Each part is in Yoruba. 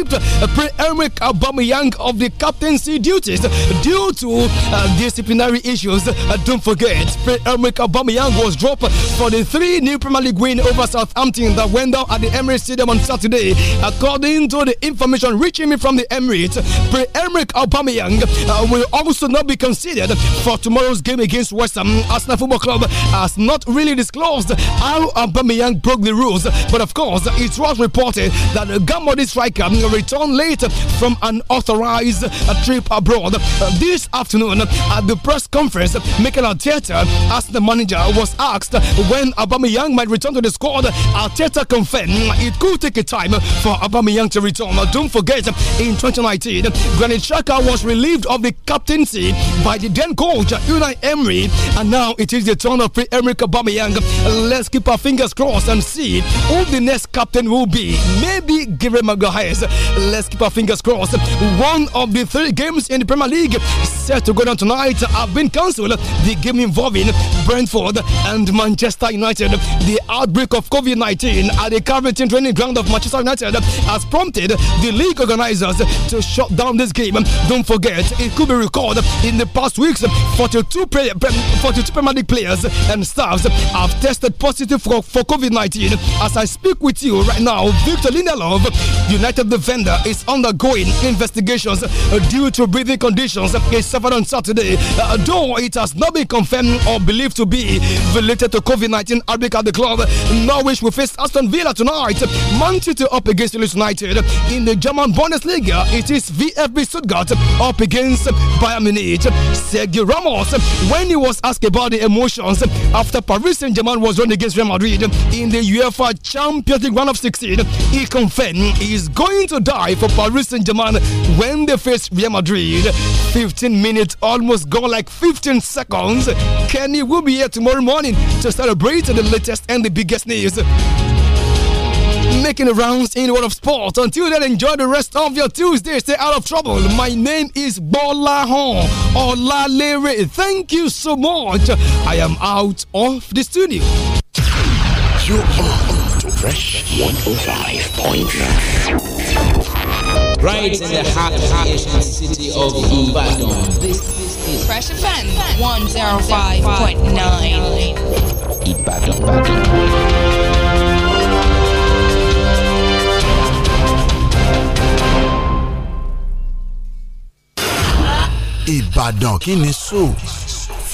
Uh, Eric Aubameyang of the captaincy duties due to uh, disciplinary issues. Uh, don't forget, Eric Aubameyang was dropped for the three new Premier League win over Southampton that went down at the Emirates Stadium on Saturday. According to the information reaching me from the Emirates, Eric Aubameyang uh, will also not be considered for tomorrow's game against West Ham. Arsenal Football Club has not really disclosed how Aubameyang broke the rules, but of course, it was reported that the Gamodi striker will return later from an authorized uh, trip abroad. Uh, this afternoon at the press conference, Mikel Arteta, as the manager, was asked when Aubameyang might return to the squad. Arteta confirmed it could take a time for Aubameyang to return. Don't forget, in 2019, Granit Xhaka was relieved of the captaincy by the then coach Unai Emery, and now it is the turn of pre-Emerick Aubameyang. Let's keep our fingers crossed and see who the next captain will be. Maybe Gary Maguire Let's keep our fingers crossed. One of the three games in the Premier League set to go down tonight have been cancelled. The game involving Brentford and Manchester United. The outbreak of COVID 19 at the Carrington training ground of Manchester United has prompted the league organizers to shut down this game. Don't forget, it could be recalled in the past weeks 42, play, 42 Premier League players and staffs have tested positive for, for COVID 19. As I speak with you right now, Victor Lindelof, United the defender is undergoing investigations uh, due to breathing conditions he uh, suffered on Saturday. Uh, though it has not been confirmed or believed to be related to COVID 19 outbreak at the club, Norwich will face Aston Villa tonight. Manchester up against Leeds United. In the German Bundesliga, it is VFB Stuttgart up against Bayern Munich. Sergio Ramos, when he was asked about the emotions after Paris Saint Germain was run against Real Madrid in the UEFA Champions League round of 16, he confirmed he is going to die for Paris Saint Germain when they face Real Madrid. 15 minutes almost gone, like 15 seconds. Kenny will be here tomorrow morning to celebrate the latest and the biggest news making the rounds in the world of sport. Until then, enjoy the rest of your Tuesday. Stay out of trouble. My name is Bola Hon Olalere. Thank you so much. I am out of the studio. You are Fresh 105.9. Right in the heart of the city of Ibadan. This is Fresh Offense 105.9. Ibadan. Ibadan. Ìbàdàn kí ni sọ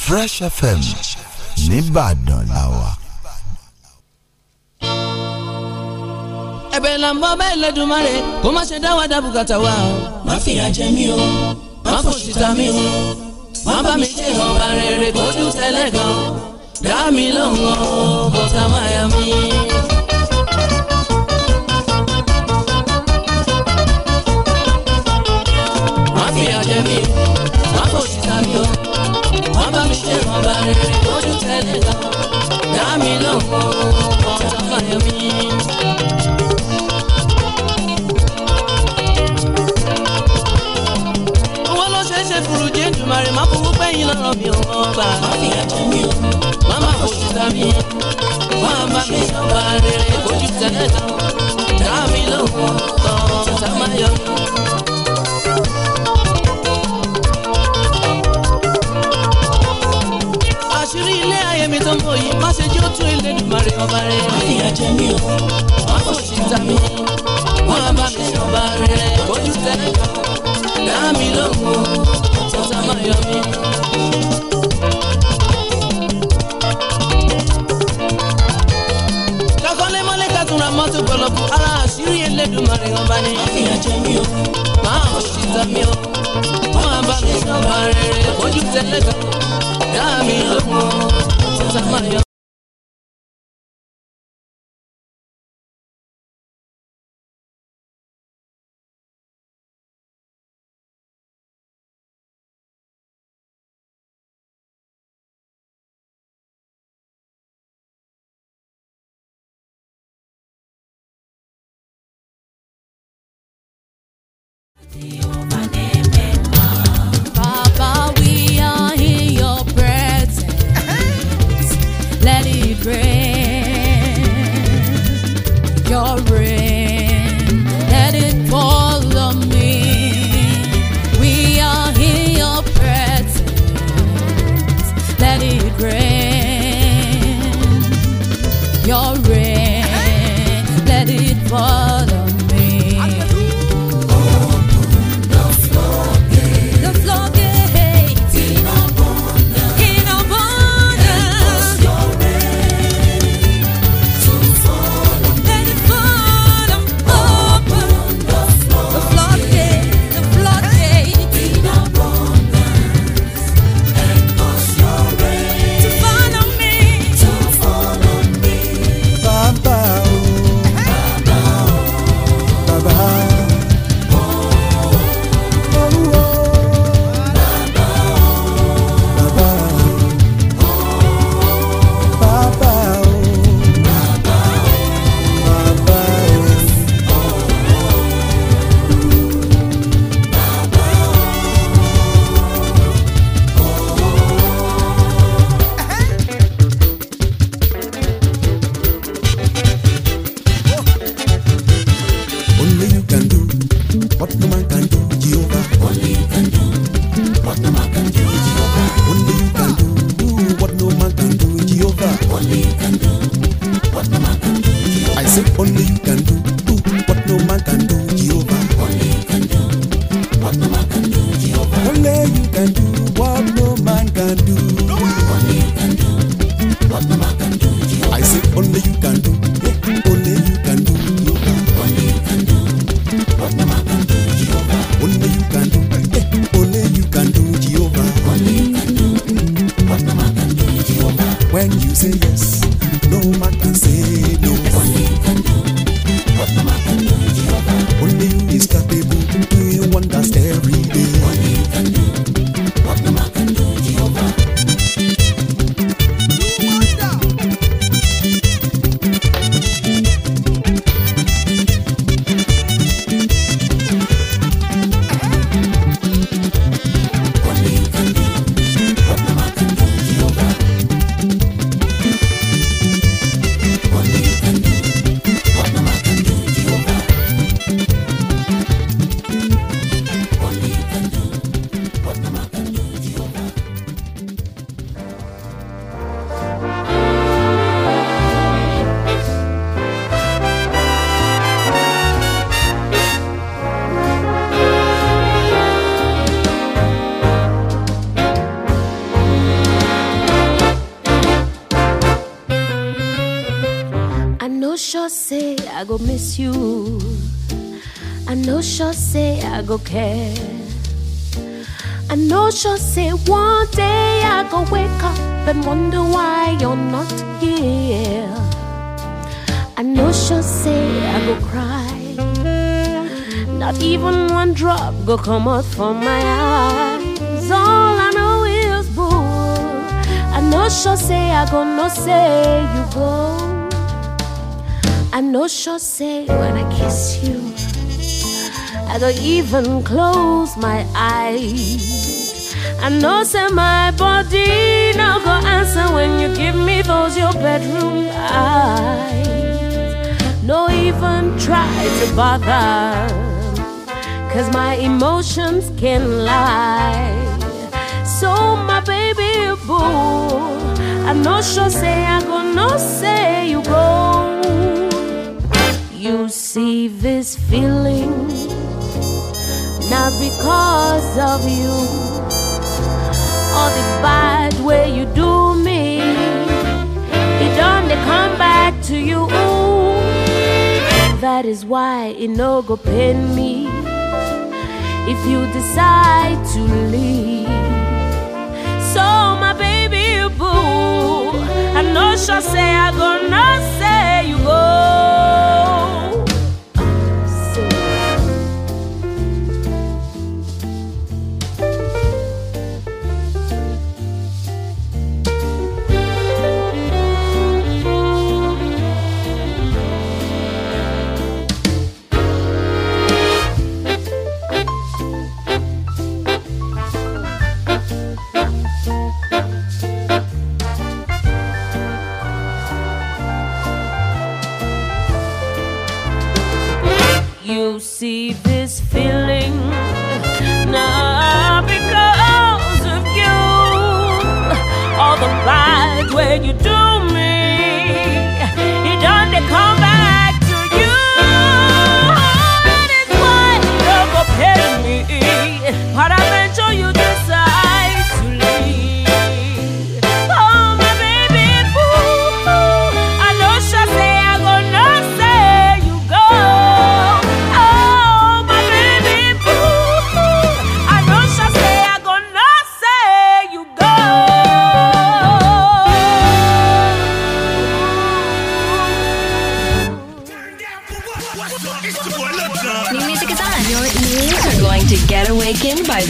Fresh FM nìbàdàn làwà. ẹ̀bẹ̀ là ń bọ́ bẹ́ẹ̀ lẹ́dùnmáre kó má ṣe dá wa dá bùkátà wa o. má fìyà jẹ mí o má fòṣìta mí o má bá mi ṣe ọba rere kó dùn tẹ́lẹ̀ gan dá mi lóhùn o bọ́tà máa yà má fìyà jẹ mí o má fòṣìta mí o má bá mi ṣe ọba rere kó dùn tẹ́lẹ̀ gan dá mi lóhùn o. Èdùmàrè má fowó pẹ́yìn lọ́rọ̀ mi ò ọba. Má má fojú ta mi, má bá mi sọ̀bà rere ojú tẹ̀lé tán. Dá mi lóhùn tán, tá má yọ. gan bá ní. má fìyà jẹ mí o máa mú ṣìṣà mi o máa bá mi sọ́ba rere ojú tẹ́lẹ̀ kan dá mi lóhùn sísá máa yọ. go miss you. I know she'll say I go care. I know she'll say one day I go wake up and wonder why you're not here. I know she'll say I go cry. Not even one drop go come out from my eyes. All I know is boo. I know she'll say I go no say you go. I know she'll say when I kiss you. I don't even close my eyes. I know say my body now go answer when you give me those your bedroom eyes. No even try to bother. Cause my emotions can lie. So my baby boo, I know she'll say I go no say you go you see this feeling, not because of you or the bad way you do me. It only come back to you. That is why it no go pain me if you decide to leave. So my baby boo, I know she say I gonna say you go.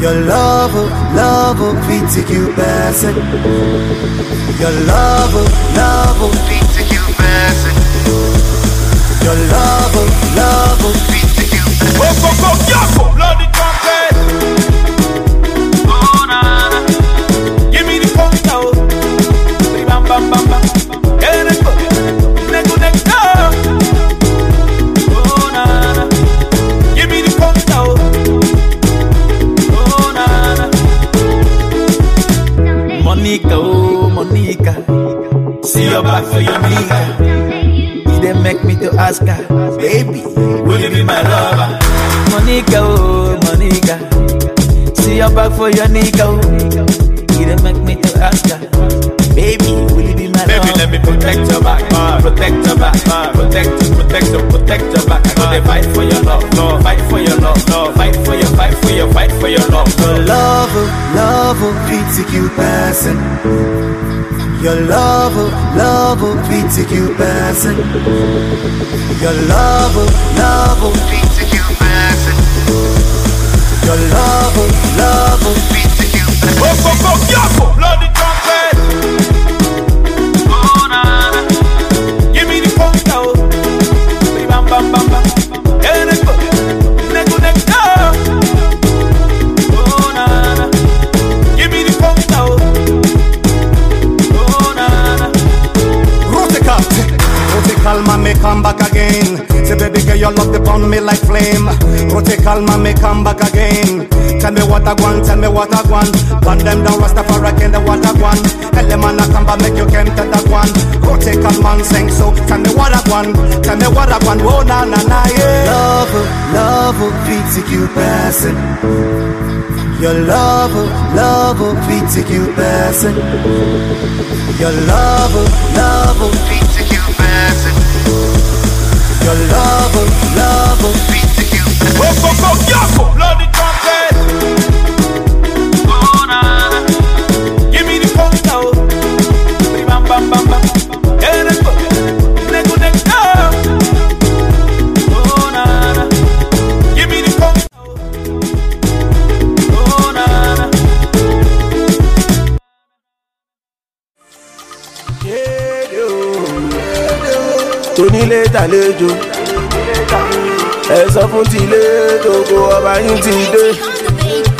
Your love will, love will be to you passing. Your love will, love will be to you passing. Your love. for your nigga. You didn't make me to ask her, baby, will you be my lover? Monica, oh, Monica, see your back for your nigga. Oh. You didn't make me to ask her. Baby, will you be my Baby, love? let me protect your back, uh, protect your back, uh, protect, protect, protect your back. I got fight for your love, no, fight for your love, no, fight for your, fight for your, fight for your love. No. Love, love, pity you passing. Your love love will beat to you passing. Your love love will beat to you passing. Your love love will beat to you passing. come back again. Say, baby girl, you love upon me like flame. Rotate calm and me come back again. Tell me what I want, tell me what I want. Burn them down, Rastafari, can the what I want. Tell them I come back, make you came to that one. Rotate calm sing, so tell me what I want. Tell me what I want, oh na na na, yeah. Love, love, beats you passing. Your love, love, beats you passing. Your love, love, beats Girl, love love Beat the game. Up, up, yeah, dàlejò ẹ sọ fún ti ilé gbogbo ọba yín ti dé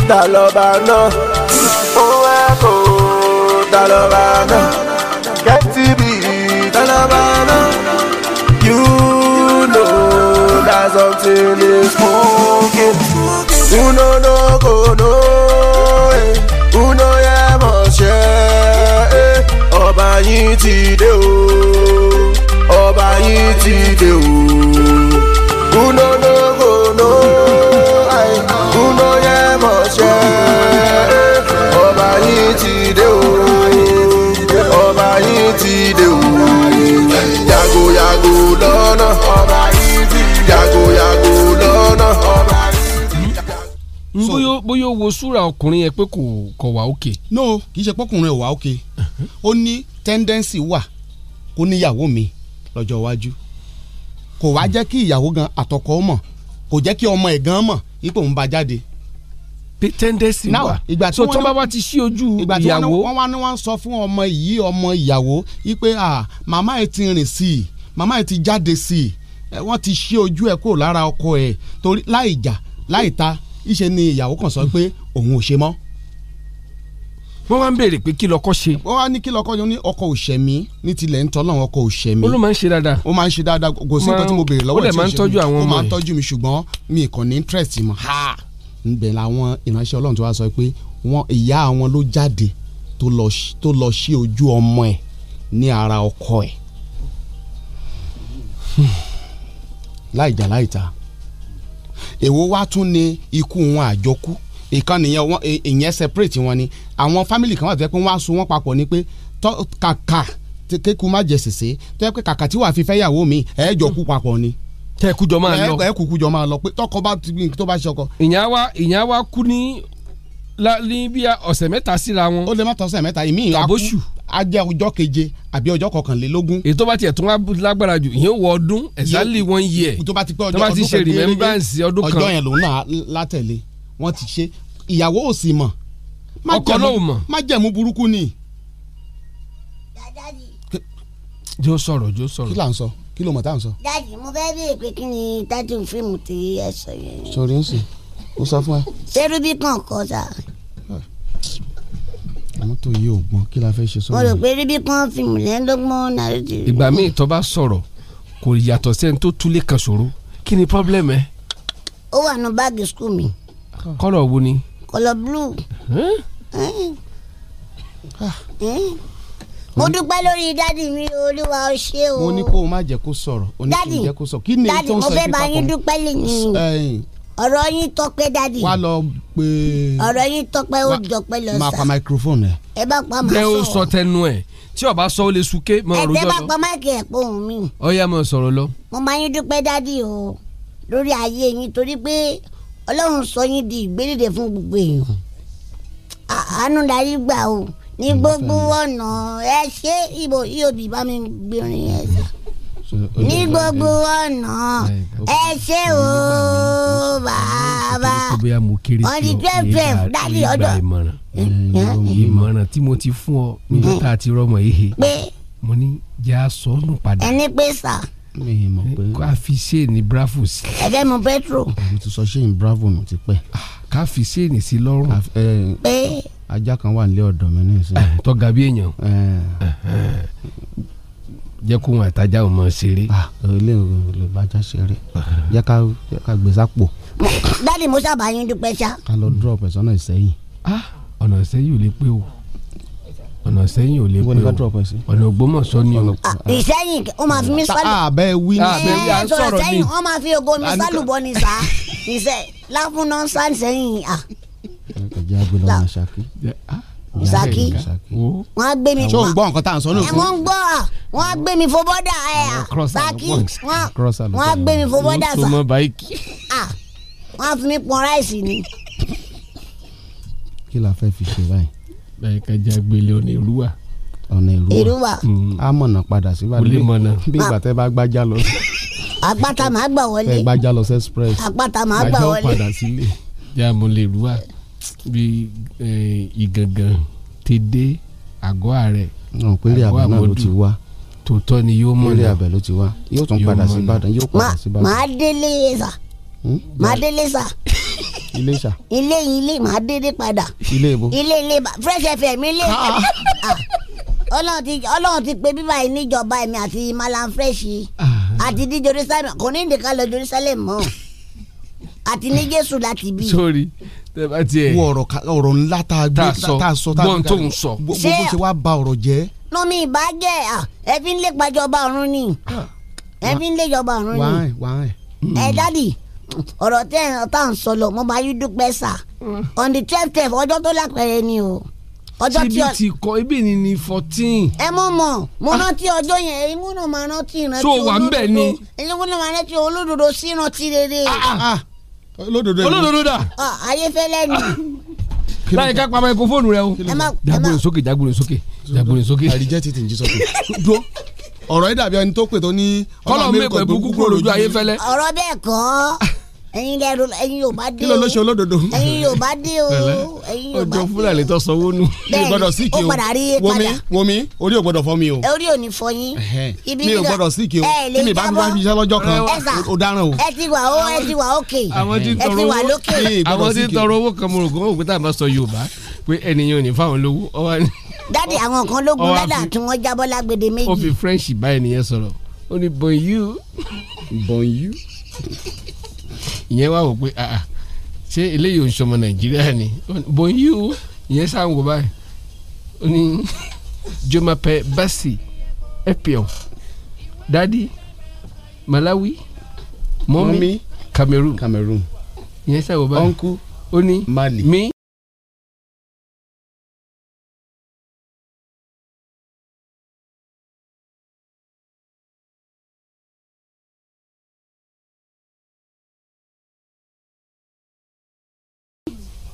ta lọ́ba náà ó wẹ́ kó ta lọ́ba náà kẹ́tì bí ta lọ́ba náà you know that something is smoking uno no go no uno yẹ mọ̀ ṣẹ́ ọba yín ti dé o ọba yìí ti dé o. kúnó ló kónó kúnó yẹ mọ̀ ṣẹ́ ọba yìí ti o. ọba yìí ti o. yàgò yàgò lọ́nà ọba yìí ti yàgò yàgò lọ́nà ọba yìí ti bóyá bóyá o wo súra ọkùnrin yẹn pé kò kò wá òkè. no kì í ṣe pọkùnrin ò wá òkè ó ní tẹ́ndẹ́nsì wà kó níyàwó mi lọ́jọ́ iwájú kò wá jẹ́ kí ìyàwó gan àtọkọ mọ̀ kò jẹ́ kí ọmọ ẹ̀ gan mọ̀ ipò ń ba jáde. péténdésì wà ìgbà tí wọ́n tó bá wá ti sí ojú ìyàwó ìgbà tí wọ́n wá ní wọ́n sọ fún ọmọ yìí ọmọ ìyàwó wípé màmá ẹ̀ ti rìn sí i màmá ẹ̀ ti jáde sí i wọ́n ti sí ojú ẹ̀ kúrò lára ọkọ ẹ̀ torí láì jà láì ta ìṣe ni ìyàwó kan sọ pé òun ò ṣe mọ́ wọ́n wá ń béèrè pé kí lọ́kọ́ ṣe. wọ́n wá ní kí lọ́kọ́ ṣe ó ní ọkọ̀ òṣèmí ní tilẹ̀ ń tọ́lọ́run ọkọ̀ òṣèmí. ó ló máa ń ṣe dáadáa. ó máa ń ṣe dáadáa kò sí nǹkan tí mo béèrè lọ́wọ́ ẹ̀ tí ó ṣe mí ó dẹ̀ máa ń tọ́jú mi ṣùgbọ́n mi kàn ní interest mọ́. ǹbẹ̀ làwọn ìránṣẹ́ ọlọ́run tó wá sọ pé wọ́n ìyá wọn ló jáde tó lọ sí ojú ọmọ ẹ̀ ní ara ọkọ ẹ̀ hmm. láìjà láìta èwo wá tún ni ikú wọn àjọkú ìkan nìyẹn ìyẹn separate wọn ni àwọn family kan wà tó yẹ pé wọ́n á so wọ́n papọ̀ ni pé kàkà kéku má jẹ sèse tó yẹ pé kàkà tí wàá fi fẹ́ yàwó mi ẹ̀ jọ kú papọ̀ ni. tẹ kújọ máa lọ ẹ kúkújọ máa lọ pé tọkọ bá ti tó bá ṣọkọ. ìyá wa ìyá wa kú ní ní bí ọ̀sẹ̀ mẹ́ta síra wọn. ó lè má tọ́ ọ̀sẹ̀ mẹ́ta ìmí àbóṣù ajẹ́ ọjọ́ keje àbí ọjọ́ kọkànlélógún. èyí tó bá tiẹ̀ tún wá lágbára jù ìyẹn wọ ọdún exactly one year tó bá ti pé ọjọ́ ọdún kan péré ọjọ́ yẹn lòun náà látẹ̀lé wọ́n ti ṣe ìyàwó ò sì mọ̀ ọkọ náà ò mọ̀ májẹ̀mú burúkú ni. jó sọ̀rọ̀ jó sọ̀rọ̀ kí là ń sọ kí ló mọ̀ tá à ń sọ. dáàdì mo fẹ́ bí èpè kí ni dájú fíìmù tí ẹ sọ yẹn. sọ̀rọ̀ ń sè ó sọ fún ẹ. sẹ́rúbí kan kọ́ sa mọ́tò yìí ò gbọ́n kí la fẹ́ ṣe sọ́nà. mo rò pé ríbi kan fi mùlẹ́dọ́gbọ́n náírà ti. ìgbà míì tó bá sọ̀rọ̀ kò yàtọ̀ sẹ́ni tó túlé kan ṣòro kí ni pọ́blẹ́mù ẹ. ó wà nù báàgì skul mi kọ́lọ̀ wo ni. kọ́lọ̀ blue. Eh. Eh. mo dúpẹ́ lórí dádì mi olúwa ó ṣe o. mo ní kó o má jẹ́ kó sọ̀rọ̀ o ní kí n jẹ́ kó sọ̀rọ̀ kí ni èyí tó ń sọ ìpínpá kan. dádì mo fẹ́ bá yín dúpẹ́ lẹ́yìn ọ̀rọ̀ yín tọpẹ́ dádì. wá lọ pé. ọ̀rọ̀ yín tọpẹ́ ó jọpẹ́ lọ sá. máa pa microphone ẹ. ẹ bá pa máa sọ. jẹ́ ó sọ tẹnu ẹ̀ tí ọba sọ ó lè sunké ẹ tẹ́ bá pa máìkì ẹ̀ pọ̀ òun mi. ó yá mo sọ̀rọ̀ lọ. mo máa yín dúpẹ́ dádì o lórí ayé yín torí pé ọlọ́run sọ yín di ìgbéléde fún gbogbo èèyàn àánú darí gbà o ní gbogbo ọ̀nà ẹ ṣe ibo iobi bá mi gbìnrin ẹ sá ní gbogbo ọ̀nà ẹ ṣe o bàbá ọdí twelve twelve dájú ọjọ́ ìmọ̀ràn tí mo ti fún ọ nígbà tá a ti rọmọ yìí mo ní jẹ́ àsọ̀nù padà ẹni pé sà mi mọ̀ pé. ká fi ṣéènì bravo sí. ẹ fẹ́ mu petro. mo ti sọ ṣéènì bravo mi ti pẹ́. Ah, ká fi ṣéènì sí lọ́rùn. pé. ajá kan wà nílé ọ̀dọ̀ mi ní ìsìn. Eh, tó ga bí èèyàn. jẹ́ kó wọn àtajà ò mọ̀ ṣeré. Ah, ilé ìlú ìbájá ṣeré jẹ́ ká gbé sápò. dáàdi mo sábà yín dúpẹ́ sá. ká lọ dúró pẹ̀sọ́nà ìsẹ́yìn. Ah, ọ̀nà ìsẹ́yìn ò lè pé o ọ̀nà sẹ́yìn ò lè pé o ọ̀nà Ògbómọ̀ṣọ́ ni o. Ah, ah, ìsẹ́yìn ó máa fi mí ah, sálù. àbẹ wí ní àbẹ wí à ń sọ̀rọ̀ ni. sẹ́yìn ó máa fi ògo mi sálù bọ́ ni sá ìsẹ́ láfúnná sáà sẹ́yìn à. ẹ̀jẹ̀ agbélé ọ̀nà ṣákí ìsàkí wọn á gbé mi. ṣé o ń gbọ́ nǹkan tá à ń sọ ní òkú. ẹ mọ ń gbọ́ à wọn á gbé mi fo bọ́dà ẹ à sàkí wọn á gbé mi fo bọ́dà sà wọn á fi mi pọn ráìsì ni. kí la fẹ́ fi ṣe báyìí kẹjá gbélé ọ̀nà ìrúwà. ọ̀nà ìrúwà mm. a mọ̀nà padà síbàdàn bí ìgbà tẹ́ bá gbájá lọ. àpáta máa gbà wọlé tẹ́ gbájá lọ sí express àpáta máa gbà wọlé. gbájá padà sílé jáàmù lè rúwà bí ìgangan ti dé àgọ́ ààrẹ àgọ́ àmọ́dù tòótọ́ ni yóò mọ̀ náà eré abẹ ló ti wá yóò tún padà sí yóò padà sí Ìbàdàn. délé sà hmm? màá délé sà ilé ìṣà. ilé ilé màá dédé padà. ilé ìbò. ilé ilé fresh fm ilé ah. ọlọ́run ti ọlọ́run ti pe bíbá yìí níjọba èmi àti malam fresh ah. àti ní jerusalem kò ní nìkan lọ jerusalem mọ́ àti ní jésù láti bí. sórí tẹ bá tiẹ̀. wọ ọ̀rọ̀ ọ̀rọ̀ ńlá tá a gbé tá a sọ tá a gbọ́n tó ń sọ. ṣe wá ba ọ̀rọ̀ jẹ́. nomi ìbàjẹ́ ẹ fi ń pàjọba ọ̀run ni ah. ẹ fi ń ọ̀run ni ẹ hmm. dádì ọ̀rọ̀ tẹ́ ẹ̀ràn tá à ń sọ lọ mo máa yí dúpẹ́ sà mm. on the twelve twelve ọjọ́ tó lápẹ̀rẹ̀ ni o ọjọ́ tí ọ ti kọ ibi ni ni fourteen. ẹ mọ̀ mọ̀ mo ah. rántí ọjọ́ yẹn èyí múnà máa rántí ìrántí olódodo so wà ń bẹ̀ ni. èyí múnà máa rántí olódodo sí ìrántí rere. olódodo yẹn olódodo dà. Ah, ayéfẹ́lẹ́ ni. láyé ká pa máikrófóònù rẹ o. jagbore sókè jagbore sókè jagbore sókè. àríjẹ́ ti tì ń jí sókè ọ̀rọ̀ yìí dàbí ẹni tó pè tó ní. kọ́lọ̀ mẹ́kọ̀ọ́ ìbùkún kúrò lójú ayéfẹ́lẹ́. ọ̀rọ̀ bẹ́ẹ̀ kọ́. ẹ̀yin lẹrú ẹ̀yin yóò bá dé o kí ló ló ṣe olódodo ẹ̀yin yóò bá dé o ẹ̀yin yóò bá dé o ọjọ́ fúlàní tó sanwó nu mi gbọ́dọ̀ síkì o womi womi orí ò gbọ́dọ̀ fọ́ mi o orí ò ní fọ́ yín mi ò gbọ́dọ̀ síkì o kí mi bá mi bá fi iṣẹ́ lọ́jọ́ kan o dáràn o. ẹ ti wà ó ẹ ti wà ókè ẹ ti wà lókè. àwọn tí ń tọrọ owó kan mo rò kó òkúta àbá sọ Yorùbá pé ènìyàn ò ní fáwọn lówó dáàdi àwọn kan ló gun tí wọ́n ìyẹn wà wò pé ah, ah, ṣé eléyìí oṣù ọmọ nàìjíríà ni bòyí o ìyẹn sáà ń wò báyìí ó ní jomapẹ basi epion dadi malawi mọ́mí cameroon cameroon ìyẹn sáà wò báyìí uncle ó ní mali mi.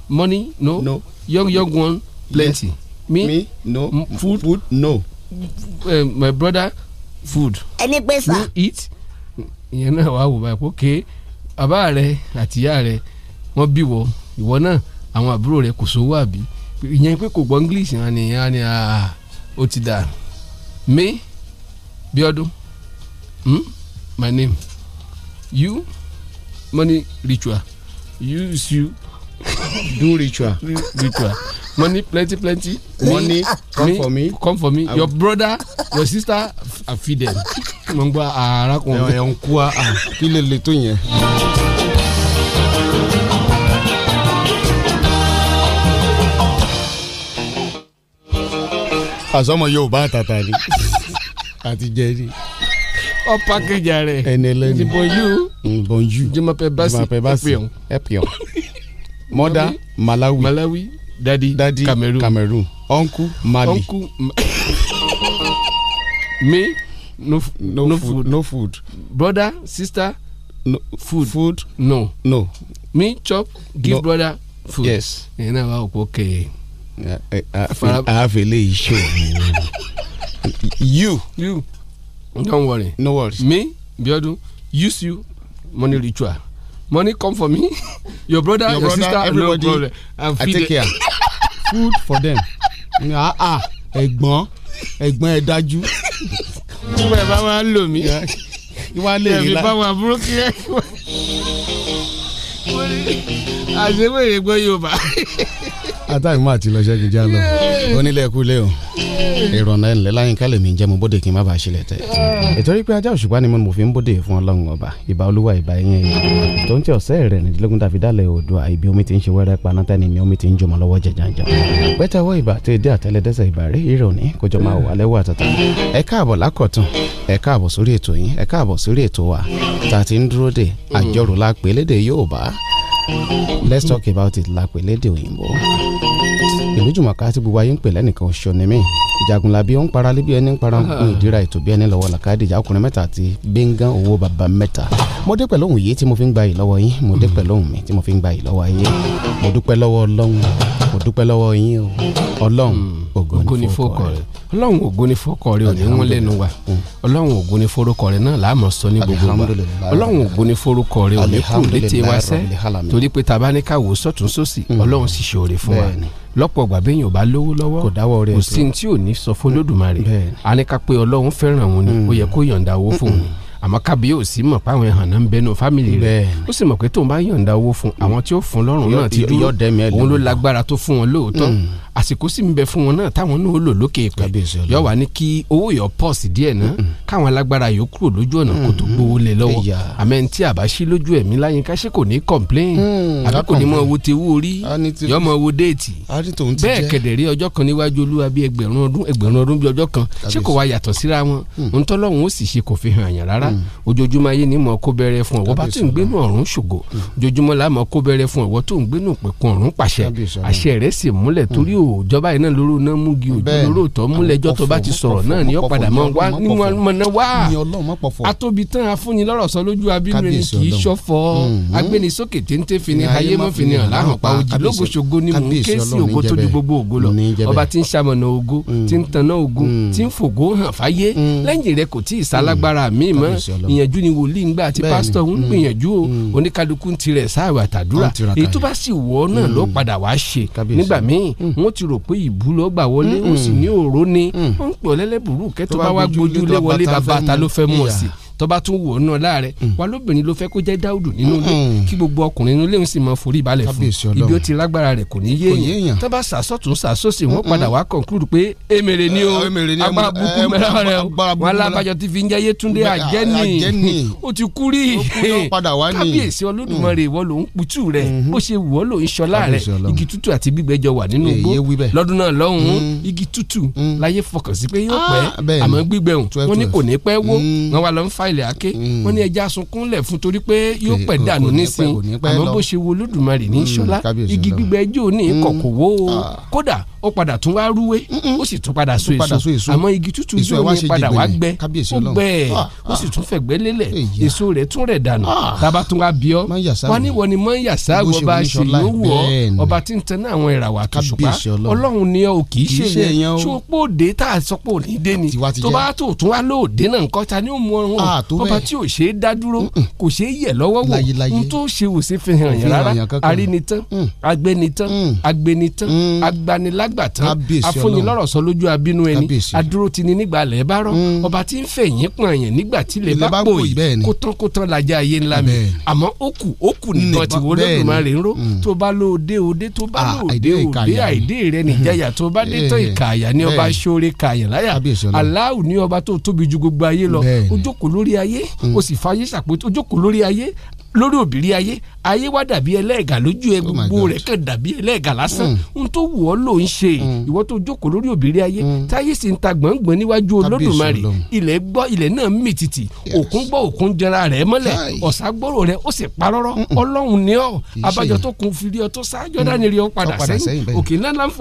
money no, no. young young one plenty yes. me, me no M food, food no uh, my brother food ẹni pé sá you eat ìyẹn náà wàá wò báyìí pókè bàbá rẹ àti ìyá rẹ wọ́n bí wọ ìwọ náà àwọn àbúrò rẹ kò sówó àbí ìyẹn pé kò gbọ́ english ni ìyẹn ni ó ti dà me Bíọ́dún hmm? my name you money ritual you you do ritual. ritual money plenty plenty. money come me, for me. come for me I your brother your sister I feed them. mo ń gba arákùnrin. ẹ̀ ń kú a kí lè le tó yẹn. àsọmọ yóò bá tata ni àti jẹ ni. ọ pàkejì rẹ ẹnẹlẹni bonjour bonjour jimapẹ basi ẹ pè ọ mother malawi malawi daddy, daddy cameroon cameroon uncle mali uncle ma me no no, no food. food no food brother sister no food food no no me chop give no. brother food yes ẹ náà wà òkú kẹ àfẹlẹ iṣẹ you you don't worry no worries me Biodun use you money ritual money come for me your brother your, your brother, sister everybody, no problem i'm feeding. i take care food for them ah ah ẹ̀gbọ́n ẹ̀gbọ́n ẹ dájú. nígbà yẹn bá wà lò mí ẹ̀mí bá wà búrọ́kì ẹ̀ àṣewé ìgbọ́ yorùbá. àtàwọn máa ti lọ ṣẹ́gun já lọ onílẹ̀kulẹ̀ o ìrọ̀nà ẹ̀ńlẹ̀ láyínká lèmi ń jẹ́ mo bóde kí n má bàa ṣílẹ̀ tẹ̀. ìtorí mm. pé ajá òṣùpá ni mo fi ń bóde fún ọlọ́run ọba ìbá olúwa ìbá yẹn yẹn tó ń tẹ ọ̀sẹ́ rẹ̀ nídìlógún tàbí dálẹ̀ odò àìbí omi ti ń ṣe wẹ́rẹ́ panátá ni omi ti ń jọmọ lọ́wọ́ jẹjànjà. pẹ́tẹ́wọ́ ìbà tó dé àtẹlẹdẹ́sẹ̀ ìbà rí ìrọ̀ní kójọ máa wà lẹ́wọ́ àtàtà. ẹ káàbọ̀ lákọ̀tún ẹ káàbọ̀ sórí ètò yín ẹ káàbọ̀ sórí ètò wa tá a ti ń dúró dè àjọrò la pè é let's talk about it la òyìnbó oníjùmọ̀ká tí gbogbo ayé ń pè lẹ́nìkan oṣù onímì ìjagunlabi ó ń para líbi ẹni ń para ah. ń ìdíra ètò bí ẹni lọ́wọ́ làkàdé ìjà ọkùnrin mẹ́ta àti gbẹ̀ngàn owó bàbá mẹ́ta mo dé pẹ̀lú òun yìí tí mo fi ń gba yìí lọ́wọ́ yín mo dé pẹ̀lú òun mi tí mo fi ń gba yìí lọ́wọ́ yín mo dúpẹ́ lọ́wọ́ ọlọ́run dúpẹ́ lọ́wọ́ yín o ọlọ́run hmm, ògo ni fọ́kọ rẹ ọlọ́run ògo ni fọ́kọ rẹ òní wọn lẹ́nu wa hmm. ọlọ́run ògo ni forúkọ rẹ náà láàmú sọ ní gbogbo wa ọlọ́run ògo ni forúkọ rẹ òní kù létí wa sẹ́ torí pé tàbá ní ká wò sọ́tún sósì hmm. ọlọ́run sì ṣòro fún wa lọ́pọ̀ ìgbà béèyàn bá lówó lọ́wọ́ kò sí ní tí ò ní sọ fún Olódùmarè a ní ká pé ọlọ́run fẹ́ràn òun ni ó yẹ kó yọ̀ǹda owó fún òun àmọ́ kábíyèsí mọ̀ páwọn ẹ̀hàn náà ń bẹnu fámìlì rẹ̀ ó sì mọ̀ pé tóun bá yọ̀ǹda owó fún àwọn tí ó fún lọ́rùn náà ti dúró òun ló lágbára tó fún wọn lóòótọ́ mm. àsìkò sì ń bẹ fún wọn náà táwọn náà ó lò lókè pẹ̀ yọ wá ní kí owó yọ pọ́ọ̀sì díẹ̀ náà káwọn alágbára yóò kúrò lójú ọ̀nà kó tó gbowó lé lọ́wọ́ àmẹ́ ní tí àbá sí lójú ẹ̀mí láyé káṣẹ́ kò ní complain mm, àbí kò ní mọ owó tewú orí yọ mọ owó déètì bẹ́ẹ̀ kẹ̀dẹ̀rẹ́ ọjọ́ kan níwájú olúwa bí ẹgbẹ̀rún ọdún ẹgbẹ̀rún ọdún bí ọjọ́ kan ṣé kò wá yàtọ̀ síra wọn mm. ntọ́lọ́hún ó sì ṣe kò fi hàn yàn rárá ojoojúmọ́ ayé ni mọ̀ kó bẹ̀rẹ̀ fún ọ̀wọ́ bá tó ń gbénu ọ̀run ṣògo hmm. ojoojúmọ́ la mọ̀ kó bẹ̀rẹ̀ fún ọ̀wọ́ tó ń gbénu pẹ̀kun ọ̀run pàṣẹ àṣẹ rẹ̀ sì múlẹ̀ torí hmm. òjọba iná lóró náà mú gi òjò lóró tọ́ múlẹ̀ jọ́ tó bá ti sọ̀rọ̀ náà ni ó padà mọ́ wá ní wọn náà wá atóbi tán afúnni sọ lójú abínú ni kì í ṣọ́fọ́ hmm. agbénisókè fini ayé mọ́ fini hàn láhàn pa ojì lógo ṣògo ni mò ń ké sí ògo tó di gbogbo ògo lọ ọba tí ń ṣamọ̀nà ògo ìyànjú ni wòlíì ńgbà àti pásítọ̀ ń mm. gbìyànjú o mm. oníkálukú ń tirẹ̀ sáàwẹ̀ àtàdúrà èyí tó bá sì wọ́ náà ló mm. padà wá ṣe nígbà míì wọ́n ti rò pé ìbú ló gbà wọlé ó sì ní òró ni wọ́n ń pè ọ́ lẹ́lẹ́bùrú kẹ́tọ́ bá wá gbójú lé wọlé bàbá ta ló fẹ́ mú sí i tọ́ba tún wò náà láàrẹ hmm. wa lóbìnrin ló fẹ́ kó jẹ́ dáúdù nínú ilé hmm. Hmm. kí gbogbo ọkùnrin inú ilé ń sì mọ forí balẹ̀ fún ibi ó ti lágbára rẹ̀ kò ní yé èèyàn tọ́ba sàsọ́tún sàsọ́sì wọ́n padà wá conclude pé emèrè ni o eh, eh, agbára burúkú mẹ́rọ rẹ o wọn alábàjọ ti fi ń jẹ́yé túndé àjẹ́ni o ti kú rí kábíyèsí olódùmarè ìwọ ló ń putú rẹ bó ṣe wọ́ ló ń ṣọlá rẹ igi tútù àti gbígbẹ jọ wà nínú eh, igbó lọ́dún náà lọ́hùn-ún igi tútù láyé fọkàn sí pé yóò ah, pẹ́ àmọ́ gbígbẹ wọn ní kò ní pẹ́ wó wọn wá lọ ń fa fáìlẹ̀ àké hmm. wọ́n ní ẹja sunkúnlẹ̀ fún torí pé yóò pẹ̀ dànù nísìn àmọ́ bó ṣe wo olódùmarè ní sọlá hmm, igi gbígbẹ ẹjọ́ ní hmm. kọ̀kọ̀wó ah. kódà ó padà tún wá rúwé ó sì tún padà so èso àmọ́ igi tútù yóò ní padà wá gbẹ ó gbẹ ah. ó sì tún fẹ̀gbẹ́ lélẹ̀ èso rẹ̀ tún rẹ̀ dànù ah. tába tún wá bíọ́ wọ́n ní wọ́n ní mọ́ ń yàsá ọba ṣèyówù ọ ọba tí ń tẹ àwọn ìràwọ̀ àtòṣùpá ọlọ́run ni ọ kì í ṣe yẹn ṣó pòde tá a sọ pòde dé ni tó bá tó tún wá lóòdé náà nǹkan ta ni ó mú ọrùn ò a tó bẹ́ẹ̀. ọba tí ò ṣeé dá dúró kò ṣeé yẹ lọ́wọ́ wò n tó ṣe ò ṣe fi hàn yẹn rárá arínitán mm. agbẹnitán mm. agbẹnitán mm. agbanilágbàtán afúnilọ́rọ̀ sọ lójú abínú ẹni adúrótini nígbà lẹ́ bá rọ́ ọba tí ń fẹ̀yìn pọ̀n yẹn nígbà tí lè bá pò yìí kó lajà ayé ńlá mi àmọ́ ó kù ó kù nìkan tí wọ́n lọ́dúnmá rẹ̀ ń ró tó bá lóde òde tó bá ah, lóde òde àìdè rẹ̀ nìjàyà tó bá dé tán ìkàyà ní ọba ṣoore kàyà láyà aláwù ní ọba tó tóbi ju gbogbo ayé lọ ojókòó lórí ayé hmm. o sì fayé ṣàpótí o jókòó lórí ayé lórí òbírí ayé ayé wa dàbí ẹlẹ́ẹ̀gà lójú ẹ oh gbogbo rẹ̀ kàn dàbí ẹlẹ́ẹ̀gà lásán mm. ohun tó wù ọ́ ló ń ṣe mm. ìwọ tó jókòó lórí òbírí ayé mm. táyé sì ń ta gbọ̀ngbọ̀n níwájú olódùmarè ilẹ̀ gbọ́ ilẹ̀ náà mì tìtì òkun gbọ́ òkun jẹra rẹ̀ mọ́lẹ̀ ọ̀sà gbọ́rọ̀ rẹ̀ ó sì parọ́rọ́ ọlọ́run ni ọ́ abájọ tó kun fìrí ọ tó sáájọ́ dání rí ọ padà sẹ́yìn òkè ńlá ńlá ń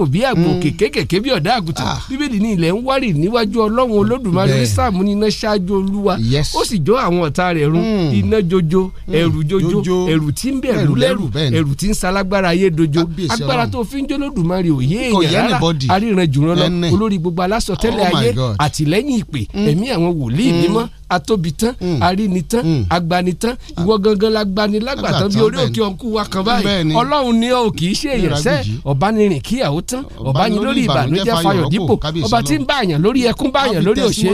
fò bí jojo ẹ̀rù jojo ń bẹ̀rù lẹ́rù ẹ̀rù tí ń salágbára ayé dojo agbára tó fi ń jólódùmarè òye èèyàn rárá aríran jùlọ lọ olórí gbogbo alásọtẹ́lẹ̀ oh ayé àtìlẹ́yìn ìpè mm. ẹ̀mí àwọn wòlíì mm. mímọ́ atóbitán mm. arínitán agbanitán ìwọ gangan la gbani bí orí òkè ọkú wa kan báyìí ọlọ́run ni ó kì í ṣe èyàn sẹ́ ọ̀bánirin kíyàwó tán ọ̀bánin lórí ìbànújẹ́ fayọ̀ dípò ọba tí ń báyàn lórí ẹkún báyàn lórí òṣè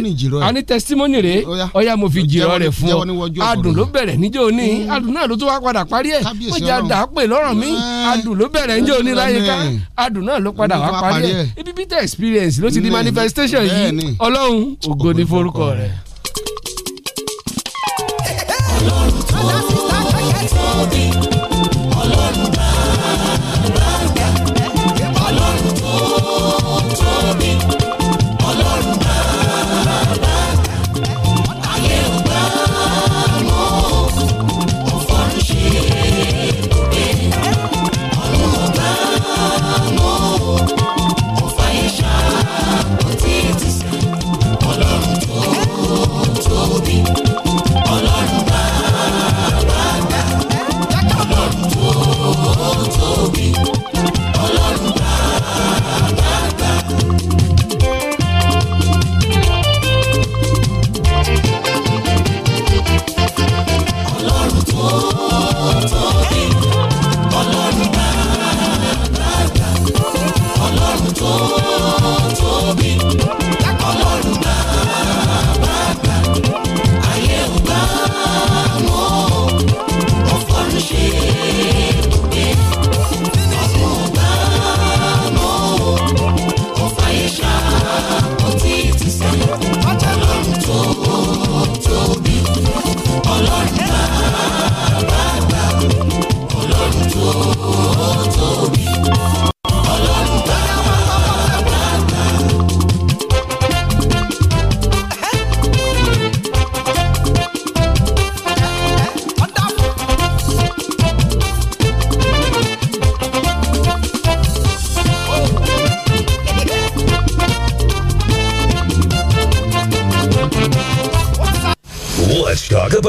àní tẹsítímọ́nì rẹ̀ ọ̀yà mo fi jìrọ̀ rẹ̀ fún ọ adùn ló bẹ̀rẹ̀ níjó ní adùn náà ló tún wá padà parí parí ẹ̀ mọ̀jà dàápè lọ́rọ̀ mi adùn ló bẹ̀rẹ̀ ń jẹ́ oníláyíká adùn náà ló padà wá parí ẹ̀ ibi bíta experience ló ti di manifestation yìí ọlọ́run ògo ni forúkọ rẹ̀.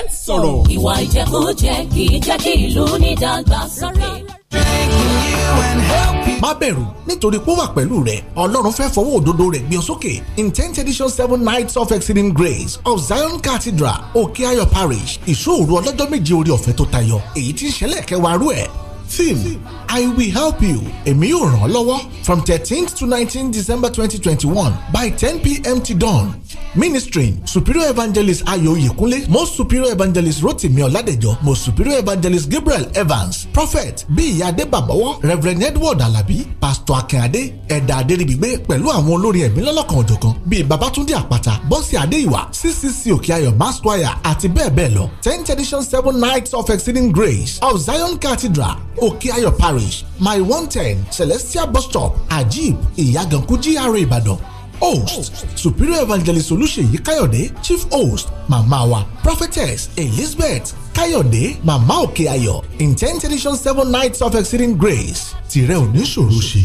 fẹ́ sọ̀rọ̀. ìwà ìjẹkújẹ kì í jẹ́ kí ìlú ní ìdàgbàsókè má bẹ̀rù nítorí pé ó wà pẹ̀lú rẹ̀ ọlọ́run fẹ́ fọwọ́ òdodo rẹ̀ gbé ọ sókè in tenth edition seven nights of exceeding grace of zion cathedral òkè ayọ̀ parish ìṣòro ọlọ́jọ́ méje orí ọ̀fẹ́ tó tayọ èyí tí ń ṣẹlẹ̀ kẹwàá rú ẹ̀ theme I will help you èmi yóò ràn ọ́ lọ́wọ́ from thirteenth to nineteenth December twenty twenty one by ten pm till dawn ministering superior evangelist ayo yekunle most superior evangelist rotimi oladejo most superior evangelist gabriel evans prophet bíyì adébàbọwọ reverend edward alabi pastor akínadé ẹ̀dà adéríbigbé pẹ̀lú àwọn olórin ẹ̀mí lọ́lọ́kan òjọ̀kan bíi babatunde àpàtà bọ́sì adéìwà ccc òkèayọ̀ mass choir àti bẹ́ẹ̀ bẹ́ẹ̀ lọ Ten edition seven nights of exceeding grace of zion cathedral òkèayọ̀ parish orange mile one ten celestial bus stop ajib ìyàgànkú GRA ìbàdàn host superior evangelist olùṣèyí káyọ̀dé chief host màmá wa prophetess elizabeth káyọ̀dé màmá òkè ayọ̀ in ten edition seven nights of exceeding grace tìrẹ ò ní ṣòro ṣe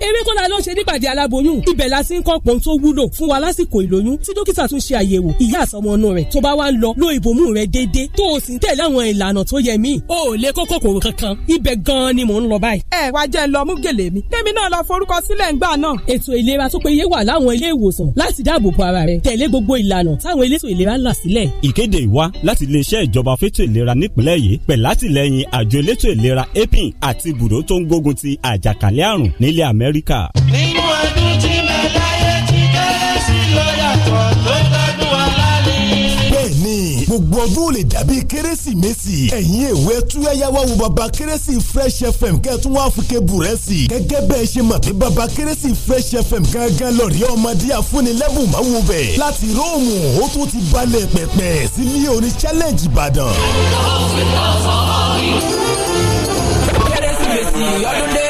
eré kọ́lá ló ń ṣe nípàdé aláboyún ibẹ̀ la sì ń kọ́ pọ́n tó wúlò fún wa lásìkò ìlóyún tí dókítà tún ṣe àyẹ̀wò ìyá àsọmọ ọ̀nà rẹ̀ tó bá wá ń lọ lo ìbomú rẹ̀ déédéé tó o sì ń tẹ̀lé àwọn ìlànà tó yẹ mí o ò lè kó kòkòrò kankan ibẹ̀ gan-an ni mò ń lọ báyìí. ẹ wá jẹ́ lọ mú gèlè mi tèmi náà lọ forúkọ sílẹ̀ ńgbà náà. ètò ìlera tó péye wà láwọn ilé ìwòsàn láti dáàbò bo ara rẹ tẹ̀lé gbogbo ìlànà táwọn elétò ìlera là sílẹ̀. ìkéde ìwá láti iléeṣẹ́ ìjọba fétò ìlera nípìnlẹ̀ yìí pẹ̀ látìlẹ́yìn àjọ elétò ìlera apin àti ibùdó tó ń gbógun ti àjàkálẹ̀ Amẹ́ríkà. nínú ọdún tí mẹ́láyé ti kérésì lọ gbogbo ọdún ò lè dàbí kérésìmesì ẹ̀yin èwe túyáyáwá wo baba kérésì fresh fm kẹ́tún wá fún kébùrẹ́sì gẹ́gẹ́ bẹ́ẹ̀ ṣe mọ̀ pé baba kérésì fresh fm gángan lọ́ọ̀rì ọmọdé àfúnilẹ́bùn máa wo bẹ̀ láti róòmù ó tún ti balẹ̀ pẹ̀pẹ̀ sílé orin challenge ìbàdàn. kérésìmesì ọdún dé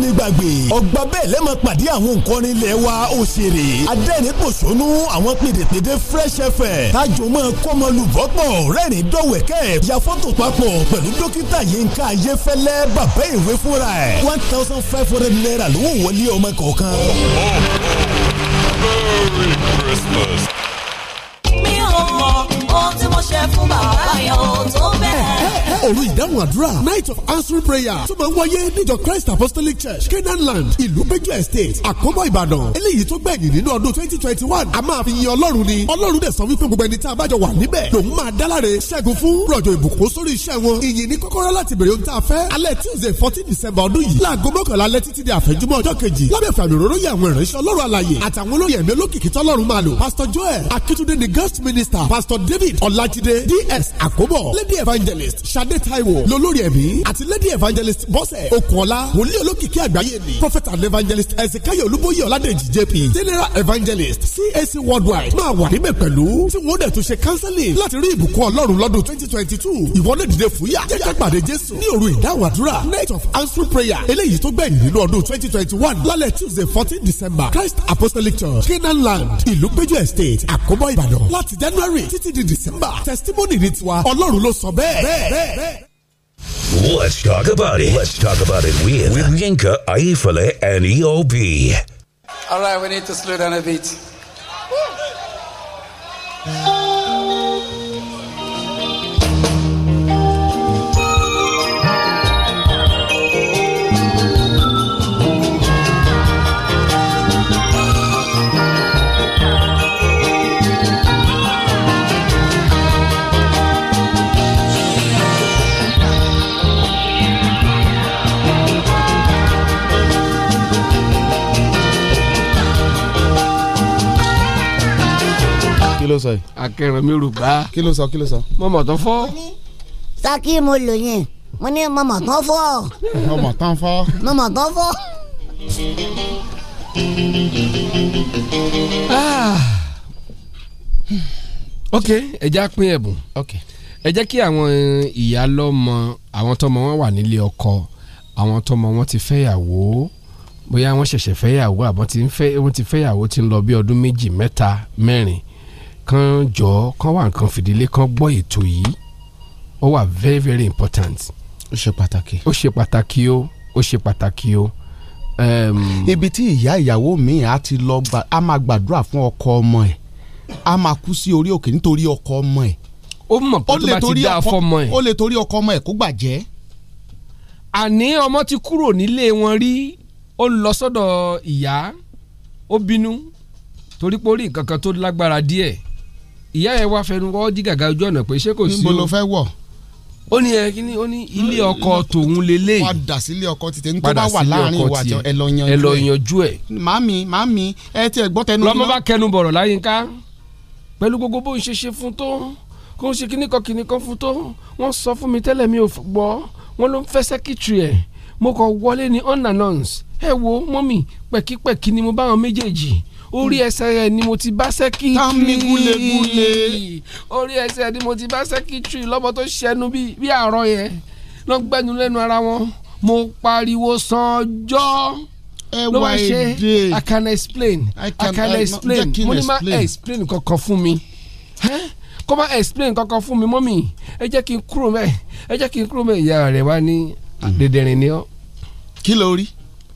lè ọgbà bẹ́ẹ̀ lẹ́mọ̀ pàdé àwọn nkọrin ilẹ̀ wa òṣèré adẹ́rìnpòṣónú àwọn pèdèpèdè fresh fm tájò mọ́ kọ́mọlúbọ́pọ̀ rẹ́rìn dọ́wẹ̀kẹ́ ya fọ́tò papọ̀ pẹ̀lú dókítà yínká ayéfẹ́lẹ́ bàbá ìwé fúnra ẹ̀ one thousand five hundred naira lówó wọlé ọmọ kọ̀ọ̀kan. Oh, oh, oh, Merry Christmas ohun tí mo ṣe fún bàbá yẹn ò tó bẹ́ẹ̀. òru ìdáhùn àdúrà night of answering prayer tó máa ń wáyé níjọ christ apostolic church canaan land ìlú péjú estate àkóbọ̀ ìbàdàn eléyìí tó gbẹ̀yìn nínú ọdún twenty twenty one a máa fi yin ọlọ́run ni ọlọ́run dẹ̀ sọ wípé gbogbo ẹni tá a bá jọ wà níbẹ̀ lòun máa dáláre ṣẹ́gun fún rọ̀jò ìbùkún sórí iṣẹ́ wọn ìyìn ní kọ́kọ́rọ́ láti bèrè ohun tá a fẹ́ alẹ́ tuesday fourteen december ọdún yìí láago mọ́kànlá alẹ́ títí di àfẹ́júmọ́ ọjọ́ kejì lábẹ́ fàmì òróró yẹ àwọn ìránṣẹ́ ọlọ́run àlàyé àtàwọn olóyè ẹ̀mí olókìkí tọ́lọ́run máa lò pastor joel akitunde the guest minister pastor david david ọlájídé ds àkóbọ̀ lady evangelist sade taiwo lolórí ẹ̀mí àti lady evangelist bọ́sẹ̀ okunola wòlíì olókìkí àgbáyé ni prophet and evangelist ezekiel olúbóyè ọládèjì jp general evangelist cac worldwide máa wà níbẹ̀ pẹ̀lú tí wọ́n dẹ̀ tún ṣe counseling láti rí ìbùkún ọlọ́run lọ́dún twenty twenty two ìwọ lè dìde fúyà jẹ́ ká pàdé jésù ní òru ìdáwàdúrà night of answer prayer eléyìí tó gbẹ̀yìn nínú ọdún twenty twenty one lálẹ́ tuesday fourteen december christ apostolic church canaan land ìlúpéjú estate àkóbọ̀ ìbàdàn láti january títí di December testimony ni tiwa Ọlọ́run ló sọ bẹ́ẹ̀. Let's talk about it. Let's talk about it with, with Yinka, Aifale, and EOB. All right, we need to slow down a bit. kí ló sọ yìí. akẹrẹ mi rúgbà. kí ló sọ kí ló sọ. mọ̀mọ̀ tó fọ́. saki mo lò yẹn mo ní mọ̀mọ̀ tó fọ́. mọ̀mọ̀ tó fọ́. mọ̀mọ̀ tó fọ́. Ah. ok ẹ já pín ẹ̀bùn ẹ jẹ́ kí àwọn eh, ìyá lọ́mọ àwọn tọ́mọ wọn wà nílé ọkọ àwọn tọ́mọ wọn ti fẹ́yàwó bóyá wọ́n ṣẹ̀ṣẹ̀ fẹ́yàwó àbọ̀ wọ́n ti fẹ́yàwó ti ń lọ bí ọdún méjì mẹ́ta mẹ́rin Kan jọ kan wá nǹkan fìdílé kán gbọ́ ètò yìí ó wà very very important. ó ṣe pàtàkì. ó ṣe pàtàkì o ó ṣe pàtàkì o. Um, ibi tí ìyá ìyàwó mi á ti lọ gba á máa gbàdúrà fún ọkọ ọmọ ẹ̀ á máa kú sí orí òkè nítorí ọkọ ọmọ ẹ̀. ó mọ̀ pé tó bá ti dá fọmọ ẹ̀. ó lè torí ọkọ ọmọ ẹ̀ kó gbàjẹ́. àní ọmọ ti kúrò nílé wọn rí ó lọ sọ́dọ̀ ìyá ó bínú torí pé ó rí nǹkan kan tó lágbára díẹ̀ ìyá ẹ wá fẹnu wọ́ jí gàgà ojú ọ̀nà pé ṣé kò sí o. níbo ló fẹ́ wọ̀ ó ní ẹ kí ni ó ní ilé ọkọ tòun lélẹ̀. padà sílé ọkọ títẹ nítorí bá wà láàrin ìwà àti ẹ lọ yanjú ẹ. ẹ lọ yanjú ẹ. màámi màámi ẹ ti ẹ gbọ́ tẹnu. lọ́mọ bá kẹnu bọ̀rọ̀ láyínká pẹ̀lú gbogbo bó ń ṣe ṣe fún tó kó ń ṣe kíníkan kíníkan fún tó wọ́n sọ fún mi tẹ́lẹ̀ mi ò gbọ́ wọ́n ló ń ni mo bá Hmm. orí ẹsẹ̀ rẹ̀ ni mo ti bá sẹ́kì tírì orí ẹsẹ̀ ni mo ti bá sẹ́kì tírì lọ́mọ tó ṣẹnu bí àárọ̀ yẹn ló ń gbẹ́nu lẹ́nu ara wọn mo pariwo sanjọ́ ló wá ṣe i can explain i can, explain mo ní má explain kankan fún mi kó má explain kankan fún mi mọ́mì ẹ jẹ́ kí n kúrò mẹ́ ẹ jẹ́ kí n kúrò mẹ́ ìyá rẹ̀ wá ní dẹ̀dẹ̀rìn ni ọ́. kí ló rí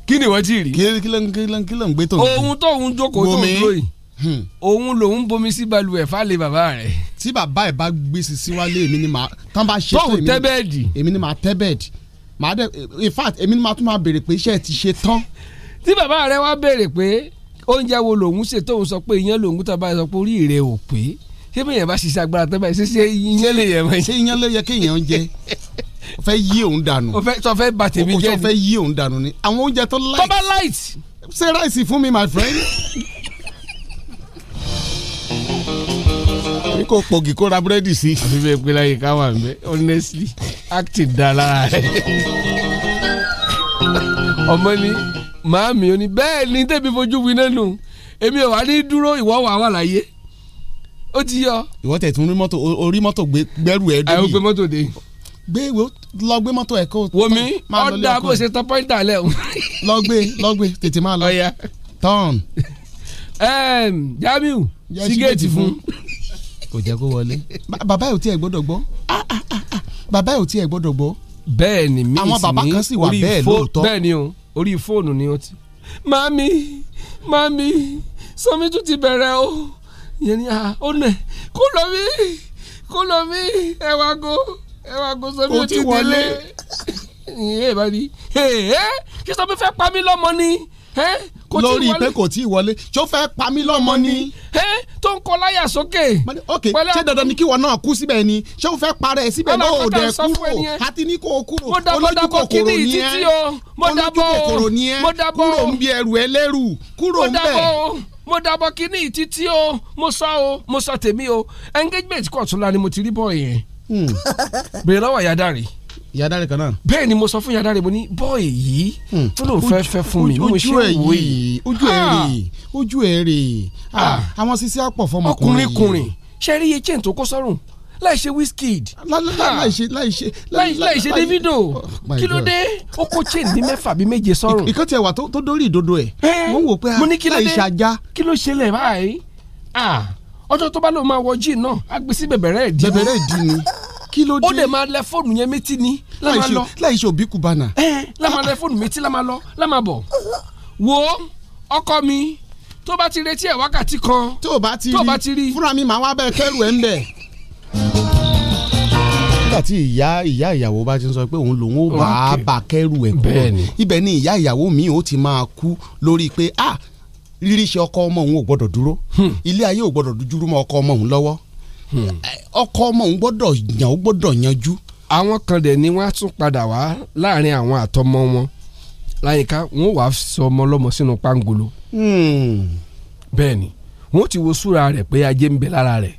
kí ni wọ́n ti rí. kí ló ń kí ló ń kí ló ń gbé tó ń. Hmm. ohun tóun jókòó tó ń lò yìí òun lòun bomi sí balùwẹ̀ fálẹ̀ bàbá rẹ̀. tí bàbá ẹ̀ bá gbé sí síwálé èmi ni màá tán bá ṣe tán èmi ni màá tẹ́ bẹ́ẹ̀dì màá dẹ̀ in fact èmi ni màá tún máa béèrè pé iṣẹ́ ti ṣe tán. tí bàbá rẹ̀ wá béèrè pé oúnjẹ wo lòun ṣe tóun sọ pé ìyẹn lòun tó bá sọ pé orí rẹ̀ ò pé ṣé bí èèyàn bá ṣiṣẹ́ agbára tẹ́ báyìí ṣé iyán lè yẹ mọ́ ṣé iyán lè yẹ kéèyàn jẹ o fẹ́ yí òun dànù o fẹ́ sọ fẹ́ bà tèmi jẹ́ ni o fẹ́ yí òun dànù ni àwọn oúnjẹ tó light tó bá light ṣe rice fún mi my friend. mi kò pògì kó ra búrẹ́dì sí. àbí bẹ́ẹ̀ pé láyé ká wà nbẹ honestly acting da lára rẹ. ọmọ ni màámi ò ní bẹ́ẹ̀ ni tẹ̀mí fojú winá nù èmi ò wá ní dúró ìwọ wà wà láyé ó ti yọ. ìwọ tẹ̀ tún rí mọ́tò orí mọ́tò gbẹ́rù ẹ̀ dóbi. àwọn gbé mọ́tò dé. gbé lọ gbé mọ́tò ẹ̀ kó. wọmi ọ̀dà bó ṣe tán pọ́ńtà lẹ̀ o. lọ gbé lọ gbé tètè máa lọ. ọ̀ya tọ́ọ̀n. Jamiu sígẹ̀tì fún. kò jẹ́ kó wọlé. bàbá ò tiẹ̀ gbọ́dọ̀ gbọ́ ah, ah, ah, bàbá ò tiẹ̀ gbọ́dọ̀ gbọ́. bẹ́ẹ̀ ni mí sì ní orí fóònù bẹ́ẹ̀ ni o orí fóònù ni o ti. mami mami sọmi tún ti bẹ̀rẹ̀ o yẹn ni ọ̀nà kó lọ mí kó lọ mí ẹ wá go ẹ wá go sọ ti délé ẹ bá mi ẹ ẹ kí sọ mi pa mí lọ́mọ ni ẹ lórí pé kò tí ì wọlé tó fẹ́ pa mí lọ́mọ ni. tó ń kọ láyà sókè. ok ṣé dandan ni kí wọn náà kú síbẹ̀ ni ṣé o fẹ́ parẹ́ síbẹ̀ náà ò dẹ̀ kúrò àti ní kò kúrò olójú kòkòrò ni ẹ olójú kòkòrò ni ẹ kúrò ń bí ẹrù ẹlẹ́rù kúrò ń bẹ̀ mo dabọ kíní títí o mo sọ o mo sọ tèmi o engagement kọ̀ọ̀tún la ni mo ti rí bọ́ọ̀ yẹn hmm. bèrè lọ́wọ́ ìyá dárì yadare kan náà. bẹ́ẹ̀ ni mo sọ fún yadare mo ní bọ́ọ̀ì yìí tó ló ń fẹ́ fẹ́ fún mi mo ṣe wò yìí ojú ẹ̀ ah! rè ojú ẹ̀ rè ah, ah! àwọn sisi àpọ̀ fọmọ ọkùnrin kùnrin ṣe rí iye chain tó kó sọ́rùn láì ṣe Wizkid láì ṣe Davido oh kí ló dé ó kó chain ní mẹ́fà bí méje sọ́rùn. ìkan tiẹ̀ wà tó dórí ìdodo ẹ̀ mo wò pé láì ṣe ajá. kí ló ṣẹlẹ̀ báyìí ọjọ́ tó bá lóun máa wọ jean náà á gbé sí bẹ̀bẹ̀rẹ̀ ìdí. bẹ̀bẹ̀rẹ̀ ìdí ni. kí ló dé ó lè máa lẹ fóònù yẹn méjì ni la máa láì ṣe òbí kubana. ẹ la máa lẹ fóònù méjì la máa lọ la máa bọ̀ wo ọkọ mi tó bá ti retí ẹ wákàtí kan tó bá ti rí tó bá ti rí fúnra mi màá wá bẹ kẹrù ẹ ń bẹ. nígbà tí ìyá ìyá ìyàwó bá ti sọ pé òun lòun ó bá a bá kẹrù ẹ kúrò ibẹ̀ ni ìyá ìyàwó mi ó ti máa kú lórí pé ah rírí ṣe ọkọ ọmọ òun ò gbọ́dọ̀ dúró hmm. ilé ayé ò gbọ́dọ̀ dúró mọ́ ọkọ ọmọ òun lọ́wọ́ ọkọ ọmọ òun gbọ́dọ̀ yàn ó gbọ́dọ̀ yanjú. àwọn kan dẹ̀ ni wọ́n á tún padà wá láàrin àwọn àtọmọ wọn láyìíká wọn ò wá sọ ọmọ ọlọ́mọ sínú pangolo. Hmm. bẹ́ẹ̀ ni wọ́n ti wo súra rẹ̀ pé ajé ń bẹ lára rẹ̀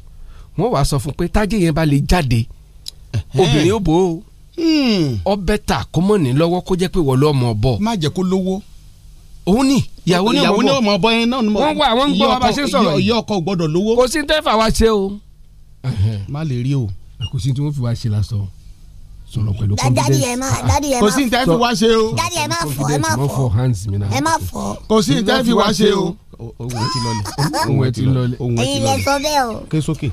wọ́n wá sọ fún pé tájé yẹn bá lè jáde obìnrin ó bò ó ọbẹ̀ hmm. ta kọ́mọ̀ ní lọ́wọ́ kó jẹ́ pé wọ́n lọ́ mọ̀ bọ̀. má jẹ́ kó lówó. òun ni ìyàwó ni ọmọ bọ̀ yẹn náà ni mo. wọ́n wá àwọn ń gbọ́ wa bá ṣe sọ̀rọ̀ yìí. ìyá ọkọ gbọ́dọ̀ lówó. kò sí tẹ́fà wa ṣe o má lè rí o. kò sí tí wọ́n fi wá ṣe lásán sọ̀rọ̀ pẹ̀lú confidence kò sí nǹkan fi wá ṣe o ẹ má fọ kò sí nǹkan fi wá ṣe o. ohun ẹ ti lọlẹ ohun ẹ ti lọlẹ ohun ẹ ti lọlẹ ẹyin lẹ sọ bẹ́ẹ̀ o. ké sókè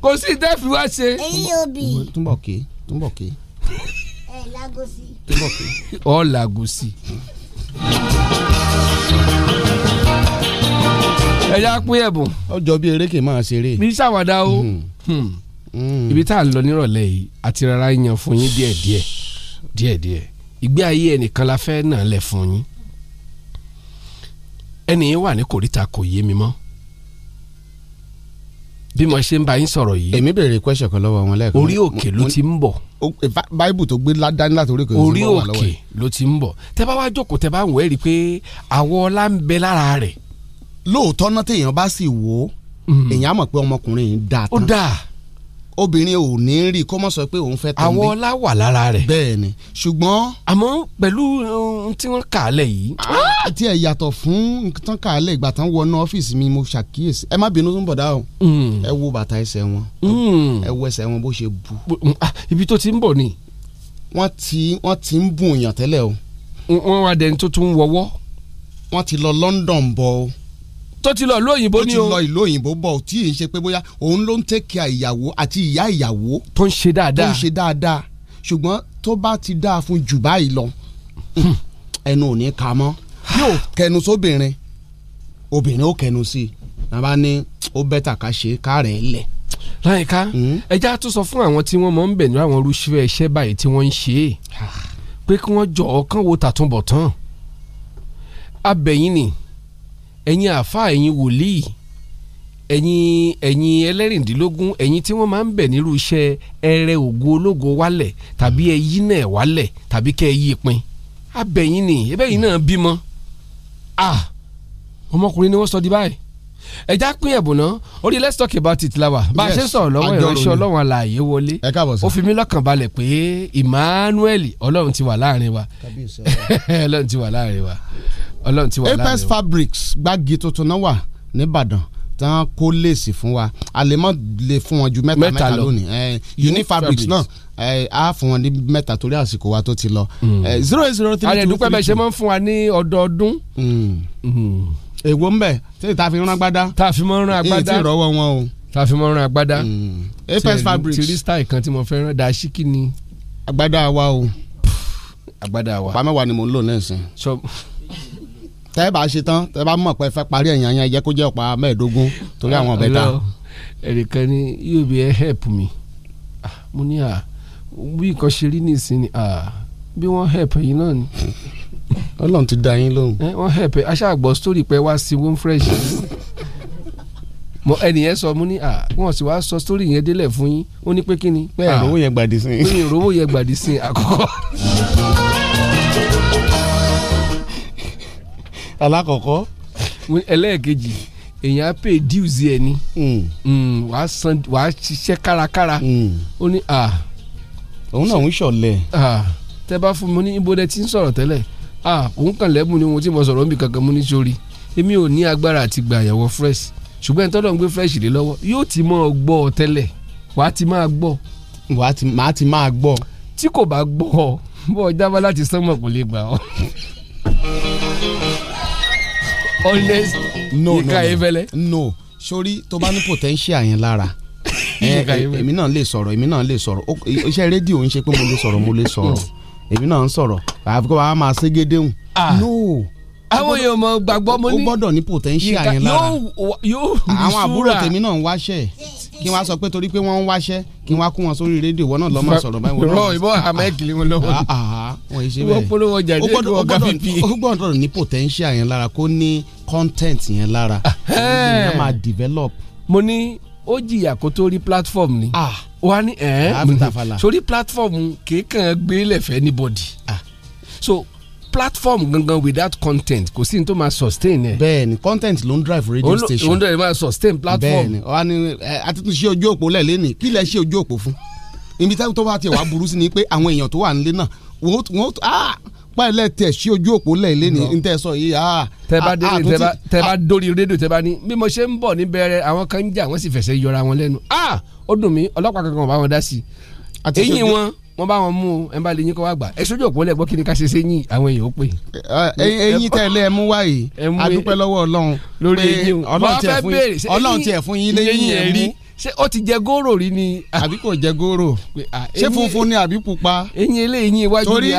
kò sí nǹkan fi wá ṣe. ẹyin yóò bì. túnbọ̀ ké túnbọ̀ ké. ẹ lagosi. túnbọ̀ ké. ọ lagosi ẹ̀yà pín ẹ̀bùn. ọjọ́ bíi eré kì í máa ṣeré. mi ṣàwàdà o. Mm -hmm. Hmm. Hmm. ibi tá à ń lọ nírọ̀lẹ́ yìí àti rárá yan fún yín díẹ̀díẹ̀ díẹ̀díẹ̀ ìgbé ayé ẹnìkan la fẹ́ náà lẹ̀ fún yín ẹnì yẹn wà ní kòríta kò yé mi mọ́ bí mo ṣe ń bá yín sọ̀rọ̀ yìí. èmi bèrè question kan lọ́wọ́ wọn lẹ́ẹ̀kan. orí òkè ló ti ń bọ̀. báìbù tó gbé dání láti orí òkè orí òkè ló ti ń bọ̀ tẹ́ bá wá jókòó tẹ́ bá ń wẹ̀ pé àwọ̀ ọlá ń bẹ lára rẹ̀. lóòótọ́ náà téèyàn bá sì wò ó Mm-hmm. èyàn á mọ̀ pé ọmọkùnrin yìí dáa tán ó dáa obìnrin ò ní rí kó mọ̀ sọ pé òun fẹ́ tán ní. àwọ̀ ọlá wà lára rẹ̀. bẹ́ẹ̀ ni ṣùgbọ́n. àmọ́ pẹ̀lú ohun tí wọ́n kà á lẹ̀ yìí. àti ah! ẹ̀ yàtọ̀ fún tán kà á lẹ̀ ìgbà tán wọnú ọ́fíìsì mi mo ṣàkíyèsí ẹ má bínú tó ń bọ̀ o. Mm. ẹ wo bàtà ẹsẹ̀ wọn mm. ẹ wo ẹsẹ̀ wọn bó ṣe bu. Mm, ah, ibi tó ti ń bọ̀ ni. wọ́n ti wọ́n ti ń bùn èèyàn tẹ́lẹ̀ o. wọ́n wá dẹni tó tún wọ́wọ́. wọ́n ti lọ London bọ̀ o tó ti lọ ìlú òyìnbó ni o. ó ti lọ ìlú òyìnbó bọ̀ tí yìí ń ṣe pé bóyá òun ló ń tẹ́kẹ̀ ìyàwó àti ìyá ìyàwó. tó ń ṣe dáadáa tó ń ṣe dáadáa ṣùgbọ́n tó bá ti dáa fún jù báyìí lọ ẹnu ò ní ka mọ́ yóò kẹnu sóbìnrin obìnrin ó kẹnu sí i nàbá ní ó bẹ́tà ká ṣe káàrẹ̀ ńlẹ̀ láyìíká hmm? ẹjẹ́ á sọ fún àwọn tí wọ́n mọ̀ ń bẹ̀ ní àwọn irúṣẹ́ iṣẹ́ báyìí ẹ̀yin àáfàá ẹ̀yin wòlíì ẹ̀yin ẹ̀yin ẹlẹ́rìndínlógún ẹ̀yin tí wọ́n máa ń bẹ̀ nírú iṣẹ́ ẹrẹ ògo ológo wálẹ̀ tàbí ẹyí náà wálẹ̀ tàbí kẹ́ ẹ pin abẹ́yìn ni ẹbẹ́yìn náà bímọ ah ọmọkùnrin ni wọ́n sọ di báyìí ẹja pín ẹ̀bùn náà orí let's talk about it la wà bá a ṣe sọ̀rọ̀ lọ́wọ́ ìránṣẹ́ ọlọ́run alààyè wọlé ó fi mí lọ́kàn balẹ̀ pé Emmanuel ọlọ́run ti wà láàrin wa ọlọ́run ti wà láàrin wa ọlọ́run ti wà láàrin o Apex Fabrics gbági tuntun náà wà nìbàdàn tán kó léèsì fún wa a lè mọ lè fún wọn ju mẹ́ta mẹ́ta lónìí Unifabrics náà a fún wọn ní mẹ́ta torí àsìkò wa tó ti lọ. Mm. zero eight zero three two three two. àrẹ dúpẹ́ bẹ́ẹ̀ ṣe máa ń fún wa ní ọdọọdún. Mm. Mm. èwo ń bẹ̀ tí tá fi rán agbádá. tá fi mọ́ rán agbádá. èyí ti rọ́wọ́ wọn o. tá fi mọ́ rán agbádá. Apex Fabrics. tìrí style kan tí mo fẹ́ rán dàṣíkì ni. agbádá wa o. agbádá wa. pàmẹ́wàá ni mo ń lò náà tẹ́ ẹ bá ṣe tán tẹ́ ẹ bá mọ̀ pé ẹ fẹ́ parí ẹ̀yàn yẹn jẹ́ kó jẹ́ ọ̀pá mẹ́ẹ̀ẹ́dógún torí àwọn ọ̀bẹ ta. ẹnìkan ni yóò bí ẹ help mi mo ní à bí nǹkan ṣe rí nìsín ni bí wọ́n help yín náà ni. ọlọ́run ti da yín lóhùn. wọ́n help aṣáàgbọ̀ story pé wá sí wọ́n fresh mo ẹnìyẹn sọ mo ní à wọn sì wá sọ story yẹn délẹ̀ fún yín ó ní pé kí ni. pé ìrówó yẹn gbàdí sí. pé ìrówó yẹn gbàdí sí àkọ́kọ́. alákọ̀ọ́kọ́. ẹlẹ́ẹ̀kejì èèyàn á pè dues ẹ ni hmm. Hmm, wà á san wà á ṣiṣẹ́ kárakára hmm. ó ní à. òun náà ń ṣọ̀lẹ̀. tẹ bá fún mi ní ibo dẹ ti ń sọ̀rọ̀ tẹ́lẹ̀ òun kàn lẹ́bùn ni mo ti mọ sọ̀rọ̀ mi kankan mú ní sórí èmi ò ní agbára àti gbà àyẹ̀wò fresh ṣùgbọ́n ìtọ́jú ń gbé fresh lé lọ́wọ́ yóò ti máa gbọ́ ọ tẹ́lẹ̀ wàá ti máa gbọ́. wàá ti ti máa gbọ́. tí kò bá gbọ́ ọ bọ́ ọ jábọ́ láti sánmọ̀ kò lè gbà ọ always yíká ayéfẹ́lẹ́. no sori tó bá ní potential yẹn lára eh, eh, èmi náà lè sọ̀rọ̀ èmi náà lè sọ̀rọ̀ iṣẹ́ rédíò ń ṣe pé mo lè sọ̀rọ̀ mo lè sọ̀rọ̀ hmm. èmi náà ń sọ̀rọ̀ àfikún wa máa ségédéhùn. Ah. no àwọn èèyàn mọ gbàgbọ́ mo ní. ó gbọ́dọ̀ ní potential yẹn lára àwọn àbúrò tèmi náà ń wáṣẹ́ kí wọ́n sọ pé torí pé wọ́n ń wáṣẹ́ kí wọ́n á wọn sórí rédíò wọn náà lọ́ọ́ máa sọ̀rọ̀ báyìí wọn ìbọn ahmed lè wọn wọn ì ṣe bẹ́ẹ̀ wọ́n polówó ọjà dé ìlú ọ̀gá pípì. ó gbọ́dọ̀ ní potential yẹn lára kó ní content yẹn lára. ìyẹn ah, eh. máa develop. mo ní ó jìyà kó tó rí platform ni. Ah. wọ́n á ní ẹ̀ eh, ẹ́ platform kéèkàn gbé lẹ̀fẹ́ ní bọ́dì. so platform gangan without content kò sí ní tó máa sustain ẹ. bẹ́ẹ̀ni content ló ń drive radio station. òun dẹ̀ máa sustain platform. bẹ́ẹ̀ni ọ̀hán ni àtúntúnṣe ojú òpó lẹ́lẹ́ ni kí lẹ ṣe ojú òpó fún. ibi táwọn tó bá tiẹ̀ wá burú sí ni pé àwọn èèyàn tó wà nílé náà wọ́n wọ́n pàìlẹ̀ tẹ̀ sí ojú òpó lẹ́lẹ́ ni n tẹ́ sọ yìí. tẹ bá dé tẹ bá dórí rédíò tẹ bá ní bí mo ṣe ń bọ̀ níbẹ̀rẹ̀ àwọn kan ń jà wọ́n sì fẹsẹ̀ yọra wọn lẹ́nu. ó dùn mí ọlọ́pàá kankan ò bá wọn dá sí i. èyí wọ́n bá wọn mú o ẹ̀ ń bá lè yín kọ́ wá gbà ẹ sójú òpó lẹ́gbọ́n kí ni ká ṣe ṣe yín àwọn èèyàn ó pè. ẹyin tẹ́lẹ̀ ẹ mú wáyé adúpẹ́ lọ́wọ́ ọlọ́run lórí eyín ọlọ́run tiẹ̀ fún yín lẹ́yìn ẹ̀ mú ṣé ó ti jẹ góòrò rí ni. àbí kò jẹ góòrò ṣé funfun ni àbí pupa. eyín ilé eyín iwájú ni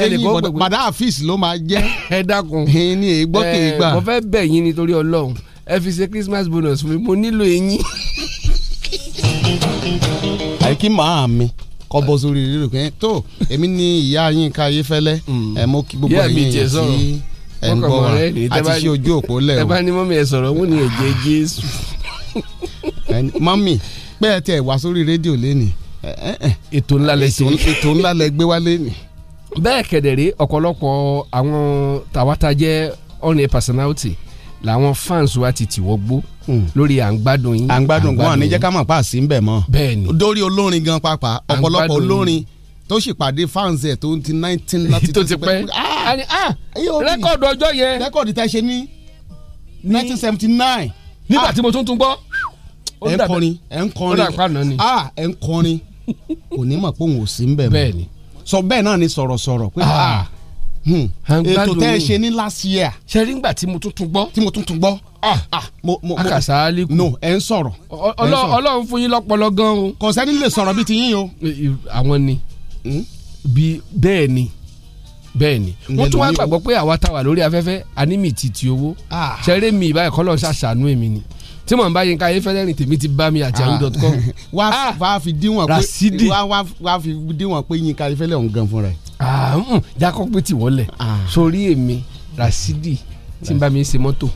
eyín padà àfíìs ló máa jẹ. ẹ dákun eyín ni ègbọ́ kì í gbà. mo fẹ́ bẹ̀ yín nítorí ọlọ́run ẹ fi Christmas bonus mi mo nílò eyín kọ́bọ̀ sórí rírò pé tó èmi ní ìyá Yínká Ayéfẹ́lẹ́ mm. ẹ̀ mọ́ kí gbogbo ẹ̀yìn yẹn sí ẹ̀ ń gbọ́ wa àti ṣe ojú òpó lẹ̀ o. ẹ bá ní mọ́mí ẹ sọ̀rọ̀ wọ́n ní ẹ̀jẹ̀ Jésù. mọ́mí pé ẹ tẹ wá sórí rédíò lẹ́nìí. ètò ńlá lẹ ṣe ètò ńlá lẹ gbé wá lẹ́nìí. bẹ́ẹ̀ kedere ọ̀pọ̀lọpọ̀ àwọn tàwátà jẹ́ ọ̀nà personality làwọn fans wa ti tìwọ́ gbó Hmm. lórí à ń gbádùn yín. à ń gbádùn wọn ní jẹ́ ká mọ̀ pa sí nbẹ̀ mọ́. bẹ́ẹ̀ni dórí olórin gan pàápàá ọ̀pọ̀lọpọ̀ olórin tó sì pàdé fans ẹ̀ tó ti nineteen láti tó ti pẹ́. Ah, rẹ́kọ̀dù ọjọ́ yẹn. rẹ́kọ̀dù tá a ṣe ní nineteen seventy nine. nígbà tí mo ah. tún tún gbọ́. ẹ̀ ń kọrin ẹ̀ ń kọrin ah, ẹ̀ ń kọrin kò ní mọ̀ pé òun ò sí nbẹ̀ mọ́ sọ bẹ́ẹ̀ náà ni sọ̀rọ̀sọ̀rọ̀ pé hmm, ètò tẹ́ ẹ ṣe ní last year. ṣe rí ngbà tí mo tún tún gbọ́. tí mo tún tún gbọ́ ah ah no ẹ ń sọ̀rọ̀. Ọlọ́run fún yín lọ́pọlọ gan o. kò sẹ́ni lè sọ̀rọ̀ bíi ti yín o. àwọn ni hmm? bí bẹ́ẹ̀ ni bẹ́ẹ̀ ni wọ́n tún wá gbàgbọ́ pé àwa táwa lórí afẹ́fẹ́ anímì títí owó ah. ṣeré mi ìbáyìí kọ́ ṣàṣàánú èmi ni tí mò ń bá yín ká yín fẹ́lẹ́ tèmi ti bá mi àti àwọn dot com. wá fi díwọ̀n pé rasidi wá fi díwọ̀n pé yín ká yín fẹ́lẹ́ òun gan fúnra ẹ̀. Ah, mm, mm. jákọ́ pé tí ah. sórí èmi rasidi tí n bá mi ṣe mọ́tò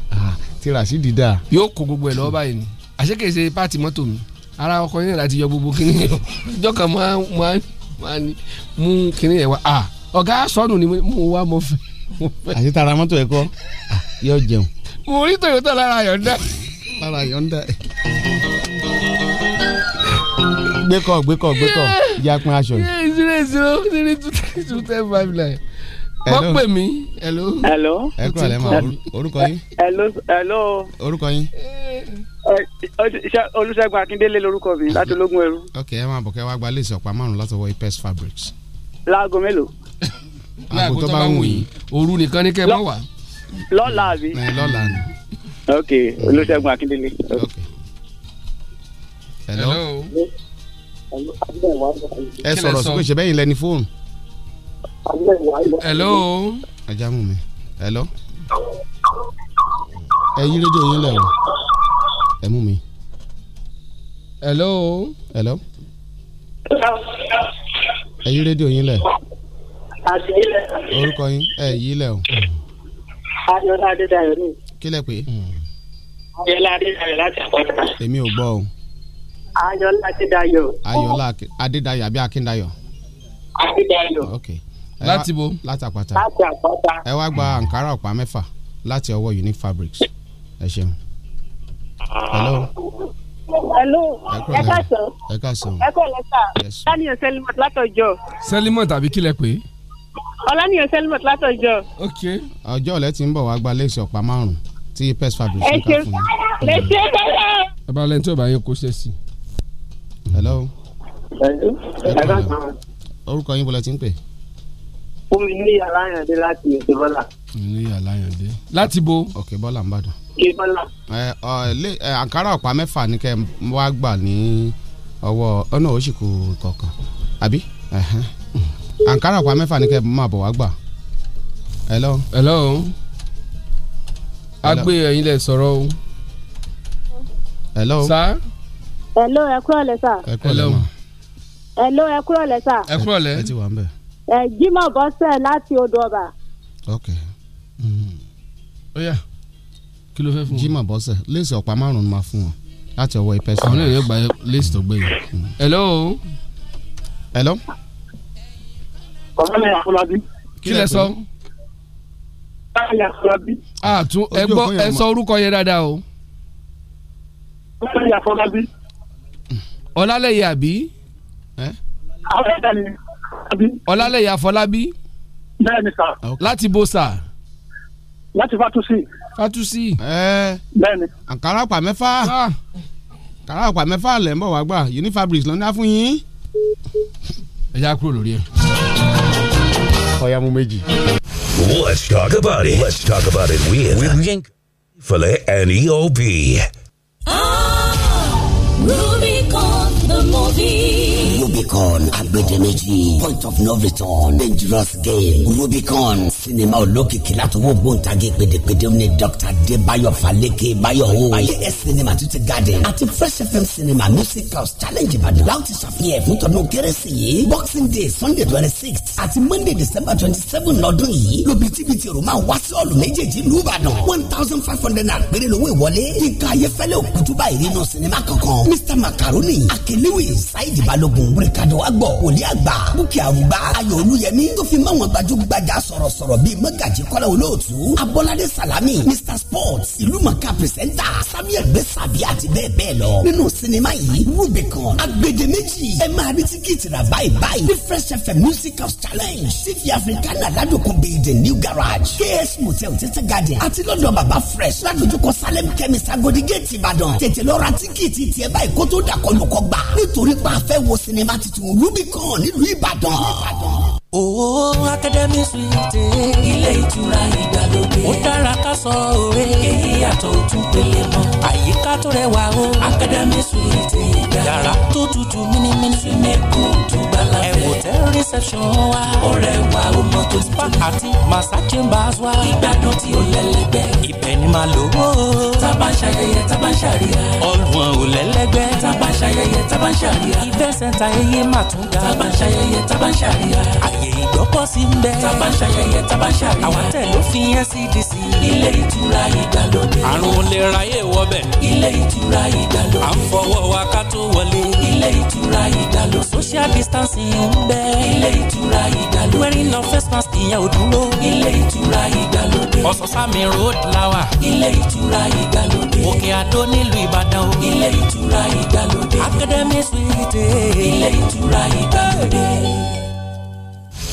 ti rasidi dà. yóò kó gbogbo ẹ̀ lọ́wọ́ hmm. báyìí ni àṣé kìí ṣe pààtì mọ́tò mi ara ọkọ yẹn láti yọ gbogbo kíní yẹn ọjọ́ kan máa máa máa ní mú kíní yẹn wá à ọ̀gá sọ́nù ni mo wá mo fẹ́. àti tara mọ́tò ẹ̀ kọ́ yóò jẹun. mo rí Toyota lára Yọ̀ǹda. lára Yọ̀ǹda gbẹkọ gbẹkọ gbẹkọ yapin aṣọ yìí. zero zero three two three two ten five nine wọ́n pè mí. hello. ẹ kúrò lẹ́mọ̀ orúkọ yín. hello. hello. orúkọ yín. olùṣègùn akíndélé lorúkọ mi ah. láti ológun ẹrú. ok ẹ máa bọ̀ kẹ́ wá gba léèsì ọ̀pá márùn-ún látọwọ́ ipes fabrics. láago mélòó. láago tó bá wù yín òru nìkan ní kẹ́ ẹ bá wà. lọ́la àbí. ẹ lọ́la ni. ok olùṣègùn akíndélé. ok. hello. ẹ sọ̀rọ̀ sókè ṣe bẹ́yìn lẹ́ni fóònù hello. ajá mú mi hello. ẹ yí rédíò yín lẹ̀ o ẹ mú mi. hello. hello. ẹ yí rédíò yín lẹ̀. orúkọ yín ẹ yí lẹ̀ o. ayọ̀lá adédayọ̀ ni. kílẹ̀ pé. ayọ̀lá adédayọ̀ láti àpáta. èmi ò gbọ́ o. ayọ̀lá adédayọ̀. ayọ̀lá adédayọ̀ àbí akíndayọ̀. akíndayọ̀. okay láti bo láti àpáta láti àpáta ẹ wá gba ankara ọ̀pá mẹ́fà láti ọwọ́ unique fabrics ẹ ṣeun. hello. hello ẹ káàsán ẹ káàsán ẹ kọ́ lẹ́tà daniel selimot látọjọ́. selimot àbí kílẹ̀ pé. ọlánìyàn selimot látọjọ́. ok. ọjọ́ ọ̀lẹ́ ti ń bọ̀ wá gba léèsì ọ̀pá márùn-ún tí pest fabric ń kà fún mi. ẹ ṣe bẹ́ẹ̀. ẹ bá lẹ́ni tí ò bá yẹ kó ṣe sí. hello. hello. orúkọ yín bọ́lá ti ń pè é fún mi ní yàrá àyàndé láti ètò bọ́là. ní yàrá àyàndé láti bo. ok bọ́là ń bàdàn. kí bọ́là. ẹ ọ lé ẹ àǹkárá ọ̀pá mẹ́fà ni kẹ́ wá gbà ní ọwọ́ ọ̀nà òṣìkò kọ̀ọ̀kan àbí àǹkárá ọ̀pá mẹ́fà ni kẹ́ máa bọ̀ wá gbà. hello. hello. a gbé ẹ̀yin lẹ o. hello. sa. hello ẹ kúrọ̀lẹ́ sa. ẹ ma. ẹ kúrọ̀lẹ́ sa. ẹ kúrọ̀lẹ́. ẹ ti wà ń bẹ̀. Jimoh Gospel láti odò ọba. ok ó yá kí ló fẹ́ fún wọn. Jimoh Gospel léèsì ọ̀pá márùn-ún máa fún wọn láti ọwọ́ ìpẹ́sẹ̀. àwọn èèyàn gba léèsì tó gbé yìí. Hmm. hello. hello. kọ́mọ́lẹ̀ àfọlábí. kí lẹ sọ. kọ́mọ́lẹ̀ àfọlábí. àtún ẹ gbọ́ ẹ sọ orúkọ yẹn dáadáa o. kọ́mọ́lẹ̀ àfọlábí. ọlálẹ́yẹ àbí. ọlálẹ́yẹ àbí Fọlábí. Ọlálẹ̀yà Fọlábí. bẹ́ẹ̀ni sà. láti bo sà. láti Fatusi. Fatusi. ẹẹ eh. bẹ́ẹ̀ni. àǹkárá pa mẹ́fà ah. àǹkárá pa mẹ́fà lẹ̀ wá gbà Unifabrics lọ́nà fún yín. ẹ já kúrò lórí ẹ. ọ̀ya mú méjì. Let's talk about it. Let's talk about it with, with Yink, Filet, and EOB. Oh, Rubicon Agbedemeji Point of No Return Dangerous Game Rubicon sinima olókìkí láti wo gbóǹtagì gbèdégbèdé ní Dr. Debayo Faleke Bayo Ho KS Cinema Tutu Garden àti Fresh FM Cinema Music House Challenge Ìbàdàn láti ṣàfihàn fún tọdún kérésì yìí Boxing Day Sunday twenty sixth àti Monday December twenty seven lọ́dún yìí lóbitibiti rò máa wá sí ọ̀lù méjèèjì lùbàdàn one thousand five hundred naira péré lówó ìwọlé Yínká Ayéfẹ́lẹ́ òkútúbà ìrìnà sinima kankan Mr Macaroni Akelewi Saidi Balogun rẹ̀ ìbàdàn gbọ̀ wòlíì àgbà búkì àrùgbá ayọ̀ olúyẹmí tó fi máwọn gbajúgbajà sọ̀rọ̀sọ̀rọ̀ bíi mọ́gàjì kọ́lá olóòtú abọ́ládé salami mr sports ìlúmọ̀ká pìrìsẹ́ńtà samuel gbèsàbí àti bẹ́ẹ̀ bẹ́ẹ̀ lọ nínú sinimá yìí rubicon agbedeméjì ẹ máa rí tíkìtì rà báyìí báyìí ní fresh fm musical challenge tv africana ládùkún bíi the new garage ks motel tètè garden àti lọ́dọ̀ baba fresh ládùjúkọ salem chemist agodi gate ìbàdàn tètè lọ́ra tíkìtì tiẹ̀ báyìí kó tó dàkọ́ lóko gbà nítorí pàfẹ́ tuntun Rubicon nílùú Ìbàdàn. Oo Akademi Suite. Ilé ìtura ìgbàlódé. Ó dára ká sọ òwe. Èyí yàtọ̀ òtún pélé mọ́. Àyíká tó rẹwà o. Akademi Suite ìgbà. Yàrá tó tutù mímímí. Súnmẹ́kù tó fẹ́. Ẹ̀wò tẹ́ reception wa. Ó rẹwà ó mọ tó ti. Spa àti Massa Chambers wa. Ìgbádùn tí ó lẹ́lẹ́gbẹ́. Ibẹ̀ ni màá lò ó. Tábà ń ṣayẹyẹ, tábà ń ṣàríyá. Ọlùwọ̀n ò lẹ́lẹ́gbẹ́. Tábà ń ṣayẹyẹ, tábà ń ṣàríyá ààyè ìgbọ́kọ̀sí ń bẹ. tàbá ń ṣayẹyẹ tàbá ń ṣàríyá. àwọn tẹ̀ ló NCDC. E ilé ìtura ìgbàlódé. àrùn olè ráyè wọbẹ̀. ilé ìtura ìgbàlódé. à ń fọwọ́ wa ká tó wọlé. ilé ìtura ìgbàlódé. social distancing ń bẹ. ilé ìtura ìgbàlódé. wearing of face mask ìyẹn ò dúró. ilé ìtura ìgbàlódé. ọ̀sán-sámi road lawa. ilé ìtura ìgbàlódé. òkè àdó nílùú ìbàdàn. ilé ìtura ìgbàlódé. academy suite. ilé ìtura ìgbàlódé.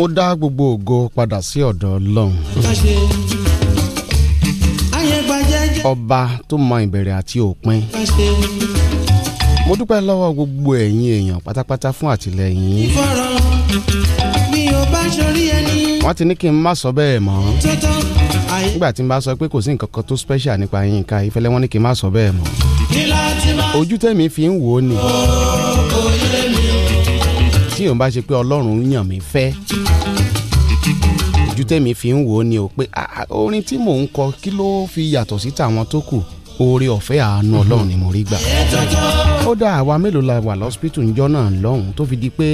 ó dá gbogbo ògo padà sí ọ̀dọ̀ ọlọ́run. ọba tó mọ ìbẹ̀rẹ̀ àti òpin. mo dúpẹ́ lọ́wọ́ gbogbo ẹ̀yin èèyàn pátápátá fún àtìlẹ́yìn wọ́n ti ní kí n má sọ bẹ́ẹ̀ mọ́ nígbà tí n bá sọ pé kò sí nǹkan kan tó special nípa Yínká Ifẹ̀lẹ́ wọ́n ní kí n má sọ bẹ́ẹ̀ mọ́ ojú tẹ̀mí fi ń wò ó ni tí yóò bá ṣe pé ọlọ́run yàn mí fẹ́ ojú tẹ̀mí fi ń wò ó ni o pé ah, ah, orin tí mò ń kọ kí ló fi yàtọ̀ sí tàwọn tó kù oore ọ̀fẹ́ àánú ọlọ́run ni mo rí gbà. ó dá àwa mélòó la wà lọ́sípítù ńjọ́ náà lọ́hùn tó fi di pé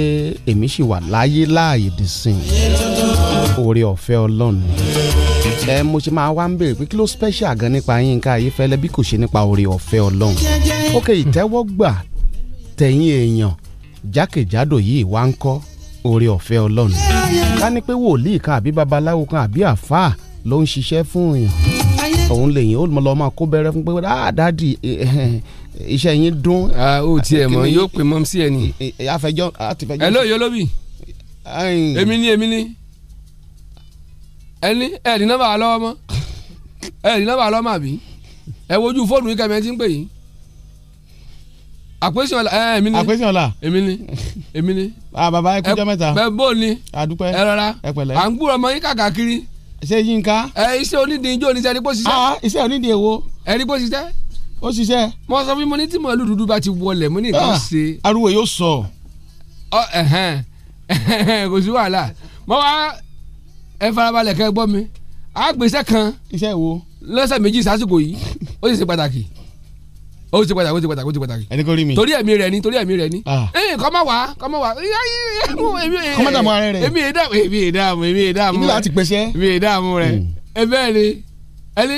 èmi sì wà láyé láàyè dìsìn oore ọ̀fẹ́ ọlọ́run ẹ mo ṣe máa wá ń béèrè pé kí ló special gan nípa Yínká Ayéfẹ́lẹ́ bí kò ṣe nípa oore ọ̀fẹ́ ọlọ́run. ókè ìtẹ́wọ́gbà tẹ̀yìn èèyàn jákèjádò yìí wá ń kọ́ oore ọ̀fẹ́ ọlọ́run ká ní pé wòlíì kan àbí babaláwo kan àbí àfáà ló ń ṣiṣẹ́ fún yàn òun lèyìn ó lọ máa kó bẹ̀rẹ̀ fún pé dáàdì iṣẹ́ yín dún. o tiẹ̀ mọ̀ yóò pè mọ́ sí ẹ ní. àfẹjọ́ àtìfẹjọ́. ẹ lóye olóbì èmi ni èmi ni ẹni ẹ̀ẹ́dì náà bá a lọ́wọ́ mọ́ ẹ̀ẹ́dì náà bá lọ́wọ́ mọ́ àbí ẹ wojú fóònù yìí kẹ́mi ẹ ti ń pè yìí àpèsìn ọ̀la ẹ èmi ni àpèsìn ọ̀la èmi ni èmi ni. a ah, bàbá ẹ kújọ mẹ́ta bẹ́ẹ̀ bó ni àdúpẹ́ ẹ rọra ẹ pẹ̀lẹ́ à ń gbúrọ ọmọ yín kàkàkiri. ṣé yínká. ẹ iṣẹ́ onídìí ijó ni sẹ́ni kó ṣiṣẹ́. aa ah, iṣẹ́ onídìí èwo. ẹ rí kó ṣiṣẹ́. ó ṣiṣẹ́. mo sọ fún mi mo ní tí màálù dúdú bá ti wọlẹ̀ mo ní nǹkan ah, ṣe. arúgbó yóò sọ. ọ ẹhẹn kò sí wàhálà mo wá ẹ farabalẹ̀ kẹ́ gbọ́ mi àgbèsẹ́ kan. iṣẹ́ wo. lọ́sẹ̀ méjì sásìkò yìí ó sì ṣe pàtàkì ó ṣe pàtàkì ó ṣe pàtàkì ó ṣe pàtàkì. ẹni kò rí mi. torí ẹ̀mí rẹ̀ ni torí ẹ̀mí rẹ̀ ni. Ah. ee eh, kọ́mọ wá kọ́mọ wá. kọ́mọ dààmú ara rẹ̀. èmi èdààmú èmi èdààmú èmi èdààmú rẹ̀. ibi láti pèsè. èmi èdààmú rẹ̀. Hmm. ẹ bẹ́ẹ̀ ni ẹni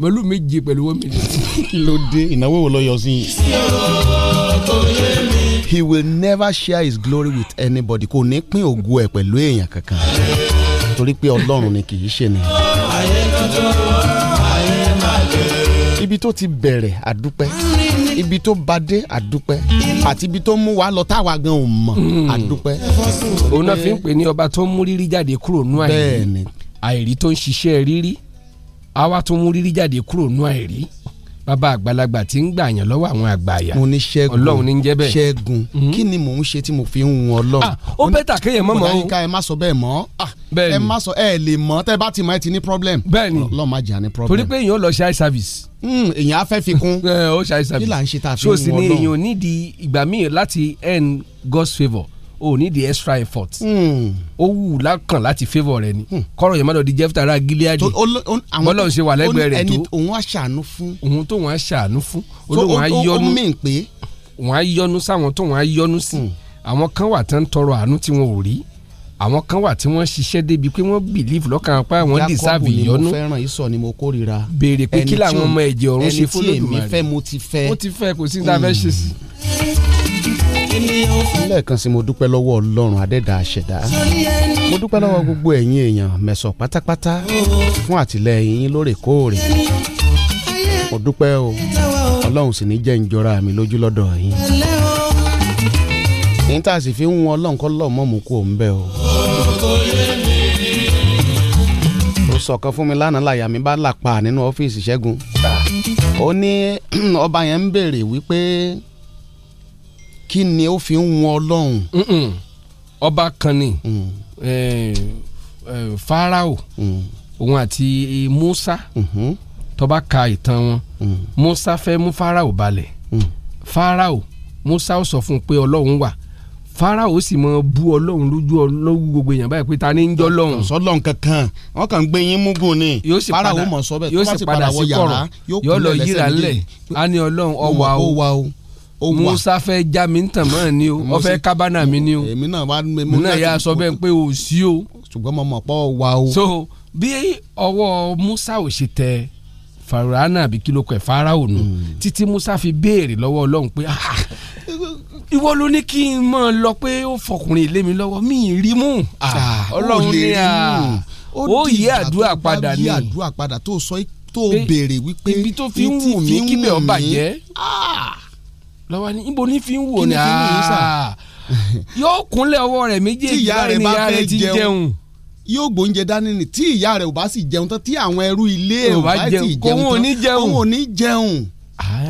mọ̀lú mi jì pẹ̀lú owó mi. ìnáwó wo ló yọ sí he will never share his glory with anybody kò ní pín ògo ẹ̀ pẹ̀lú èèyàn kankan torí pé ọlọ́run ni kì í ṣe ni ibi tó ti bẹ̀rẹ̀ àdúpẹ́ ibi tó bá dé àdúpẹ́ àti ibi tó mú wa lọ táwa gan ò mọ̀ àdúpẹ́. Hmm. òun náà fi ń pè ní ọba tó ń mú rírí jáde kúrò nú àìrí àìrí tó ń ṣiṣẹ́ rírí àwa tó ń mú rírí jáde kúrò nú àìrí bàbá àgbàlagbà tí ń gbàyàn lọ́wọ́ àwọn àgbàyà mo ní ṣẹ́gun ọlọ́run ní ń jẹ́ bẹ́ẹ̀ ṣẹ́gun mhm. kí ni mò ń ṣe tí mo fi ń hun ọlọ́run. Ah, ó bẹ́ẹ̀ tà kéèyàn mọ́ mọ́ o ẹ má sọ bẹ́ẹ̀ mọ́ ah, ẹ má sọ ẹ lè mọ́ tẹ́ bá ti mọ́ ẹ ti ní problem bẹ́ẹ̀ni ọlọ́run má jẹ́ àní problem. torí pé èèyàn lọ ṣe eye service. Hmm, èèyàn á fẹ́ fi kún ó ṣe eye service. kí là ń ṣe tá a fi hun ọlọ́run. so ni èèyàn nídìí ìgbà míì láti God's favour o ní the extra effort. Hmm. ó wù lákàn láti favour rẹ ni hmm. kọ́rọ̀ yẹn má lọ di Jẹ́fútà ará Gílíádì bọ́lọ̀ ṣe wà lẹ́gbẹ̀ẹ́ rẹ̀ tó òun á ṣàánú fún. òun tó wọn á ṣàánú fún olóhùn á yọnu wọn á yọnu sáwọn tó wọn á yọnu sí hmm. àwọn kan wà tán tọrọ àánú tí wọn ò rí àwọn kan wà tí wọ́n ṣiṣẹ́ débi pé wọ́n believe lọ́kàn pa wọ́n deserve ìyọnu. Jacob ni mo fẹ́ràn ìsọ ni mo kórira. béèrè pé kí làwọn ọmọ ẹ̀jẹ̀ ọ̀run ṣe fún lòdùmarè ẹni tí èmi fẹ́ mo ti fẹ́. ó ti fẹ́ lẹ́ẹ̀kan sí mo dúpẹ́ lọ́wọ́ ọlọ́run adẹ́dàá ṣẹ̀dá mo dúpẹ́ lọ́wọ́ gbogbo ẹ̀yin èèyàn mẹ̀sọ̀ pátápátá fún àtìlẹ́yìn yín lóòrèkóòrè mo dúpẹ́ o ọlọ́run sì ní jẹ́ ń jọra mi lójú lọ́dọ̀ yín ní tá a sì fi ń wọn ọlọ́run kọ́ lọ́ọ̀ mọ́ mú kú òun bẹ́ẹ̀ o ó sọ̀kan fún mi lánàá làyà mi bá làpà nínú ọ́fíìsì ṣẹ́gun ó ní ọba yẹn ń béèrè wípé kí ni ó fi ń wọn ọlọ́run. ọba kan ni mm. eh, eh, farao mm. òun àti eh, musa mm-hmm. tó ka ìtàn wọn musa mm. fẹ́ mú farao balẹ̀ farao musa ó sọ fún un pé ọlọ́run wà farao sì mọ bú ọlọ́run lójú ọlọ́run gbogbo èèyàn báyìí pé ta ni ń jọ lọ́run. sọlọ́n kankan wọn kàn ń gbé yín múgùn ni farao mọ̀ sọ bẹ́ẹ̀ sì padà wọ yàrá yóò lọ yíra lẹ̀ á ní ọlọ́run ọwà o ó wà musa fẹ́ já mi ń tàn mọ́ ni o ọ fẹ́ kábánà mi ni o èmi náà wá mi náà yà sọ bẹ́ẹ̀ pé o sí o ṣùgbọ́n mo mọ̀ pọ́ wa o. so bí ọwọ́ musa ò ṣe tẹ farahana àbí kí ló kọ ẹ farao nù hmm. títí musa fi béèrè lọ́wọ́ ọlọ́run pé ah, ah, ìwọ ló ní kí n mọ̀ lọ pé ó fọkùnrin ilé mi lọ́wọ́ mi ì rí mú ah, ọlọ́run ní à ó yí àdúrà padà ní. ó yí àdúrà padà tó sọ tó béèrè wípé ibi tó fi ń wù mí kíbẹ̀ ọ bàjẹ́ lọ́wọ́ ní ibo ní fi ń wò ní aa ah. yóò kúnlẹ̀ ọwọ́ rẹ̀ méjèèjì ni ìyá rẹ̀ ti jẹun yóò gbóúnjẹ dání ni tí ìyá rẹ̀ ò bá sì jẹun tán tí àwọn ẹrú ilé ẹ̀ ò bá jẹun tán òun ò ní jẹun òun ò ní jẹun ah. Ah,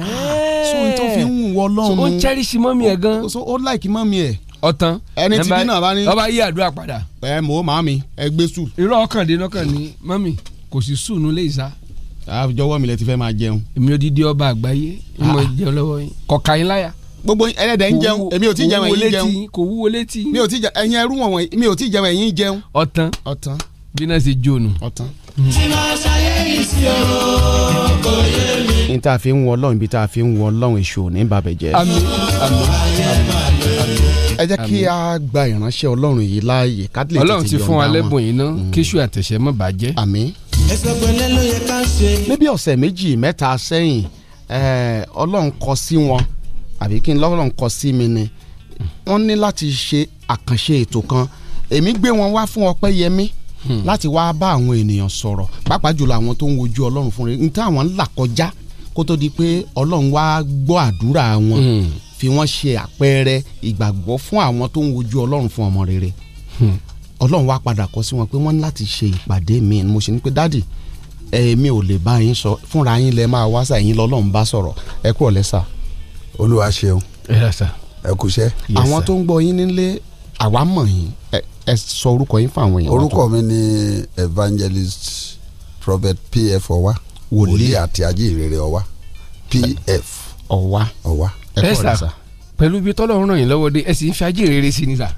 so n tó fi ń wù wọ lọ́run so ó ń cherish mọ́mí ẹ̀ gan so ó like mọ́mí ẹ̀ ọ̀tán ẹni tí bí náà bá ní ọba yí àdúrà padà ẹ mọ̀ ọ́ màmí ẹ gbé sùn. irọ́ ọkàn dín lọ́kàn ní mọ́mí kò sí sùn nílé ìsá àjọwọ́ ah, mi lẹ ti fẹ́ máa jẹun. èmi ò dídí ọba àgbáyé mo ah. jẹ lọ́wọ́ yín kọ̀ọ̀ka yín láyà. gbogbo ẹlẹ́dẹ̀ ń jẹun èmi ò tí jẹun ẹ̀yin jẹun kò wúwo létí. mi ò tí jẹun ẹ̀yin ẹrú wọ̀n wọ̀nyí mi ò tí jẹun ẹ̀yin jẹun. ọ̀tán ọ̀tán bí náà ṣe jóònù. ọ̀tán. tí máa fi ń wọ ọlọ́run ibi tá fi ń wọ ọlọ́run èṣù ní bàbẹ̀ jẹ́. ẹ jẹ́ kí a gba ìránṣẹ́ ọlọ́run yìí láàyè ká lè tètè yọ̀ǹda wọn. ọlọ́run ti fún wa yìí ná mm. kíṣù àtẹ̀ṣẹ́ mọ́ bàjẹ́ ẹsẹ̀ pẹ̀lẹ́ ló yẹ ká ṣe. níbi ọ̀sẹ̀ méjì mẹ́ta sẹ́yìn eh, ọlọ́run kọ sí wọn àbí kí n lọ́rọ̀ kọ sí mi ni wọ́n ní láti ṣe àkànṣe ètò kan èmi gbé wọn wá fún Ọpẹ́yẹmí hmm. láti wá bá àwọn ènìyàn sọ̀rọ̀ pàápàá jùlọ àwọn tó ń wojú ọlọ́run fún rẹ níta àwọn ń là kọjá kó tó di pé ọlọ́run wá gbọ́ àdúrà wọn hmm. fi wọ́n ṣe àpẹẹrẹ ìgbàgbọ́ fún àwọn tó ń wojú ọlọ́run fún ọmọ rere. Hmm ọlọ́run wá padà kọ sí wọn pé wọ́n ní láti ṣe ìpàdé mi mo ṣe ni pé dáàdì èmi ò lè bá yín sọ fúnra yín lẹ máa wá sá yín lọ́lọ́run bá sọ̀rọ̀ ẹ kúrò lẹ́sà. olúwa ṣeun ẹ kú iṣẹ́. àwọn tó ń gbọ́ yín nílé àwa mọ̀ yín ẹ sọ orúkọ yín fáwọn èèyàn. orúkọ mi ni evangelist prophet pf ọwa wòlíì àti ajíhìnrere ọwa pf ọwa ọwa ẹ kúrò lẹ́sà. pẹ̀lú ibi tọ́lọ́run ràn yín lọ́wọ́ de ẹ sì ń fi ajíhìnrere sí ni sà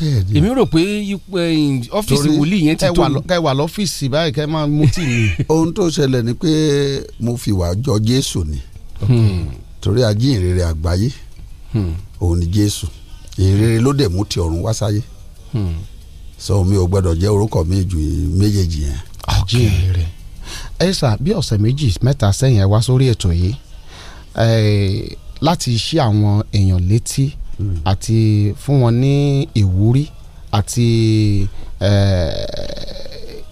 bẹ́ẹ̀ni èmi rò pé eh, ọ́fíìsì wòlíì yẹn ti tó mi. kẹ wà lọ́fíìsì báyìí kẹ máa mutí mi. ohun tó ṣẹlẹ̀ ni pé mo fi wà jọ Jésù ni hmm. torí ajínrere àgbáyé hmm. òun ni Jésù ìrere ló dẹ̀ mú ti ọ̀run wá sáyé hmm. sọ mi ò gbọ́dọ̀ jẹ́ orúkọ mi ju méjèèjì yẹn. ajínrere ẹ bí ọ̀sẹ̀ méjì mẹ́ta sẹ́yìn ẹ wá sórí ètò yìí láti ṣí àwọn èèyàn létí àti fún wọn ní ìwúrí àti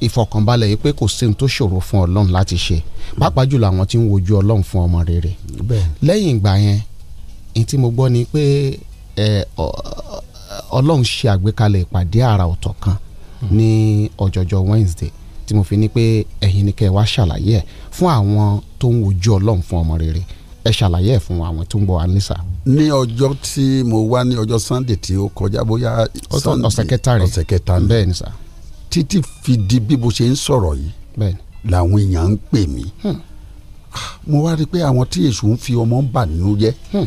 ìfọ̀kànbalẹ̀ yìí pé kò sí ohun tó ṣòro fún ọlọ́run láti ṣe pàápàá jùlọ àwọn tí ń wojú ọlọ́run fún ọmọ rere lẹ́yìn ìgbà yẹn ní tí mo gbọ́ ni pé ọlọ́run ṣe àgbékalẹ̀ ìpàdé àrà ọ̀tọ̀ kan hmm. ní ọjọ́jọ́ Wednesday tí mo fi ní pé ẹ̀yin ni kẹ́ ẹ wá ṣàlàyé ẹ̀ fún àwọn tó ń wojú ọlọ́run fún ọmọ rere ẹ ṣàlàyé ẹ̀ fún àwọn tó ń bọ̀ wá nísà. ní ọjọ́ tí mo wá ní ọjọ́ sunday tí ó kọjá bóyá sunday kẹta rẹ̀ ọ̀sẹ̀ kẹta rẹ̀ bẹ́ẹ̀ ni sà. títí fi di bí mo ṣe ń sọ̀rọ̀ yìí làwọn èèyàn ń pè mí hmm. mo wá rí i pé àwọn tí èṣù ń fi ọmọ ń bà nínú jẹ́ hmm.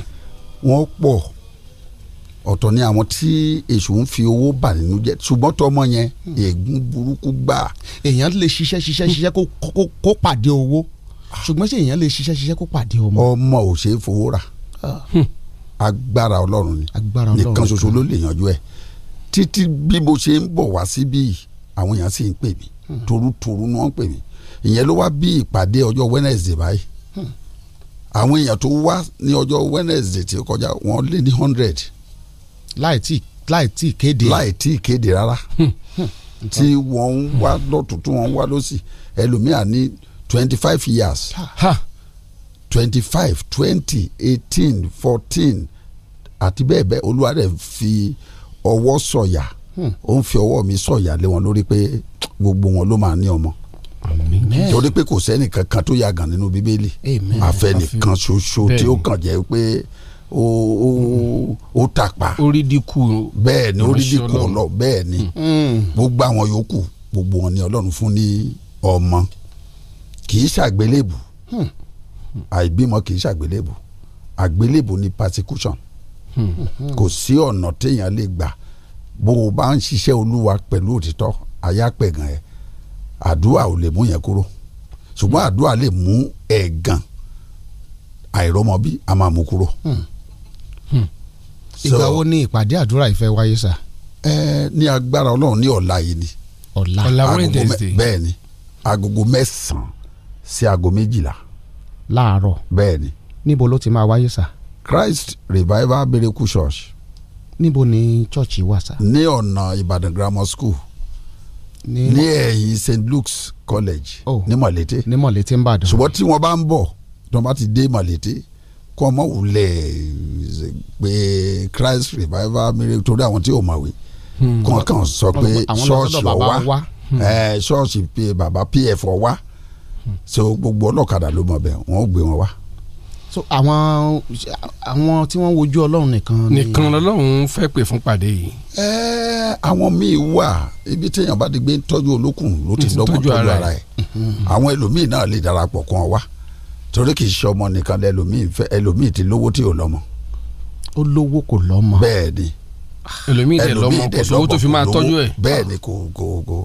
wọ́n pọ̀ ọ̀tọ̀ ni àwọn tí èṣù ń fi owó bà nínú jẹ́ ṣùgbọ́n tọmọ yẹn hmm. ègún burúkú gbà. èèyàn lè ṣiṣẹ́ ṣiṣẹ́ ṣiṣẹ́ kó pàdé owó ṣùgbọ́n ṣé èèyàn lè ṣiṣẹ́ ṣiṣẹ́ kó pàdé ọmọ. ọmọ ò ṣeé fowó rà ah. hmm. agbára ọlọ́run ni nìkan ṣoṣo ló lè yanjú ẹ̀ títí bí mo ṣe ń bọ̀ wá síbí àwọn èèyàn sì ń pè mí hmm. torútorú ni wọ́n ń pè mí ìyẹn ló wá bí ìpàdé ọjọ́ Wednesday báyìí hmm. àwọn èèyàn tó wá ní ọjọ́ Wednesday tí ó kọjá wọ́n lé ní hundred. láì tí láì tí kéde. láì tí kéde rárá tí wọ́n ń wá lọ́tún tí wọ́n ń wá lọ́sì ẹlòmíà ní twenty five years ha, twenty five twenty eighteen fourteen àti bẹ́ẹ̀ bẹ́ẹ̀ olúwa rẹ̀ fi ọwọ́ sọ̀yà hmm. ó ń fi ọwọ́ mi sọ̀yà lé wọn lórí pé gbogbo wọn ló máa ní ọmọ torí pé kò sẹ́ni kankan tó yàgàn nínú bíbélì àfẹnìkan ṣoṣo tí ó kàn jẹ́ pé ó ó ó tàpá orídìkù bẹ́ẹ̀ ni orídìkù lọ bẹ́ẹ̀ ni hmm. gbogbo àwọn yòókù gbogbo wọn ni ọlọ́run fún ní ọmọ kì í ṣàgbélébù hmm. àìbímọ kì í ṣàgbélébù àgbélébù ni persecution hmm. kò sí ọ̀nà téèyàn lè gbà bó o bá ń ṣiṣẹ́ olúwa pẹ̀lú òtítọ́ ayápẹ̀gàn ẹ̀ àdúrà ò lè mú yẹn kúrò ṣùgbọ́n àdúrà lè mú ẹ̀gàn àìrọ́mọbí a máa mú kúrò. Hmm. ìgbà wo ni ìpàdé àdúrà ìfẹ́ wáyé sà. ẹ ní agbára ọlọ́run ní ọ̀la yìí ni ọ̀la ọ̀la wednesday bẹ́ẹ̀ ni agogo mẹ́sàn-án sí aago méjìlá. láàárọ̀ bẹ́ẹ̀ ni. níbo ló ti máa wáyé sà. Christ Revival Miracle Church. níbo ni chọ́ọ̀chì wà sà. ní ọ̀nà Ìbàdàn Grammar School ní ẹ̀yìn St Luke's College oh. ní Mọ̀lété. ní Mọ̀lété ń bàdàn. ṣùgbọ́n tí wọ́n bá ń bọ̀ tí wọ́n bá ti dé Mọ̀lété kọ́ ọmọ wulẹ̀ pé Christ Revival Miracle torí àwọn tí ò mọ̀ wí hmm. kọ̀ọ̀kan sọ pé ṣọ́ọ̀ṣì ọ̀wá hmm. ṣọ́ọ̀ṣì baba pf ọ̀wá so gbogbo ọlọ́kadà ló mọ̀ bẹ́ẹ̀ wọ́n gbé wọn wá. so àwọn àwọn tí wọ́n wojú ọlọ́run nìkan. nìkan lọ́lọ́run fẹ́ pè fún pàdé yìí. ẹẹ àwọn míì wà ibi téèyàn bá ti gbé tọ́jú olókùn ló ti lọ́gbọ́n tọ́jú ara ẹ̀ àwọn ẹlòmíì náà lè darapọ̀ kàn wá torí kì í ṣe ọmọ nìkan lẹ́lòmíì fẹ́ ẹlòmíì ti lówó tí ò lọ́mọ. ó lówó kò lọ́mọ. bẹ́ẹ̀ ni ẹlòmíì tẹ lọ́mọ kò sówó tó fi máa tọ́jú ẹ̀. bẹ́ẹ̀ ni kò kò kò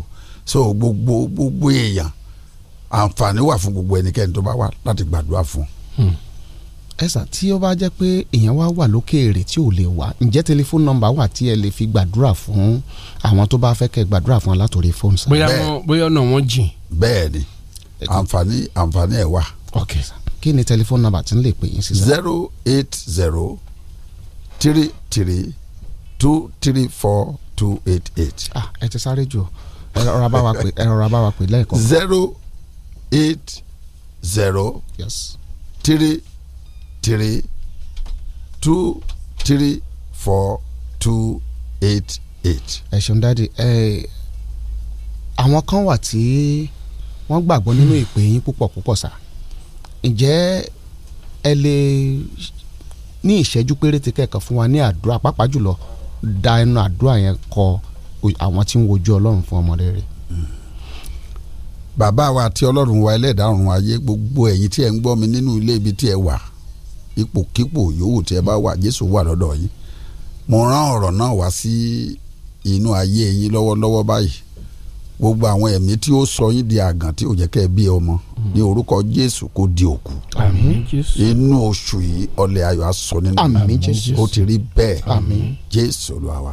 so gbogbo gbogbo èèyàn àǹfààní wà fún gbogbo ẹnikẹ́ni tó bá wà láti gbàdúrà fún. Hmm. ẹ̀sà tí ó bá jẹ́ pé èèyàn wá wà lókèèrè tí ò lè wá ǹjẹ́ tẹlifóònù nọ́mbà wà tí ẹ lè fi gbàdúrà fún àwọn tó bá fẹ́ kẹ́ gbàdúrà fún alátorí fóònù sáà. bóyá wọn bóyá ọ̀nà wọn jìn. bẹ́ẹ̀ni àǹfààní àǹfààní ẹ̀ wà. ok kí ni tẹlifóònù nọ́mbà tí ń lè pè yín sí. zero eight zero three three two three four two eight eight. ah ẹ ti sáré jù ẹ rọra bá wa pè ẹ rọra bá wa pè lẹ́ẹ̀kan. zero eight zero yes. three three two three four two eight eight. ẹ ṣeun dáàdi ẹ àwọn kan wà tí wọ́n gbàgbọ́ nínú ìpè yín púpọ̀ púpọ̀ sá ǹjẹ́ ẹ lè ní ìṣẹ́jú péréte kẹ́kọ̀ọ́ fún wa ní àdúrà pàápàá jùlọ da ẹnu àdúrà yẹn kọ àwọn tí ń wojú ọlọ́run fún ọmọdé rẹ̀. Mm bàbá wa àti ọlọ́run wa ẹlẹ́dàá ọ̀run ayé gbogbo ẹ̀yin tí ẹ ń gbọ́ mi nínú ilé ibi tí ẹ wà ipòkípò yòówù tí ẹ bá wà Jésù wà lọ́dọ̀ yín mo rán ọ̀rọ̀ náà wá sí inú ayé yín lọ́wọ́lọ́wọ́ báyìí gbogbo àwọn ẹ̀mí tí ó sọ yín di àgàn tí ò jẹ́ kẹ́ ẹ bí ọmọ ní orúkọ jésù kó di òkú inú oṣù yìí ọlẹ̀ ayọ̀ á sọ nínú àmín ó ti rí bẹ́ẹ̀ jésù olúwa wa.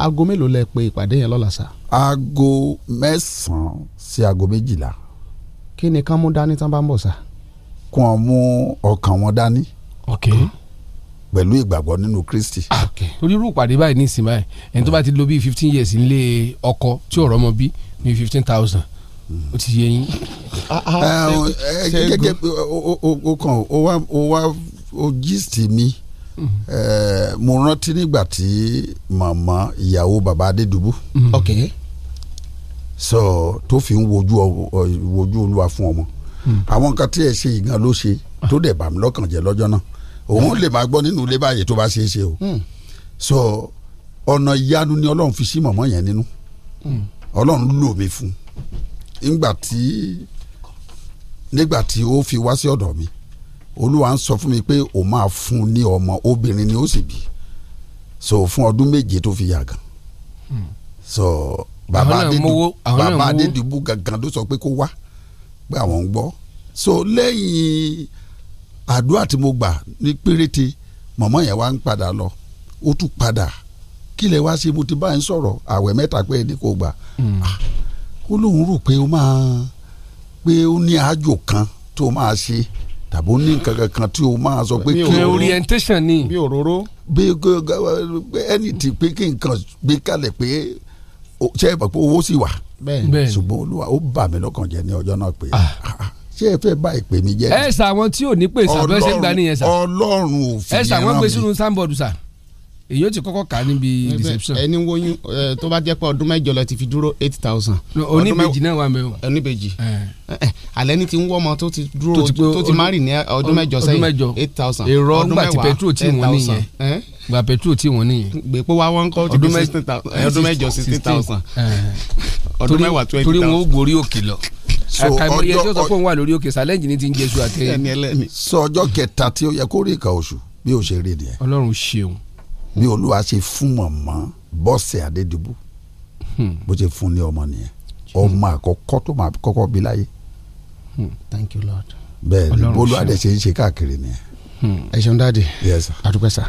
aago mélòó lẹ pé ìpàdé yẹn lọ́la sá. aago mẹ́sàn-án sí aago méjìlá. kí ni kán mú dání tán bá ń bọ̀ sá. kàn mú ọkàn wọn dání. okay. okay pẹ̀lú ìgbàgbọ́ nínú kristi. Ah, onírú ìpàdé báyìí ní ìsìn báyìí ẹni tó bá ti lò bíi fifteen years nílé ọkọ tí ò rọmọ bí ní fifteen thousand O ti yé yín. Ah, ah, eh, gẹ́gẹ́ o kàn o wá o wá o gist mi mm-hmm. eh, mo rántí nígbà tí màmá ìyàwó bàbá adédùbú mm-hmm. sọ tó fi ń wojú olúwa fún ọmọ mm. àwọn nǹkan tí ẹ ṣe yìí gan ló ṣe tó dẹ̀ bà mí lọ́kàn jẹ́ lọ́jọ́ náà òun lè máa gbọ́ nínú ilé báyìí tó bá ṣe é ṣe o hmm. so ọ̀nà ìyanu ni ọlọ́run fi sí mọ̀mọ́ yẹn nínú hmm. ọlọ́run lò mí fún nígbà tí nígbà tí ó fi wá sí ọ̀dọ̀ mi olúwa ń sọ fún mi pé òun máa fún ní ọmọ obìnrin ni ó sì bí so fún ọdún méje tó fi yàgàn hmm. so bàbá adédìbò bàbá adédìbò gangan ló sọ pé kó wá pé àwọn ń gbọ́ so lẹ́yìn àdúrà tí mo gbà ní péréte mọ̀mọ́ yẹn wá ń padà lọ ó tún padà kí lè wá sí mo ti bá ń sọ̀rọ̀ àwẹ̀ mẹ́ta pé ní kò gbà hmm. ah, ó lóun rò pé ó máa pé ó ní àjò kan tó máa ṣe tàbí ó ní nǹkan kan tí ó máa sọ pé kí orientation ni bí òróró bí ẹni tí pé kí nǹkan gbé kalẹ̀ pé ṣe é bọ̀ pé owó sì wà ṣùgbọ́n olúwa ó bà mí lọ́kàn jẹ́ ní ọjọ́ náà pé ah. Ah, ṣé ẹ fẹ́ bá ìpè mi jẹ́. ẹ sà wọn tí ò ní pè sà bẹ́ẹ̀ ṣe ń gba nìyẹn sà. ọlọ́run ò fi yẹn rán mi. ẹ sà wọn gbé sínú sanbọọdù sà èyí ó ti kọ́kọ́ kà níbi deception. ẹni wọnyún tó bá jẹ́ pé ọdún mẹ́jọ lọ ti fi dúró eight thousand. oníbejì náà wà mẹ́wọ̀. oníbejì alẹ́ ní ti ń wọ́ ọmọ tó ti dúró tó ti márì ní ọdún mẹ́jọ sẹ́yìn eight thousand. èrò ọgbà tí petrol tí wọ́n nìyẹn gba petrol tí wọ́n nìyẹn. gbèpò wa wọ́n kọ́ ọdún mẹ́jọ sixteen thousand ọdún mẹ́wàá twenty thousand. torí wọn ó gorí òkè lọ so ọjọ́ àkàìmọye ẹjọ́ sọ fún wa lórí òkè sàlẹ́ǹjì ní ti ń jésù àtẹ̀yìn. sọ ọjọ́ kẹta tí ó yẹ kó rí ìka oṣù bí ó ṣe rí nìyẹn. ọlọ́run ṣeun. bí olúwa ṣe fún mọ̀mọ́ bọ́sẹ̀ adédìbò hmm. bó ṣe fún ní ọmọ nìyẹn ọmọ àkọ́kọ́ tó máa kọ́kọ́ bí láyé. Hmm. thank you lord. bẹ́ẹ̀ ni bólú adé ṣe ń ṣe káàkiri nìyẹn. Hmm. ẹ ṣeun dáàdi àdúpẹ́ sá.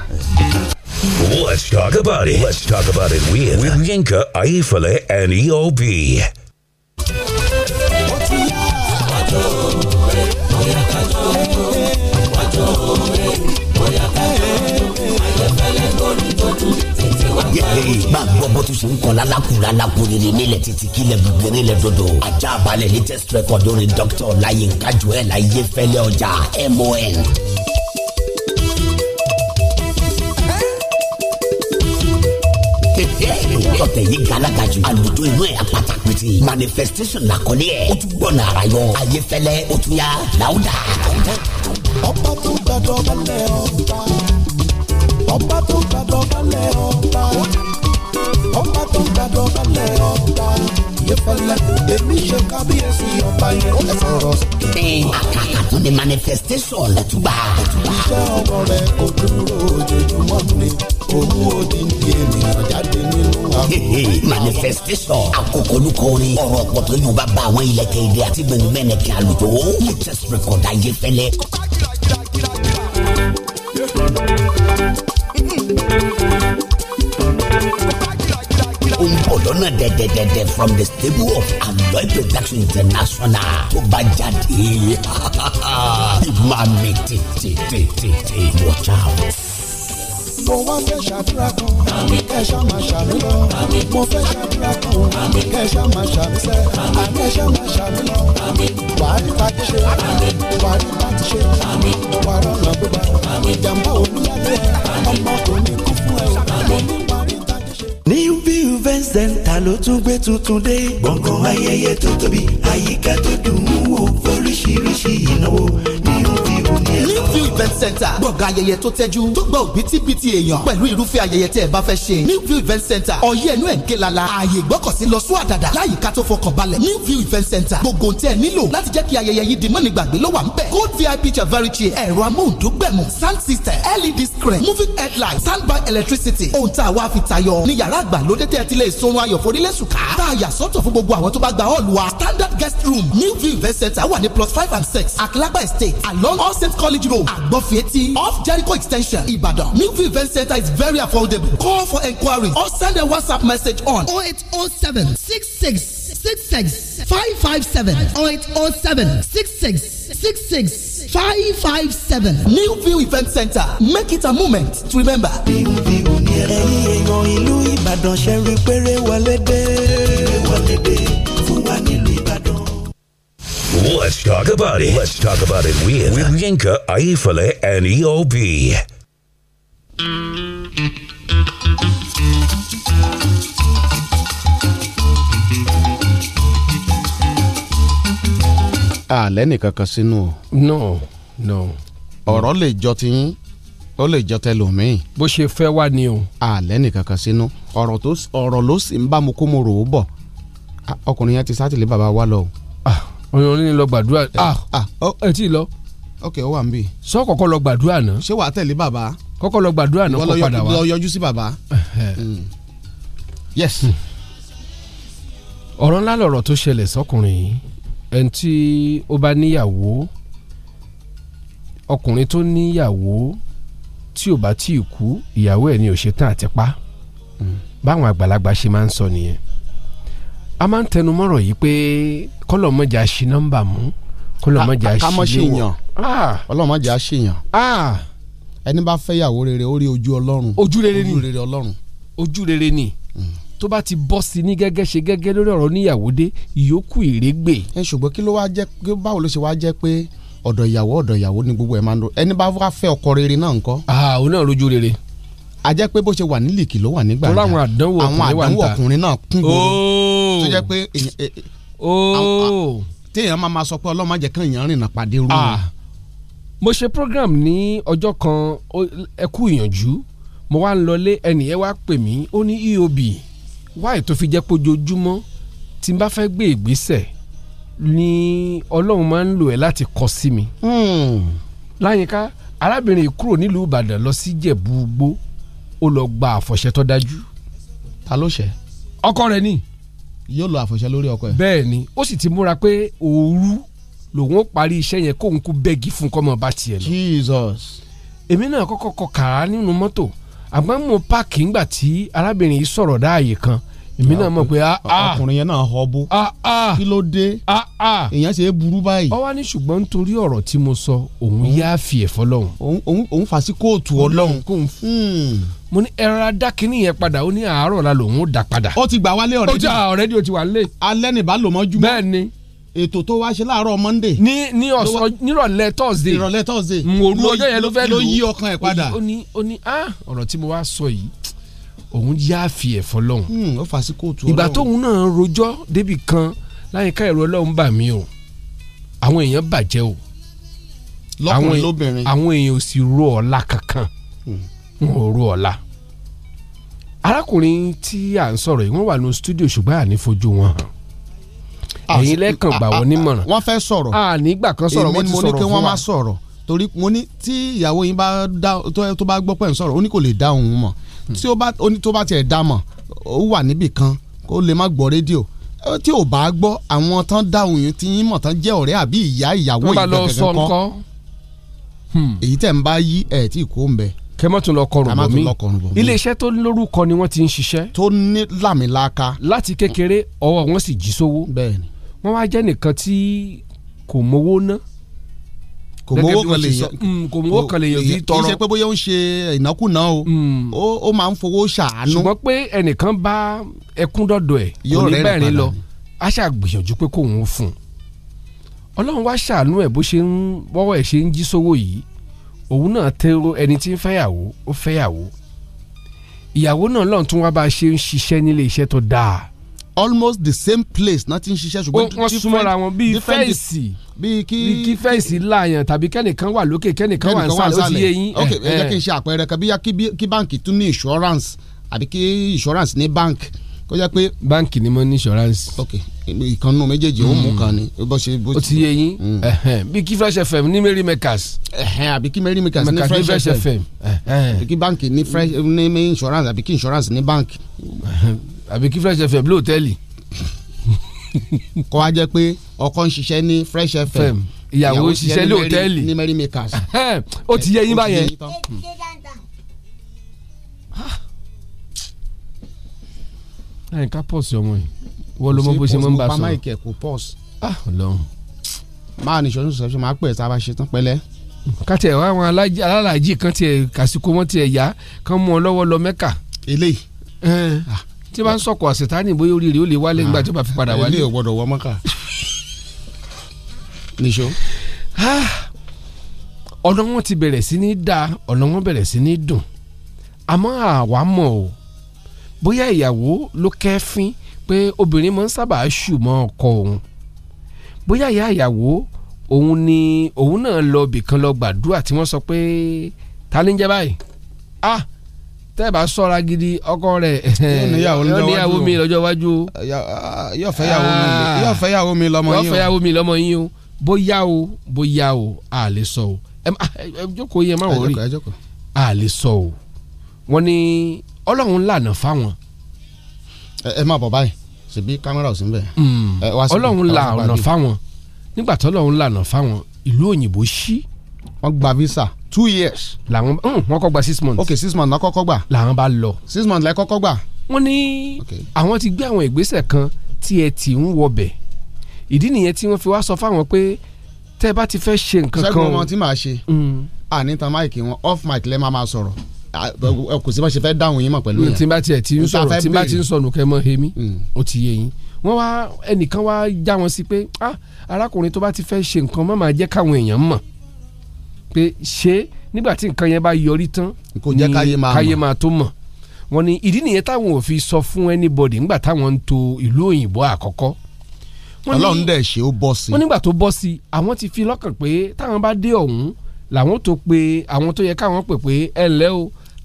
let's talk about it let's talk about it with, with Yinka Ayefele and EOB. Hey, a gbọ́ bó tún ṣe ń kọ́ lálákùúra lákùúrere nílẹ̀ títí kílẹ̀ gbẹ̀rẹ̀ lẹ̀ dodo ajá balẹ̀ latest record orin doctor Ọláyínká Joel Ayéfẹ́lẹ́ ọjà MON. ọ̀tẹ̀ yìí galaga jù àlùjọ inú ẹ̀ apata pété manifestation làkọlé ẹ̀ o tún gbọ́nà ara yọ ayéfẹ́lẹ́ o tún yà láwùdà. ọba tó gbàdọ̀ balẹ̀ ọba ọba tó gbàdọ̀ balẹ̀ ọba ọba tó gbàdọ̀ balẹ̀ ọba yẹpẹlẹ èmi ṣe kábíyèsí ọba yẹn ó lè sọ̀rọ̀ sí. manifestation lẹ́tùgbà. iṣẹ́ ọwọ́ rẹ̀ manifestation àkókò olùkọ́ orin ọ̀rọ̀ ọ̀pọ̀ tó yóò bá bá àwọn ilẹ̀kẹ̀ èdè àti record ayé fẹ́lẹ́ lọ́nà dẹ̀dẹ̀dẹ̀dẹ̀ from the stable of Aloy Production International tó bá jáde ìmàmì tètè tètè tè watch out mo wá fẹ́ ṣàdúrà kan kẹ́ṣá máa ṣàmì lọ mo fẹ́ ṣàdúrà kan kẹ́ṣá máa ṣàmì sẹ́ àkẹ́ṣá máa ṣàmì lọ wàá rí ti ṣe wàá rí ti ṣe wàá rọ ọ̀nà gbígbà ìjàmbá olúyàlẹ̀ ọmọ kò ní kú fún ẹ ní view event center ló tún gbé tuntun dé. gbọ̀ngàn ayẹyẹ tó tóbi àyíká tó dùn ún wò fóríṣiríṣi ìnáwó ní Greenview event center gbọ̀ngàn ayẹyẹ tó tẹ́jú tó gba òbítíbitì èèyàn pẹ̀lú irúfẹ́ ayẹyẹ tẹ́ ẹ bá fẹ́ ṣe Greenview event center ọ̀yẹ́ ẹnu ẹ̀ ń ké lala ààyè ìgbọ́kọ̀sí lọ sún àdàdà láyìíká tó fọkàn balẹ̀ Greenview event center gbogbo tẹ́ ẹ nílò láti jẹ́ kí ayẹyẹ yìí di mọ́ni gbàgbé ló wà ń bẹ̀ gold vip chavari chair ẹ̀rọ amóhùndógbẹ̀mù sound system led screen moving headlight standby electricity ohun tá a wá fi tayọ ní yàrá àgbàlódé tẹ́ ẹ ti lè sunrun ayọ̀ forílẹ̀ sùkà tá a yà sọ́tọ̀ fún gbogbo àwọn tó bá gba hall wa standard guest room Greenview event center wà ní plus five and six àkìlágbà estate along all state college road agbofietti off jericho extension ibadan newview event center is very affordable call for enquiry or send a whatsapp message on 0807 66 66 557 0807 66 66 557 New View Event Center make it a moment to remember. ẹ̀yin èèyàn ìlú ìbàdàn ṣe rí péré wọlé dé. Let's talk about it. Let's talk about it with, with Yinka, Aifale, and EOB. àlẹ́ ah, nìkan kan sínú o. no no. ọ̀rọ̀ lè jọ ti yín ó lè jọ tẹlòmíì. bó ṣe fẹ́ wá ni o. àlẹ́ ah, nìkan kan sínú ọ̀rọ̀ tó ọ̀rọ̀ ló sì ń bá mu kó mo rò ó bọ̀ ah, ọkùnrin yẹn ti sátìlẹ́ bàbá wa lọ. ah ọyàn ni lọ gbàdúrà ah, ah, ah. ẹ tí ì lọ. ok ó wà ń bì. sọ kọ́kọ́ lọ gbàdúrà náà. ṣé wàá tẹ̀lé bàbá. kọ́kọ́ lọ gbàdúrà náà kó padà wá. lọ yọjú sí bàbá. Hmm. yes. Hmm. ọ̀rọ̀ ńlá lọ̀rọ̀ tó ṣẹlẹ̀ sọkùnrin yìí ẹni tí ó bá níyàwó ọkùnrin tó níyàwó tí ò bá tí ì kú ìyàwó ẹ̀ ni ò ṣe tán àti pa hmm. báwọn àgbàlagbà ṣe máa ń sọ nìyẹn a máa ń tẹnu mọ́rọ̀ yìí pé kọlọmọjà sí nọ́mbà mú kọlọmọjà sí léwọ. àkàmọ́ ah. sí yàn ọlọ́mọjà sí yàn ẹni bá fẹ́ yàwó rere ó rí ojú ọlọ́run ojú rere ni ojú rere ọlọ́run ojú rere ni hmm. tó bá ti bọ́ sí ní gẹ́gẹ́ ṣe gẹ́gẹ́ lórí ọ̀rọ̀ níyàwó dé ìyókù ìrégbè. ẹ ṣùgbọ́n kí ló wá jẹ́ pé báwo ló ṣe wá jẹ́ pé ọ̀dọ̀ ìyàwó ọ̀dọ̀ ìyàwó ni gbogbo ẹ̀ máa ń lò ẹni bá wá fẹ́ ọkọ rere náà ńkọ́. Ah, òun náà rojú rere. a jẹ́ pé bó ṣe wà nílìkì ló wà nígbà yẹn àwọn àdánwò ọkùnrin náà kún gbòòrò tó jẹ́ pé ooo oh. téèyàn máa ma sọ pé ọlọ́mọ jẹ́ kàn rìnnà pàdé rú. Ah. mo ṣe program ní ọjọ́ kan ẹkú ìyànjú mo wá ń lọlé ẹnìyẹn wá pè mí ó ní eob wáyé tó fi jẹ́ pé ojoojúmọ́ tí n bá fẹ́ gbé ìgbésẹ̀ ni ọlọ́run máa ń lò ẹ́ láti kọ sí mi. Hmm. láyìnká arábìnrin yìí kúrò nílùú ìbàdàn lọ sí jẹ̀bú gbó ó lọ gba àfọ̀ṣẹ́ tó dájú. ta ló ṣe. ọkọ rẹ̀ ni yóò lo àfọ̀ṣẹ lórí ọkọ ẹ̀. bẹ́ẹ̀ni ó sì ti múra pé òru lòun ó parí iṣẹ́ yẹn kóun kú bẹ́ẹ̀gì fún kọ́mọ bá tiẹ̀ lọ. Jesus. èmi náà kọ́kọ́ kọ kàrá nínú mọ́tò àgbà mo páàkì ńgbà tí arábìnrin yìí sọ̀rọ̀ dáàyè kan èmi náà mọ̀ pé ah, ah. ọkùnrin yẹn náà họ bó ah, kí ló dé èèyàn ṣe é burú báyìí. ọwọ́ ní ṣùgbọ́n nítorí ọ̀rọ̀ tí mo sọ òun yá fi ẹ̀fọ́ òun fà sí kóòtù ọlọ́hun. Hmm. mo ní ẹran adákínní yẹn padà ó ní àárọ̀ la lòun dà padà. ó ti gbà wálé ọ̀rẹ́dì. ó ti ọ̀rẹ́dì ó ti wà lé. alẹ́ nìbá lò mọ́ jùmọ́. bẹ́ẹ̀ ni ètò tó wá ṣe láàárọ̀ monday. ní ní ọ̀sán nírọ̀lẹ́ thursday. nírọ̀lẹ́ thursday òun yáàfì ẹ̀ fọlọ́hún. Hmm, ó fà sí kóòtù ọlọ́run. ìgbà tóun náà rojọ́ débì kan láyìíká ẹ̀rọ ọlọ́run bà mí o àwọn èèyàn bàjẹ́ o. lọ́kùnrin lóbìnrin. àwọn èèyàn ò sì ro ọ̀la kankan hmm. wọn ò ro ọ̀la. arákùnrin tí à ń sọ̀rọ̀ yìí wọ́n wà ní studio ṣùgbọ́n àní fojú wọn hàn ẹ̀yin lẹ́kàn gbà wọ́n nímọ̀ràn. wọ́n fẹ́ sọ̀rọ̀ a nígbà kan sọ̀rọ̀ wọ́n ti sọ̀rọ̀ fún wa. èmi mo ní kí wọ́n má sọ̀rọ̀ torí mo ní tí ìyàwó yín bá tó bá gbọ́ pẹ̀ ń sọ̀rọ̀ ó ní kò lè dá òun mọ̀ tí ó bá oní tó bá tiẹ̀ dá mọ̀ ó wà níbì kan kó lè má gbọ́ rédíò tí ò bá gbọ́ àwọn tán dáhùn yín tí yín mọ̀ tán jẹ́ ọ̀rẹ́ àbí ìyá ìyàwó ìgbẹ̀kẹ̀kẹ̀ kọ́ hmm. èyí tẹ̀ ń bá yí ẹ̀ tí kò ń bẹ kẹmọ tún lọ kọrùn bọ mí iléeṣẹ́ tó lórúkọ ni wọ́n ti ń ṣiṣẹ́. tó ní làmìlaka. láti kékeré ọwọ́ wọn sì jí sówó. bẹ́ẹ̀ni. wọ́n wá jẹ́ nìkan tí kò mówó ná. Mm, kò mówó kan lè yàn kò mówó kan lè yàn bí tọrọ kì í ṣe pé bóyá ó ń ṣe ìnákùná o mm. ó máa ń fowó ṣàánú. ṣùgbọ́n pé ẹnìkan bá ẹkún dọ̀dọ̀ ẹ̀ kò ní bẹ̀rẹ̀ lọ a ṣáà gbìyànjú pé kóun fún un ọlọ́run wá ṣàánú ẹ̀ bó ṣe ń bọ́wọ́ ẹ̀ ṣe ń jí sówó yìí òun náà tẹ́rọ ẹni tí ń fẹ́yàwó ó fẹ́yàwó ìyàwó náà lọ́n tún wá bá ṣe ń ṣiṣẹ́ nílé iṣẹ́ tó dáa almost the same place náà ti ń ṣiṣẹ́ ṣùgbọ́n different wọ́n súnmọ́ra wọn bíi fẹ́ẹ̀sì bíi kí bíi kí fẹ́ẹ̀sì láàyàn tàbí kẹ́nìkan wà lókè kẹ́nìkan wà nísàlẹ̀ ó ti yé ok ẹ jẹ́ kí n ṣe àpẹẹrẹ kan bí kí báǹkì tún ní insurance àbí kí insurance ní bank kó jẹ́ pé. báǹkì ni mo ní insurance. ok ìkànnù méjèèjì ó mú mm. kan ni. ó ti yé yín mm. bí kí fresh fm ní mary makers. àbí kí mary makers ní fresh fm àbí kí báǹkì ní insurance àbí kí insurance ní bank àbí kí fresh fm lóòtẹ́ẹ̀lì. kọ́ wa jẹ́ pé ọkọ ń ṣiṣẹ́ ní fresh fm ìyàwó ń ṣiṣẹ́ lóòtẹ́ẹ̀lì ní merry makers. ó ti yẹ yín báyẹn. Ah, ẹ̀ ká pọ̀sì ọmọ yìí wọ́n ló mọ bó ṣe mọ́ ń bá sọ. ṣé kò pọ̀sì ah, ọlọ́run. máa ní ìṣọ́nù sọ̀rọ̀ máa pẹ̀ tá a bá ṣe tán pẹ́lẹ́. kátẹ́ wá àwọn alálàájì kan tiẹ̀ kásìkò wọn tiẹ̀ yá kán mú ọ lọ́wọ́ lọ mẹ́kà. eléyìí tí bá ń sọ̀kọ̀ àṣetánì bóyá oríire ó lè wálé nígbà tí ó bá fi padà ah, wálé. ilé ò gbọ́dọ̀ wọ mọ́kà níṣó. Ah, ọ̀nà wọn ti bẹ̀rẹ̀ sí ní dáa ọ̀nà wọn bẹ̀rẹ̀ sí ní dùn àmọ́ àwa mọ̀ o bóyá ìyàwó ló kẹ́fín pé obìnrin máa ń sábà ṣù mọ́ ọkọ òun bóyá ìyá ìyàwó òun ni òun náà lọ bìkan lọ gbàdúrà tí wọ́n sọ pé ta ni ń jẹ́ báyìí ah tẹ́ ẹ bá sọ́ra gidi ọkọ rẹ̀ yóò níyàwó mi lọ́jọ́ iwájú. Ah, yóò fẹ́ yàwó ah. mi lọ́mọ yín o. yóò fẹ́ yàwó mi lọ́mọ yín o bóyá o bóyá o a lè sọ o ẹ jókòó yẹn má wọrí a lè sọ o wọ́n ní ọlọ́run lànà fáwọn. ẹ má bọ̀ báyìí ṣèbí kámẹ́rà ò sí níbẹ̀. Hmm. ọlọ́run lànà fáwọn nígbà tó ọlọ́run lànà fáwọn ìlú òyìnbó ṣí wọ́n gba visa two years. làwọn hmm, wọ́n kọ́ gba six months. ok six months náà kọ́kọ́ gbà. làwọn bá lọ. six months la kọ́kọ́ gbà. wọ́n ní àwọn ti gbé àwọn ìgbésẹ̀ kan tí ẹ ti ń wọbẹ̀ ìdí nìyẹn tí wọ́n fi wá sọ fáwọn pé tẹ́ ẹ bá ti fẹ́ ṣe nǹkan kan. sẹ́gun wọn ti máa ṣe hmm. àní tan máìkì wọn off mic lẹ́ẹ̀ máa máa sọ̀rọ̀ kò sí bá ṣe fẹ́ dáhùn yín mọ̀ pẹ̀lú ẹ̀. tí n bá tiẹ̀ ti ń sọ̀rọ̀ tí n bá ti ń sọnù kẹ́ mọ́ hemi ó ti yé yín wọ́n wá ẹnìkan wá já wọn sí pé ah arákùnrin tó bá ti fẹ́ ṣe nǹkan mọ́ máa jẹ́ káwọn èèyàn mọ̀ pé ṣé nígbà tí nǹkan yẹn bá yọrí tán ni káyé máa tó mọ̀ wọ́n ní ìdí nìyẹn táwọn ò fi sọ fún anybody nígbà táwọn ń to ìlú òyìnbó àkọ́kọ́ ọlọ́run dẹ̀ ṣe ó bọ́ sí i. wọ́n nígbà tó bọ́ sí i àwọn ti fi lọ́kàn pé táwọn bá dé ọ̀hún làwọn tó pe àwọn tó yẹ káwọn pè pé ẹ ǹlẹ́ o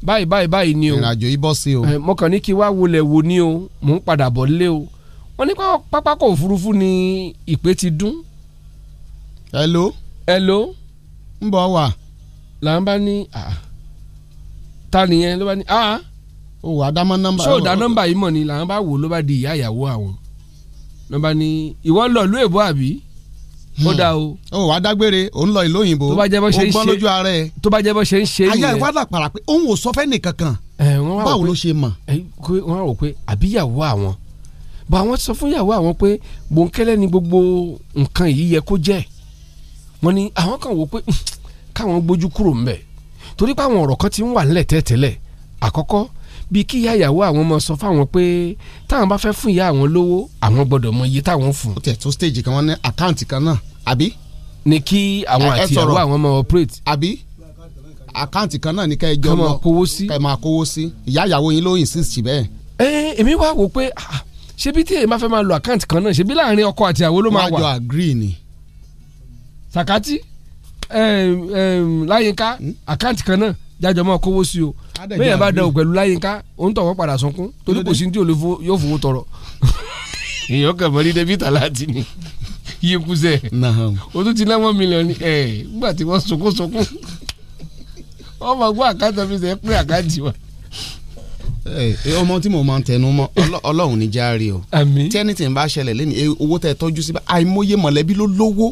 báyìí báyìí báyìí ni o ìrìnàjò yìí bọ́ sí o. mo kàn ní kí wá wọlé wo ni o mò ń padà bọ̀ lé o wọ́n ní pápákọ̀ òfurufú ni ìpè ti dún. hello. hello ń bọ̀ wà. là ń bá ní ta nìyẹn ló bá ní ó wà á dá mọ́ nọ́mbà. ṣó dá nọ́mbà yìí mọ̀ ni là ń bá wò ló bá di ìyá ìyàwó àwọn nọ́mbà ni ìwọ ń lọ ìlú èbó àbí ó hmm. dá o. ó wà á dágbére òun lọ ìlú òyìnbó tó bá jẹ́ bó ṣe ń ṣe o gbọ́n lójú ara ẹ̀. tó bá jẹ́ bó ṣe ń ṣe nìyẹn. ayé ìwádà pàrà pé òun ò sọ fẹ́ nìkankan báwo ló ṣe mọ̀. wọ́n á wò pé àbíyàwó àwọn bá wọn sọ fún ìyàwó àwọn pé bòńkẹ́lẹ́ ni gbogbo nǹkan yìí yẹ kó jẹ́ wọ́n ní àwọn kan wò pé hmm, káwọn gbójú kúrò ńbẹ̀ torí pé àwọn ọ̀rọ̀ kan ti ń wà nílẹ̀ tẹ́tẹ́lẹ̀ àkọ́kọ́ bíi kí ìyá ìyàwó àwọn ọmọ sọ fáwọn pé táwọn bá fẹ́ fún ìyá àwọn lówó àwọn gbọ́dọ̀ mọ iye táwọn fún. ó tẹ̀ tó stage kan wọ́n ní àkáǹtì kan náà àbí. ni kí àwọn àti ìyàwó àwọn ọmọ operate. àbí àkáǹtì kan náà ni ká ẹ jọ mọ ká ẹ máa kówó sí ìyá ìyàwó yín ló insist bẹ́ẹ̀. ẹ èmi wá wò pé ah, ṣebí tí èyí máa fẹ́ máa lo àkáǹtì kan náà ṣebí láàrin ọkọ àti ìyàwó ló máa wà. wọ́n agree ni sàkátì láyínká hmm? àkáǹtì kan náà jájọ máa kówó sí o bẹ́ẹ̀ bá dẹ̀ o pẹ̀lú láyínká òun tọ̀wọ́ padà sunkún torí kò sí ní tí o lè fo yóò fowó tọrọ. èèyàn kàn mọ́ débi tàláàtì ni yíyí kú sẹ́ o tún ti láwọn mílíọ̀nù ẹ̀ nígbà tí wọ́n sunkún sunkún wọ́n máa gbọ́ àkáǹtì ọ́fíìsì ẹ̀ pé àkáǹtì wa. ọmọ tí mo máa ń tẹnu mọ́ ọlọ́run ní járe o tẹ́nitì bá ṣẹlẹ̀ lẹ́nu owó tẹ́ tọ́jú sí àìmọye mọ̀lẹ́bí ló lówó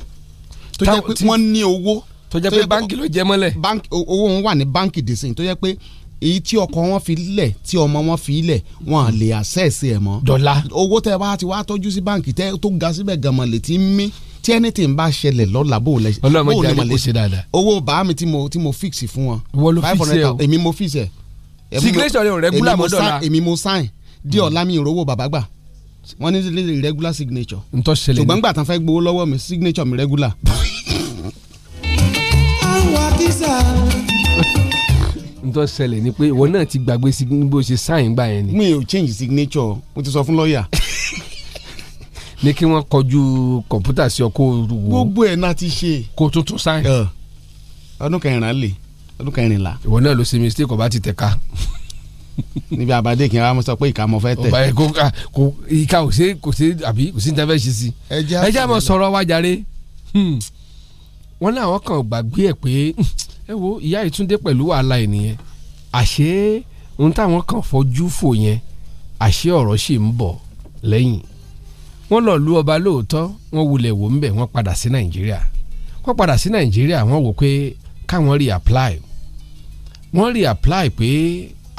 tó jẹ́ pé wọ́n ní owó. tó jẹ́ pé báńkì ló jẹ mọ́lẹ̀. owó wọn wà ní báńkì dèsìn tó jẹ́ pé èyí tí ọkọ wọn fi lẹ̀ tí ọmọ wọn fi lẹ̀ wọn lè access ẹ̀ mọ́. dọ́là. owó tẹ bá ti wá tọ́jú sí báńkì tẹ tó ga síbẹ̀ gàmọ̀ lè ti mí tí anything bá ṣẹlẹ̀ lọ́la bó lẹ bó lẹ mọ̀ lè ṣe dáadáa. owó bàá mi tí mo tí mo fix fún wọn. wọ́n ló fix ẹ o èmi mo fix ẹ. signature o regular mọ́ dọ́là. èmi mo sign di ọ̀la mi ìrówó bàbá gbà wọ́n ní regular signature. n tọ́ ṣẹlẹ̀ ní ṣùgbọ́n gbà tán fẹ́ gbowó lọ́wọ́ mi signature mi regular. n tọ́ ṣẹlẹ̀ ni pé ìwọ náà ti gbàgbé bó ṣe sáyìn gbà yẹn ni. mi ò change signature mo ti sọ fún lọ́ọ̀yà. ní kí wọ́n kọjú kọ̀ǹpútà sí ọ kó wo. gbogbo ẹ̀ náà ti ṣe. kó tuntun sáyìn. ọdún kẹrìnlá lè ọdún kẹrìnlá. ìwọ náà ló ṣe mistake ọba ti tẹ̀ ká. níbi àbádé kí n wá sọ pé ìka mo fẹ́ tẹ̀. kò ìka kò sí kò sí àbí kò sí ní tẹ́fẹ́ ṣe sí. ẹ jẹ́ àmọ́ sọ̀rọ̀ wa hmm. wọ́n ní àwọn kan gbàgbé ẹ̀ pé hmm, ẹ wo ìyá ìtúndé pẹ̀lú wàhálà ẹ̀ nìyẹn àṣé ohun táwọn kan fojú fò yẹn àṣé ọ̀rọ̀ ṣì ń bọ̀ lẹ́yìn wọ́n lọ lu ọba lóòótọ́ wọ́n wulẹ̀ wò ń bẹ̀ wọ́n padà sí nàìjíríà wọ́n padà sí nàìjíríà wọ́n wò pé káwọn rí apply wọ́n rí apply pé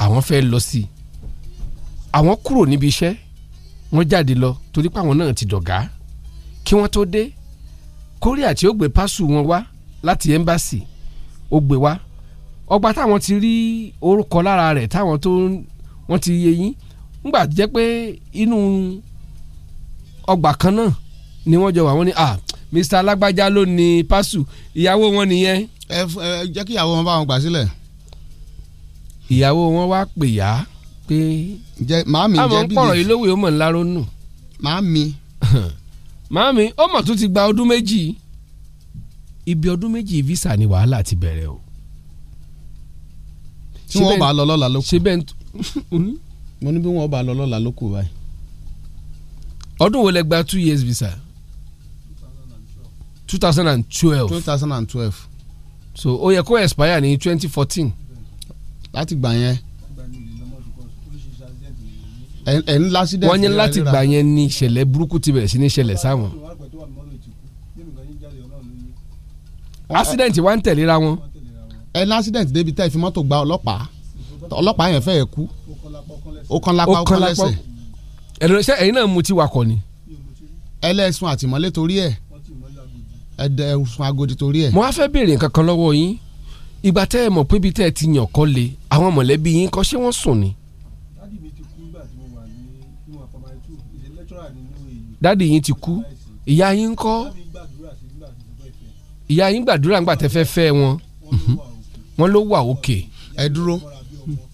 àwọn fẹ́ lọ sí i àwọn kúrò níbi iṣẹ́ wọ́n jáde lọ torí pé àwọn náà ti dọ̀gá kí wọ́n tó dé kórìà tí ó gbé pásù wọn wá láti ẹ́mbàsì ó gbé wá ọgbà táwọn ti rí orúkọ lára rẹ̀ táwọn tó wọ́n ti yé yín jẹ́ pé inú ọgbà kan náà ni wọ́n jọ wà wọ́n ní ah Mr. alágbájá ló ni pásù ìyàwó wọn nìyẹn. ẹ jẹ́ kí ìyàwó wọn bá wọn gbà sílẹ̀ ìyàwó wọn wá pè yá pé màámi jẹ́ bíi àmọ́ ń pọ̀rọ̀ yìí lówó yìí ó mọ̀ ńlá ronú. màámi. màámi ó mọ̀ tún ti gba ọdún méjì ibi ọdún méjì visa ni wàhálà ti bẹ̀rẹ̀ o. tí wọ́n bá lọ lọ́la ló síbẹ̀ mo ní bí wọ́n bá lọ lọ́la ló báyìí. ọdún wo lẹ gba two years visa. 2012. 2012. so ó yẹ kó expire ní 2014 láti gbà yẹn ẹ ń lásìdẹ́ẹ̀tì wọ́n ní láti gbà yẹn ni ìṣẹ̀lẹ̀ burúkú ti bẹ̀rẹ̀ sí ní ìṣẹ̀lẹ̀ sáwọn. accident wa ń tẹ̀léra wọn. ẹ ní accident débi tẹ́ ẹ fi mọ́tò gba ọlọ́pàá ọlọ́pàá yẹn fẹ́ẹ́ kú ó kan lápá ó kan lẹ́sẹ̀. ẹ̀rọ ṣe ẹ̀yin náà mutí wakọ̀ ni. ẹlẹ́sùn àtìmọ́lé torí ẹ̀ ẹ̀dẹ̀ ẹ̀sùn agodi torí ẹ̀. mo wá fẹ́ béèrè nǹkan kan lọ́wọ́ yín ìgbà tẹ́ ẹ mọ̀ pé ibi tẹ́ ẹ ti yàn kọ́ le àwọn mọ̀lẹ́bí yín kọ́ ṣé wọ́n sùn ni. dádì mo wà ní two and forty two ìṣe lẹ́tọ́rà nínú èyí. dádì yín ti kú ìyá yín ń kọ́ ìyá yín gbàdúrà nígbà tẹ́ fẹ́ fẹ́ wọn wọn ló wà òkè. ẹ dúró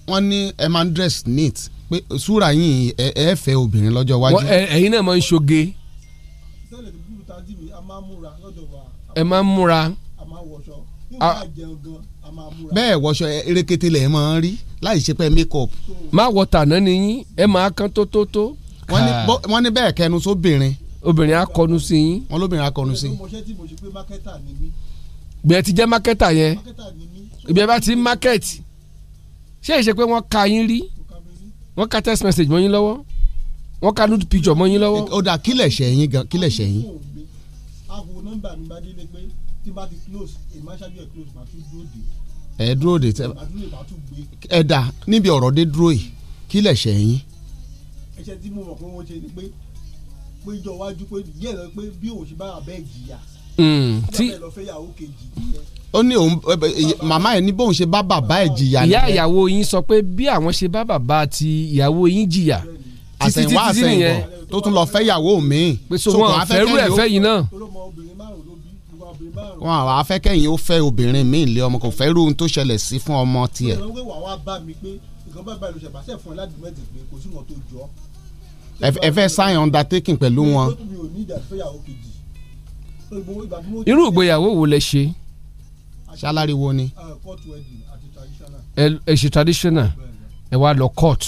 wọn ní ẹ máa ń dress neat pé súra yín ẹ ẹ fẹ́ obìnrin lọ́jọ́ iwájú. ẹ̀yin náà máa ń ṣoge. ẹ máa ń múra. a máa wọṣọ bẹ́ẹ̀ wọṣọ erékété lẹ̀ máa ń rí láì ṣe pé make up. má wọ tàná ni yín ẹ máa kán tó tó tó. wọ́n ní bẹ́ẹ̀ kẹnu sóbìnrin. obìnrin akọnu sí yín. wọ́n lóbìnrin akọnu sí. gbẹ̀ẹ́ ti jẹ́ mákẹ́tà yẹn ibi ẹ bá ti mákẹ́tì ṣé ìṣe pé wọ́n ka yín rí wọ́n ka text message mọ́ yín lọ́wọ́ wọ́n ka nude picture mọ́ yín lọ́wọ́. ó dà kílẹ̀ ṣẹ̀ yín gan kílẹ̀ ṣẹ̀ yín. aago nọ́mbà mi bá délé pé tí bá ti close èmi á ṣáájú ẹ̀ close màá tún dúró dé ẹ dúró de tẹ ẹ dà níbi ọ̀rọ̀ dé dúró yìí kí lẹ̀ ṣẹ̀ yín. ẹ̀ṣẹ̀ tí mo mọ̀ pé wọ́n ṣe ni pé pé ìjọ wájú pé díẹ̀ lọ pé bí òun ṣe bá wà bẹ́ẹ̀ jìyà. Hmm, tí ó ní òun màmá ẹ̀ ní bóun ṣe bá bàbá ẹ̀ jìyà. ìyá ìyàwó yín sọ pé bí àwọn ṣe bá bàbá ti ìyàwó yín jìyà títí títí nìyẹn tó tún lọ fẹ́ ìyàwó mi. pé so wọn fẹ́rù ẹ̀fẹ́ yìí náà wọn àwọn afẹ́kẹ́yìn ó fẹ́ obìnrin míì lé ọmọ kò fẹ́ irú ohun tó ṣẹlẹ̀ sí fún ọmọ tiẹ̀. ẹ fẹ́ sign undertaking pẹ̀lú wọn. irú ìgbéyàwó wo lẹ ṣe. ṣálárì wo ni. Ah, ẹ ṣe traditional ẹ wá lọ court.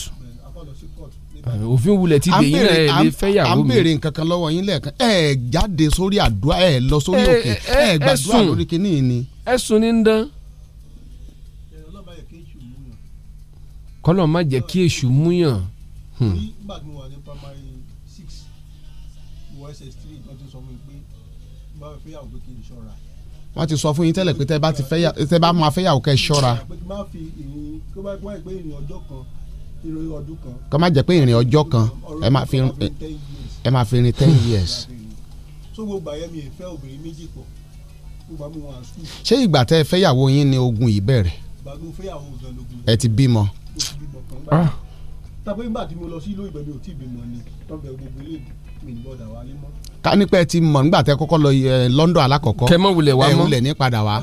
Eh, òfin wulẹ̀ ti dè yín náà ẹ̀ lè fẹ́ yàwó mi. à ń béèrè nǹkan kan lọ́wọ́ yín lẹ́ẹ̀kan ẹ̀ jáde sórí àdúrà ẹ̀ lọ sórí eh, òkè eh, ẹ̀ gbàdúrà lórí kínní ni. ẹ̀sùn ni ń dán. kọ́lọ̀ má jẹ́ kí èṣù múyàn. nígbà hmm. tí mo wà ní primary six mo wá ss three wọ́n ti sọ fún mi pé bá mi fẹ́ yàwó pé kí n ṣọ́ra. wọ́n ti sọ fún yín tẹ́lẹ̀ pé tẹ́ bá máa fẹ́ yàwó kẹ́ ṣọ́ra. pé kí n má fi ìrìn kó bá gbọ́ kọ́ má jẹ́ pé ìrìn ọjọ́ kan ẹ máa fi rin ten years. tó gbogbo àyẹ̀mí ẹ̀ fẹ́ obìnrin méjì pọ̀ ṣé ìgbà tẹ́ ẹ fẹ́yàwó yín ni ogun yìí bẹ̀rẹ̀ ẹ ti bímọ. Ah. tàbí nígbà tí mo lọ sí ìlú ìgbẹ́ mi ni tọ́bẹ̀ gbogbo ilé mi ní bọ́dà wálé mọ́. ká nípa ẹ ti mọ̀ nígbà tẹ́ kọ́kọ́ lọ London alákọ̀ọ́kọ́ kẹ́ mọ̀ wulẹ̀ wá mọ́ ẹ ní padà wá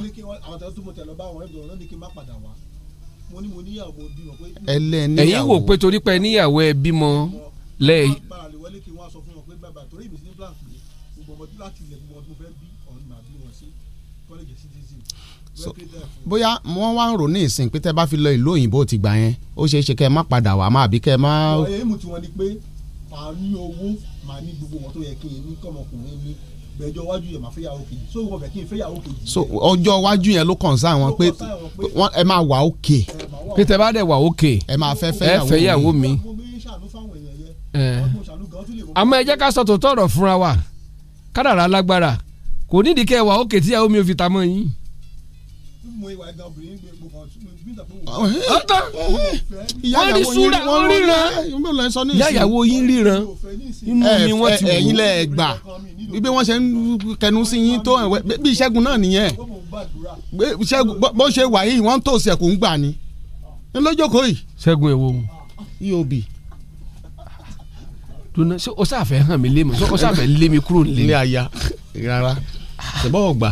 mo ní mo níyàwó bímọ pé. ẹlẹ́ níyàwó ẹ̀yin wò pé torí pé níyàwó ẹ bímọ lẹ́. wọ́n wọn wá ń rò ní ìsìn pé tẹ́ bá fi lọ ìlú òyìnbó ti gbà yẹn ó ṣeé ṣe kẹ́ ẹ má padà wá má àbí kẹ́ ẹ má. ọ̀rẹ́ èèmù tiwọn ni pé màá ní owó màá ní gbogbo wọn tó yẹ kí n ní kọ́mọkùnrin ní gbẹjọ wájú yẹn máa fẹ́yàwó kejì so wọn fẹ́ kí n fẹ́yàwó kejì. so ọjọ́ wájú yẹn ló kàn sá wọn pé ẹ máa wà ókè. pé tẹ bá dẹ̀ wà ókè ẹ máa fẹ́ fẹ́yàwó mi. àmọ́ ẹ jẹ́ ká sọ tòótọ́ ọ̀rọ̀ fúnra wa kádàrá lágbára kò nídìí kẹ́ ẹ wà ókè tíyàwó mi ò fi ta mọ́ yín. mo ìwà ẹ̀gàn obìnrin gbé ọ̀tá wọ́n rí súra wọ́n ríran ìyá ìyàwó yín ríran inú mi wọ́n ti wò. ẹ̀yin lẹ gbà bí wọ́n ṣe ń kẹnu sí yín tó bí ìṣẹ́gun náà nìyẹn bó ṣe wà yìí wọ́n ń tòsí ẹ̀kú ń gbà ni lójókòó yìí. ṣẹ́gun èwo. eob duna ṣé o ṣàfẹ́ hàn mí lé mi o ṣàfẹ́ lé mi kúrò nílé. ilé aya rárá ṣùgbọ́n ọgbà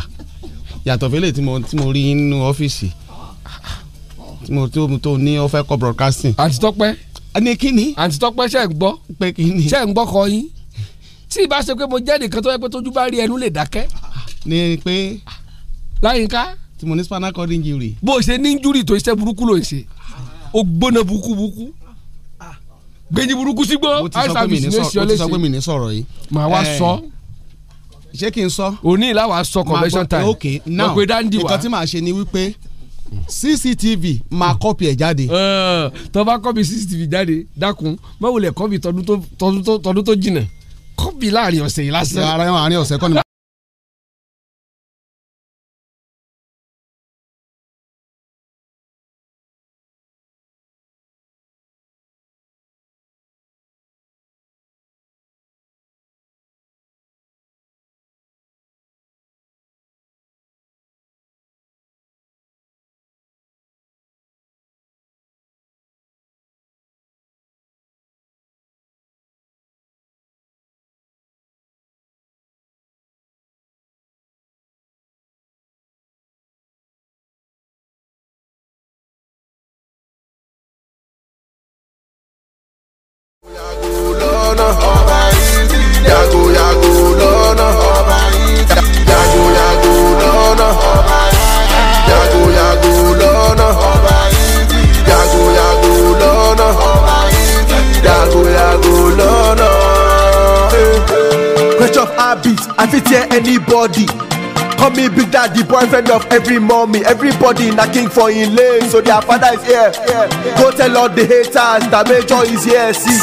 yàtọ̀ fẹ́lẹ̀ tí mo rí nínú ọ́fíìsì tó ní ó fẹ́ kọ́ broadcasting. àǹtí tọ́pẹ́. ní kíni. àǹtí tọ́pẹ́ ṣe ń gbọ́. pé kíni. ṣe ń gbọ́ kọ yín. tí ì bá ṣe pé mo jẹ́ nìkan tó yẹ pé tójú bá rí ẹnu lè dákẹ́. ni pé. láyínká. tí mo ní spinal cord injury. bó o ṣe ní injury tó iṣẹ́ burúkú ló ń ṣe. o gbóná burúkú burúkú gbẹ̀yìn burúkú sí gbọ́ mo ti sọ pé mi ní sọ̀rọ̀ yìí. màá wá sọ. ṣé kí n sọ. òní ìlà wàá sọ convention time. ok now nǹkan tí màá ṣe ni wípé cctv máa hmm. kọ́pì ẹ̀ jáde. tó bá kọ́pì cctv jáde dákun báwo lẹ kọ́pì tọdún tó jìnnà kọ́pì láàrin ọ̀sẹ̀ yìí lásán. láàrin ọ̀sẹ̀ kọ́ni body Call me Big Daddy, boyfriend of every mommy. Everybody na king for in lane, so their father is here. Go tell all the haters that major is here. See,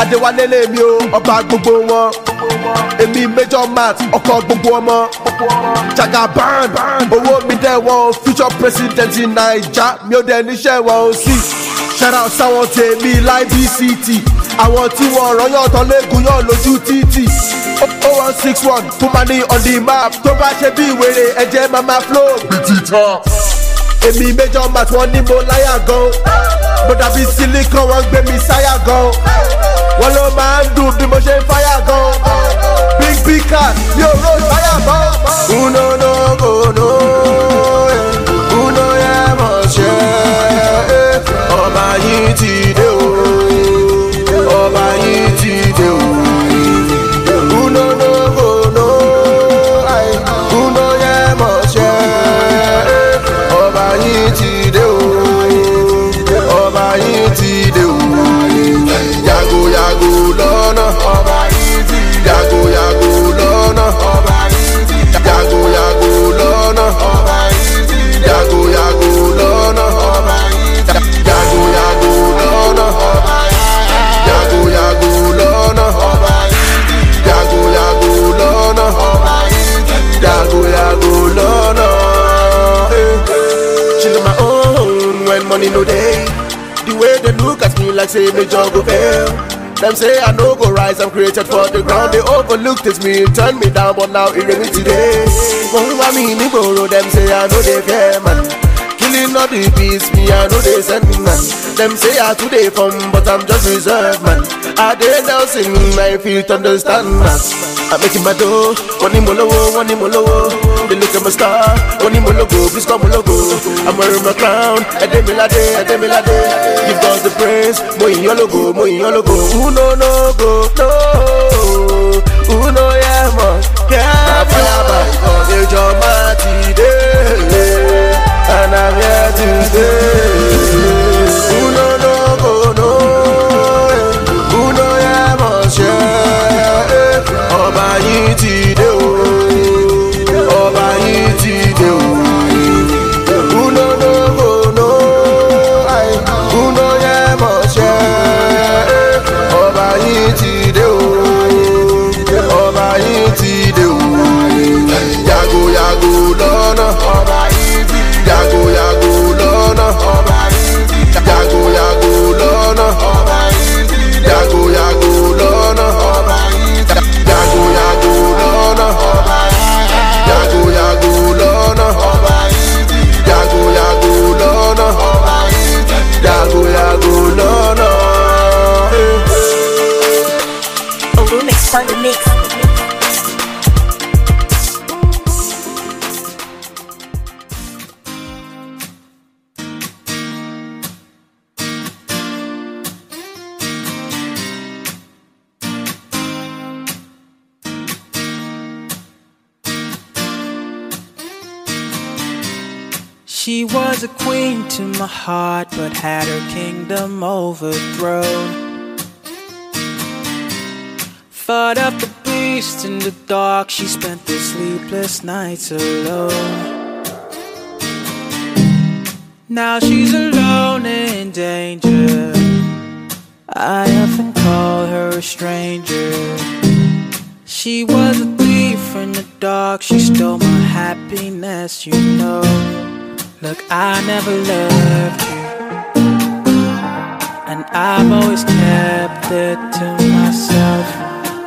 Adewalele mi o, ọba gbogbo wọn. Èmi major Matt, ọkọ gbogbo ọmọ. Jagaban, owó mi dẹ̀ wọ́n, future president in Naija, mi ò dẹ̀ níṣẹ́ wọn see. Shout out sáwọn tèmi láì bí BCT àwọn tí wọ́n rán yàn tán léegun yàn lójú títì o one six one tó máa ní on the map tó bá ṣe bí ìwéré ẹ̀jẹ̀ mama flow. bìtìtà. èmi méjọ mat wọn ní mo láyà gan mo dàbí silicon wọn gbé mi sáyà gan wọn ló máa ń dùn bí mo ṣe ń fáyà gan big big car yóò ró sáyà gan. unono kono uno yẹ mọ ṣe eh? ọba yìí ti. no go fail. Them say I no go rise, I'm created for the ground. They overlooked at me, turn me down, but now it me today. who am I? me ni borrow, them say I know they fair man. Killing all the beast, me I know they send man. Them say I today from, but I'm just reserved man. I did Nelson, I feel to understand man. I'm making my dough. One in Molowo, one in Molowo. They look at my star. One in Mologo, please come Mologo. I'm wearing my crown. day, Ademilade, day. Give God the praise. Mo in your logo, mo in your logo. Who no no go no. Who no yeah mo. Kababa, Ejoma today, and I'm here today. overthrown. Fought up the beast in the dark, she spent the sleepless nights alone. Now she's alone in danger. I often call her a stranger. She was a thief in the dark, she stole my happiness, you know. Look, I never loved you. And I've always kept it to myself,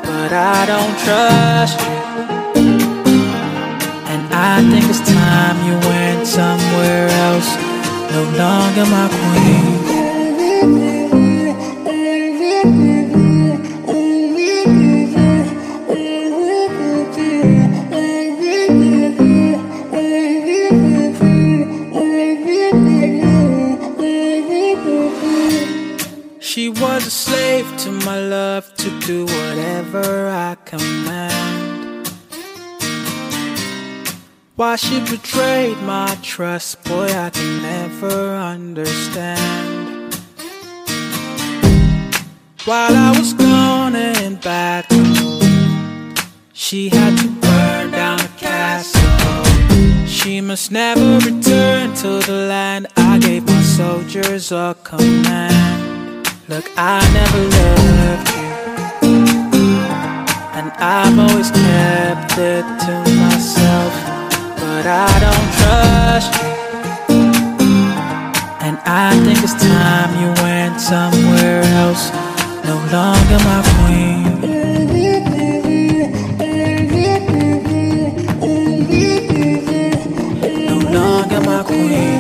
but I don't trust you. And I think it's time you went somewhere else, no longer my queen. slave to my love to do whatever I command. Why she betrayed my trust, boy, I can never understand. While I was gone and back home, she had to burn down a castle. She must never return to the land I gave my soldiers a command. Look, I never loved you, and I've always kept it to myself. But I don't trust you, and I think it's time you went somewhere else. No longer my queen. No longer my queen.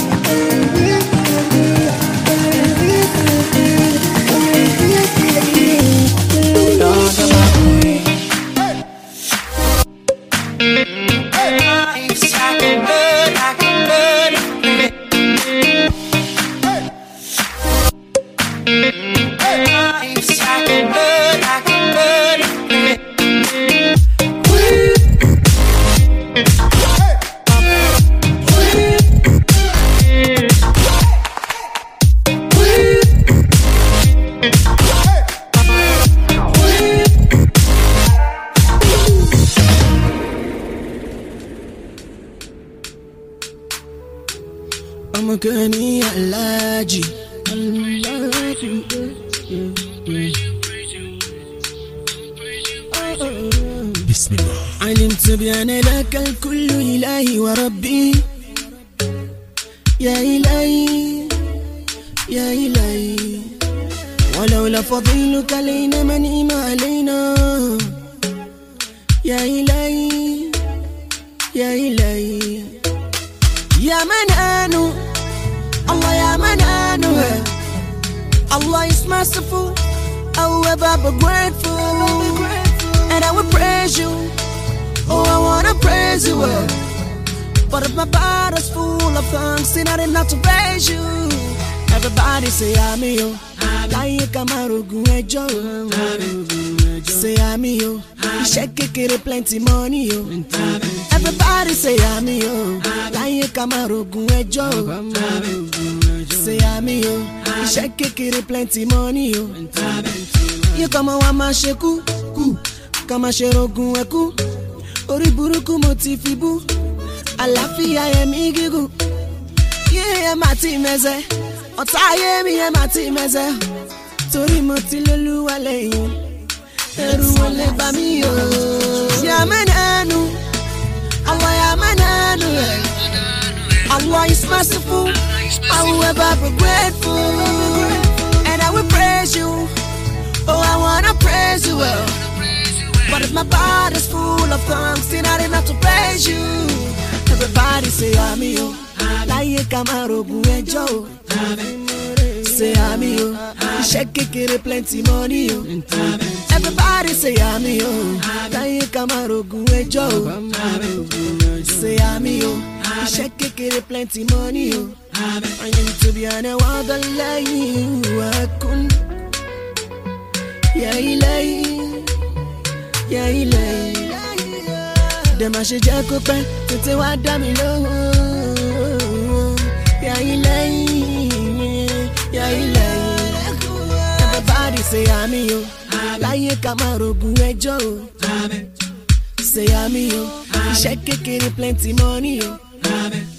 máa ṣe kú kú ká máa ṣe rogun ẹkú orí burúkú mo ti fi bú àlàáfíà ẹ̀mí gígùn yé ẹ má ti mẹ́sẹ̀ ọ̀tá ayé mi ẹ má ti mẹ́sẹ̀ torí mo ti lólúwa lẹ́yìn ẹrù wọn lè bá mi yọ. yàmẹ́nẹ́nu Allah yàmẹ́nẹ́nu Allah is merciful and we are ever grateful. I wanna praise you, well. Oh. But if my body's full of thongs, then I didn't have to praise you. Everybody say I'm you. Láyé ká máa rògùn ẹjọ́ o. Say I'm you. plenty money o. Oh. Everybody say I'm you. Láyé ká máa rògùn ẹjọ́ o. Say I'm you. plenty money o. Oh. I need to be an ẹwà ọ̀dọ́ lẹ́yìn ìwà kún. يا إلهي يا إلهي dẹ̀ máa ṣe jẹ́ pẹ́ tètè wá dá yà Ilahi yà Ilahi everybody say amiyo, o láyé ká máa rògùn ẹjọ́ o ṣe àmì plenty money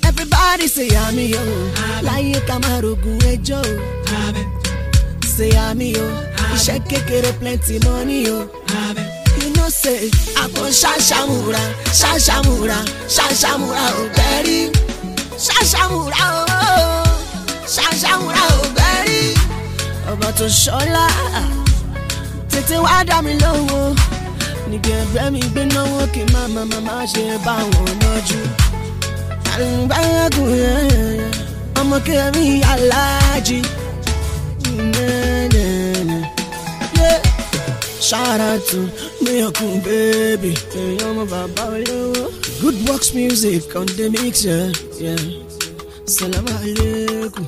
everybody say amiyo, o láyé ká máa rògùn ẹjọ́ o ṣé kékeré plenty money o. you know say àpò ṣàṣàmùra ṣàṣàmùra ṣàṣàmùra ò bẹ́rí ṣàṣàmùra o ṣàṣàmùra ò bẹ́rí. ọ̀bọ̀ tó ṣọ́lá tètè wá dá mi lówó nìkẹ́ ẹgbẹ́ mi gbé náwó kí màmá màmá ṣe bá wọn lọ́jú. àlùbáyà kù yẹn ọmọ kẹrin aláàjì. Mm, Shout out to Miracle Baby. Good Works Music on the mix, yeah. yeah. Salam alaikum.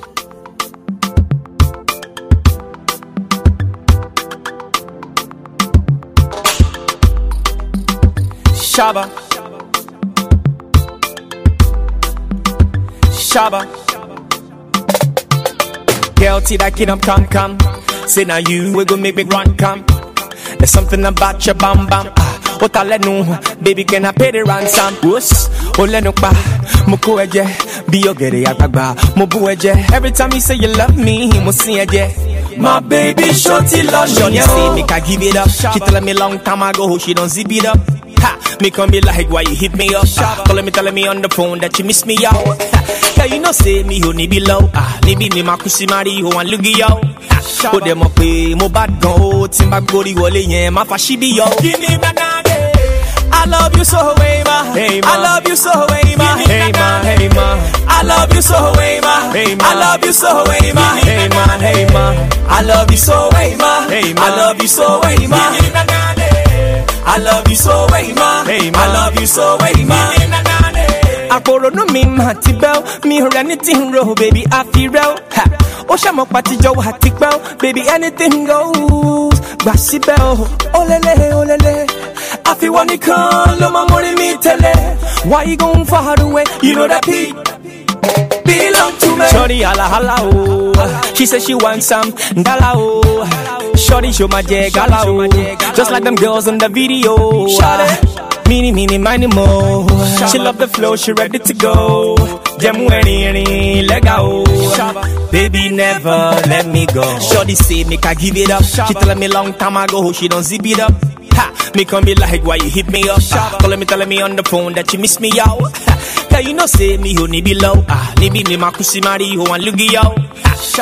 Shaba. Shaba. Girl, see that kid up, come, come. Say now you, we gon' make me run, come. There's something about your bam bam. Ah, what I let know, baby, can I pay the ransom? Whoops, oh, let no pa, muko eje, be your gere agba, mubu yeah. Every time you say you love me, he must see yeah. My baby, shorty love me. Shorty see me, I give it up. She telling me long time ago, she don't zip it up. Ha, me come be like, why you hit me up? Ah, telling me, telling me on the phone that you miss me up. Girl, you know say mi ò níbi lọ. Níbi ni màá kú sí máa rí òun àlùgí yọ. Ó dẹ̀ mọ̀ pé mo bá gan o, oh, tí n bá gbórí wọlé yẹn, má fa síbí yọ. Kí ni bàdá dé? I love you so way oh, eh, ma. Hey, ma. I love you so oh, eh, hey ma. Hey eh. ma, hey ma. I love you so way ma. Hey ma. I love you so hey ma. Hey ma, hey ma. I love you so way ma. Hey ma. I love you so hey ma. I love you so way ma. Hey ma. I love you so hey ma. I nú mi mà ti bẹ́ẹ̀ Me or anything, ní tí ń ro baby àfi rẹ́ ó ṣàmọ̀ pàtijọ́ wà ti pẹ́ baby anything goes gbà síbẹ̀ olele. ó lélẹ̀ ó lélẹ̀ àfiwọ́ nìkan ló máa mórí mi tẹ́lẹ̀ why you gon far away you know that pig belong to me. Shorty hala hala o. Oh. she said she wants some dollar o. Oh. Shorty show my jig gala oh, just like them girls in the video. Shorty. Meeny, meeny, miny, mo. She love the flow, she ready to go. Jemu, any, any, let go. Baby, never let me go. Shorty say, make I give it up. She telling me long time ago, she don't zip it up. Ha, me come be like, why you hit me up? Calling me, telling me on the phone that you miss me out. Cause you know, say me, who need low? Ah, need me, my kusi, mari, who want loogie out.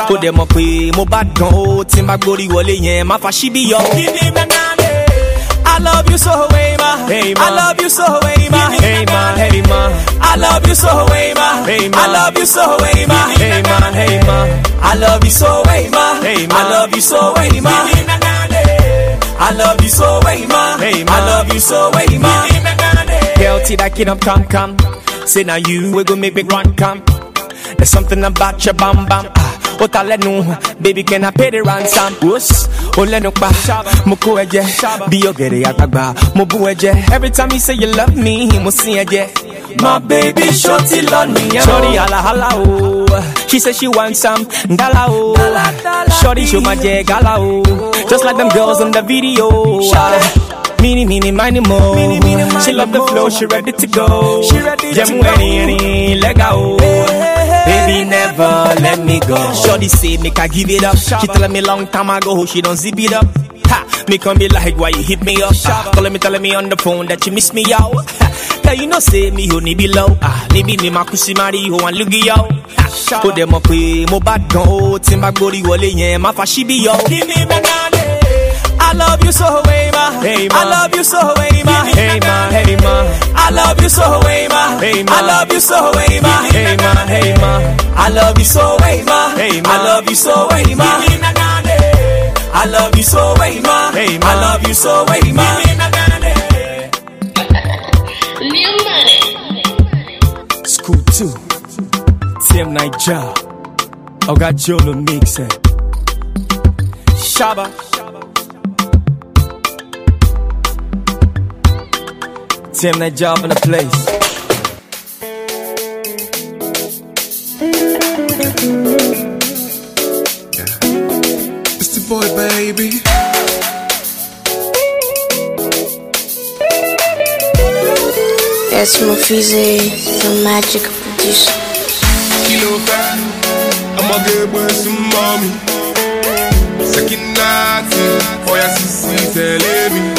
Ó dẹ̀ them mo bá bad ó tí n bá gborí wọlé yẹn má fa ṣíbí yọ. Kí ni I love you so, hey ma. Hey ma. I love you so, hey ma. Hey ma. Hey ma. I love you so, hey ma. Hey ma. I love you so, hey ma. Hey ma. Hey ma. I love you so, hey ma. Hey ma. I love you so, hey ma. I love you so, hey ma. Hey ma. I love you so, hey ma. Girl, that kid up, come, come. Say now you we go make me run, come. There's something about your bam bam. Ah otale nu baby can I pay the ransom wos ole oh, nu pa mo ko ẹ̀jẹ̀ bí ọ̀gẹ̀dẹ̀ àgbàgbà mo bù ẹ̀jẹ̀ every time you say you love me mo see ẹ̀jẹ̀. my baby ṣó ti lọ Shorty, sọ́rí àlàhálà o she say she wants some dala o Shorty, show my jẹ gala o just like them girls in the video. Mini, mini, meeny, mo. Meeny, meeny, miny, she love the flow, she ready to go. She ready Jam to go. Jemu, any, any, leg out. Hey, hey. Baby never let me go. Shorty say make I give it up. She telling me long time ago she don't zip it up. Ha, me come be like why you hit me up. Ah, calling me telling me on the phone that you miss me out. Tell you know say me only below. Ah, níbi ni màá kú sí Mari and Lugi yo. Ó dẹ̀ mọ̀ pé mo bá bad gun. Oh, tí n bá gorí wọlé yẹn má fa ṣíbí yọ. Kí I love you so, hey ma. Hey ma. I love you so, hey ma. Hey ma. Hey ma. I love you so, hey ma. Hey ma. I love you so, hey ma. Hey ma. Hey ma. I love you so, hey ma. Hey ma. I love you so, hey ma. I love you so, hey ma. Hey ma. I love you so, hey ma. New money. School two. Tim Night Job. I got Jolo mixing. Shabba. Tim, that job in the place. boy, baby. That's Mofizi, the magic producer. Kilo I'm a good boy, some mommy. Second night, oh yeah, me.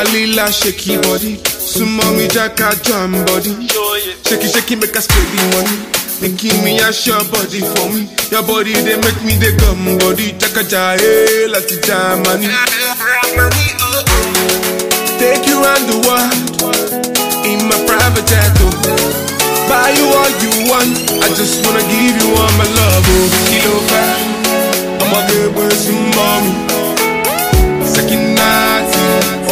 Alila shaky body. Sumomi jaka jam body. Shaky shaky make us pay the money. They give me a sure body for me. Your body they make me the gum body. Jaka jae eh, jam money. Take you around the world in my private jet. Oh. Buy you all you want. I just wanna give you all my love. Oh, kilo five. I'm a good person, mommy. Second night.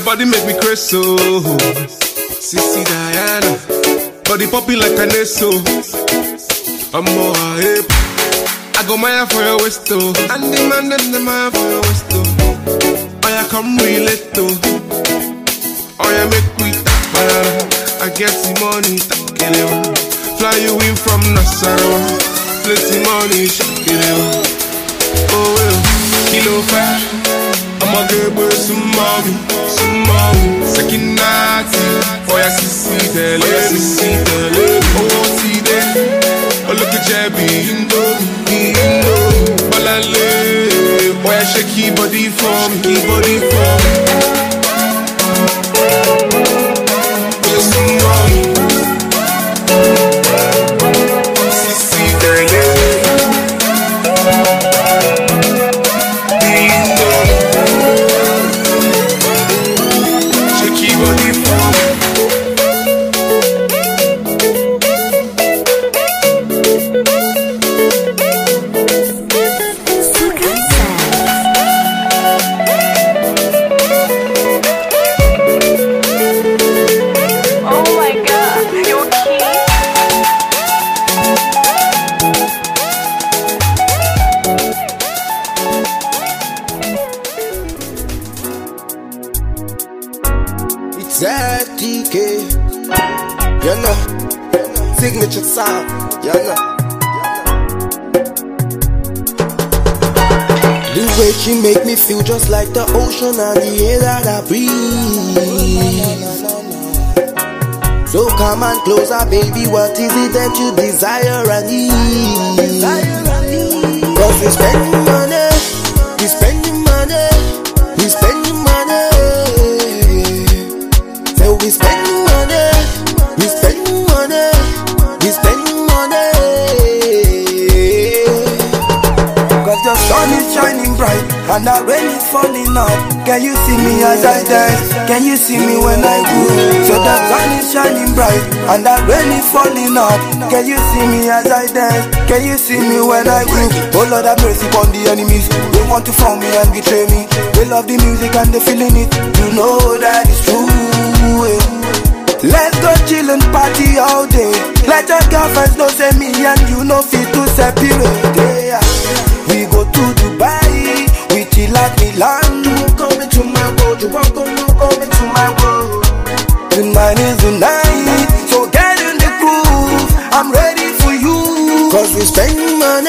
Your body make me crazy, so Sissy Diana Body popping like an eso I'm more hype I go Maya for your waist, oh And the man them the Maya for your waist, oh Oh yeah, come relate, oh Oh yeah, make we tap, I get the money, tap, kill it, Fly you in from Nassau Plenty money, shake it, oh, oh, kilo five Mwagebe soumavi, soumavi Sekinati, oya sisi dele Oya sisi dele Owo ti de, oloke oh, jebi Indomi, indomi Balale, oya shake body for me Body for me baby, what is it that you desire and need? Cause we spending money, we spending money, we spending money. So we spending money, we spending money, we spending money. Cause the sun is shining bright and the rain is falling out. Can you see me as I dance? Can you see me when I go? So the sun is shining bright and the rain is falling up. Can you see me as I dance? Can you see me when I go? Oh Lord, have mercy upon the enemies. They want to form me and betray me. They love the music and they feeling it. You know that it's true. Let's go chill and party all day. Let your girlfriends know say me and you know fit to separate. We go to Dubai. welcome you come into my world. The night is the night, so get in the groove. I'm ready for you, cause we spend money.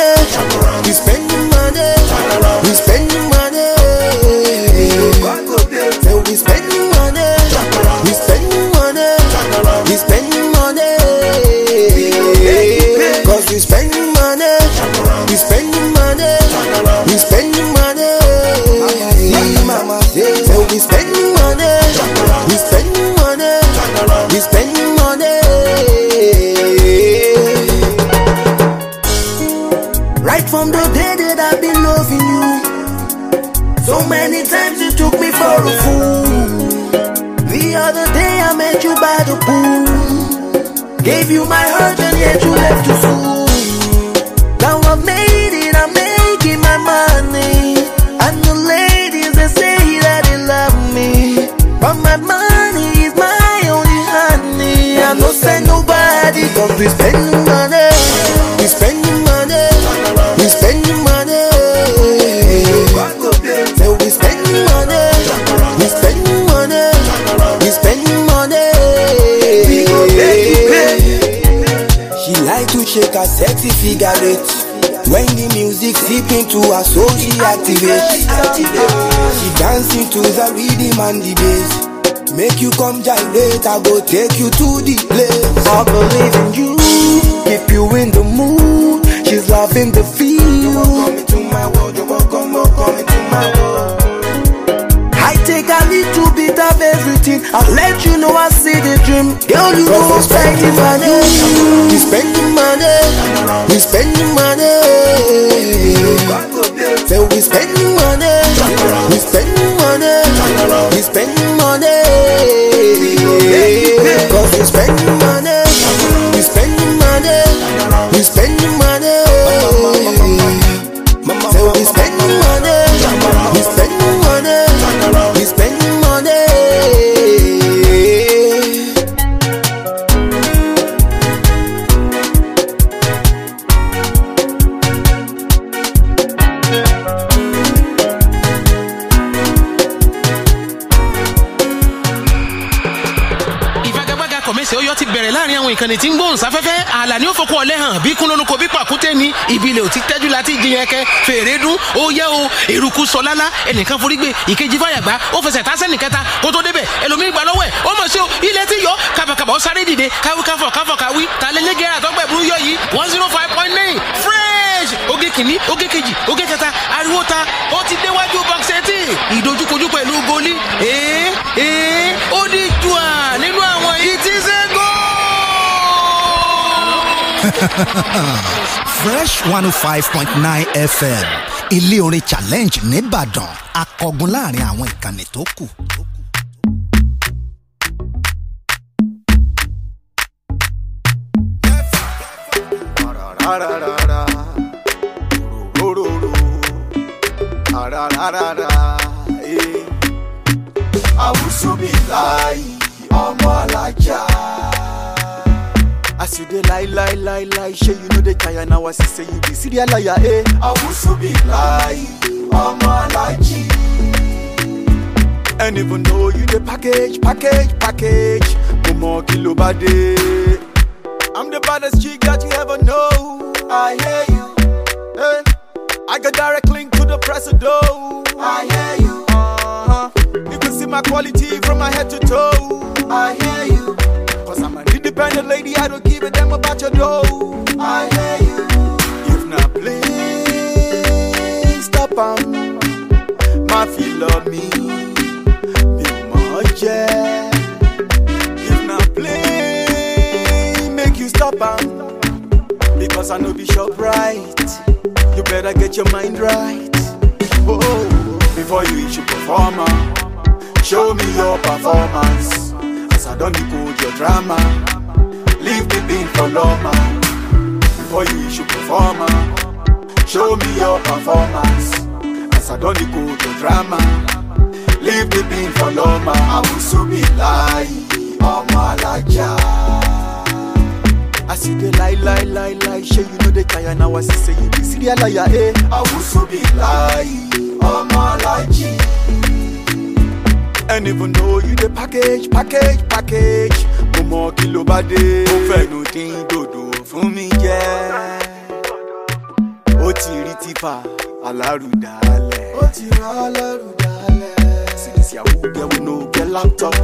Ooh. Gave you my heart and yet you left too soon. Now I've made it, I'm making my money. And the ladies they say that they love me, but my money is my only honey. I don't send nobody 'cause we spend money. sexy cigarette. When the music seep into her soul, she activates. She dancing to the rhythm and the bass. Make you come gyrate, I go take you to the place. I believe in you, keep you in the mood. She's loving the feel. You welcome into my world, you welcome, welcome to my world. I take a little bit of everything. I'll let you know I dream. Girl, you know we spending money. We spending money. We spending money. Say we spending yẹnkẹ fèrè dún ó yẹ o eruku sọ ẹnìkan forí gbé ìkejì fàyàgbá ó fẹsẹ̀ tá sẹ́nì kẹta kó tó débẹ̀ ẹlòmíín gbà lọ́wọ́ ẹ̀ ó mọ̀ sí o ilẹ̀ ti yọ kàbàkàbà ó sáré dìde káwí káfọ̀ káfọ̀ káwí tàlẹ́lẹ́gẹ̀rẹ́ àtọ́gbà ìbúrú yọ yìí one zero five point nine fresh oge kìíní oge kejì oge kẹta ariwo ta ó ti déwájú box eighteen ìdojúkojú pẹ̀lú goli ee ee ó di jua fresh one oh five point nine fm ilé orin challenge nìbàdàn akọgun láàrin àwọn ìkànnì tó kù. now I see you be serial liar, eh? I will so be lie, I'm a And even though you the package, package, package, no more kilo body. I'm the baddest chick that you ever know. I hear you. Hey. Eh, I got direct link to the presser though. I hear you. Uh-huh. You can see my quality from my head to toe. I hear you. Cause I'm an independent lady, I don't give a damn about your dough. I hear you. pam má fi lọ mí mi mọ̀ jẹ́. If na play make you stop am because I no be right. You better get your mind right. Oh, oh, before you issue performer, show me your performance. As I don't decode your drama, leave the thing for lawman. Before you issue performer, show me your performance. I don't go to drama. Leave the pain for Loma, I will soon be lying. Ọmọ alájà. I see the lie, lie, lie, lie. Sure, you know the kaya now. I see, say you be serial liar, eh? I will soon be lying. Ọmọ alájì. And even though you the package, package, package. no more kilo ló no dé. Mo fẹnu dín dòdò fún mi jẹ́. Ó ti rí See this Yahoo girl, we no get laptop. We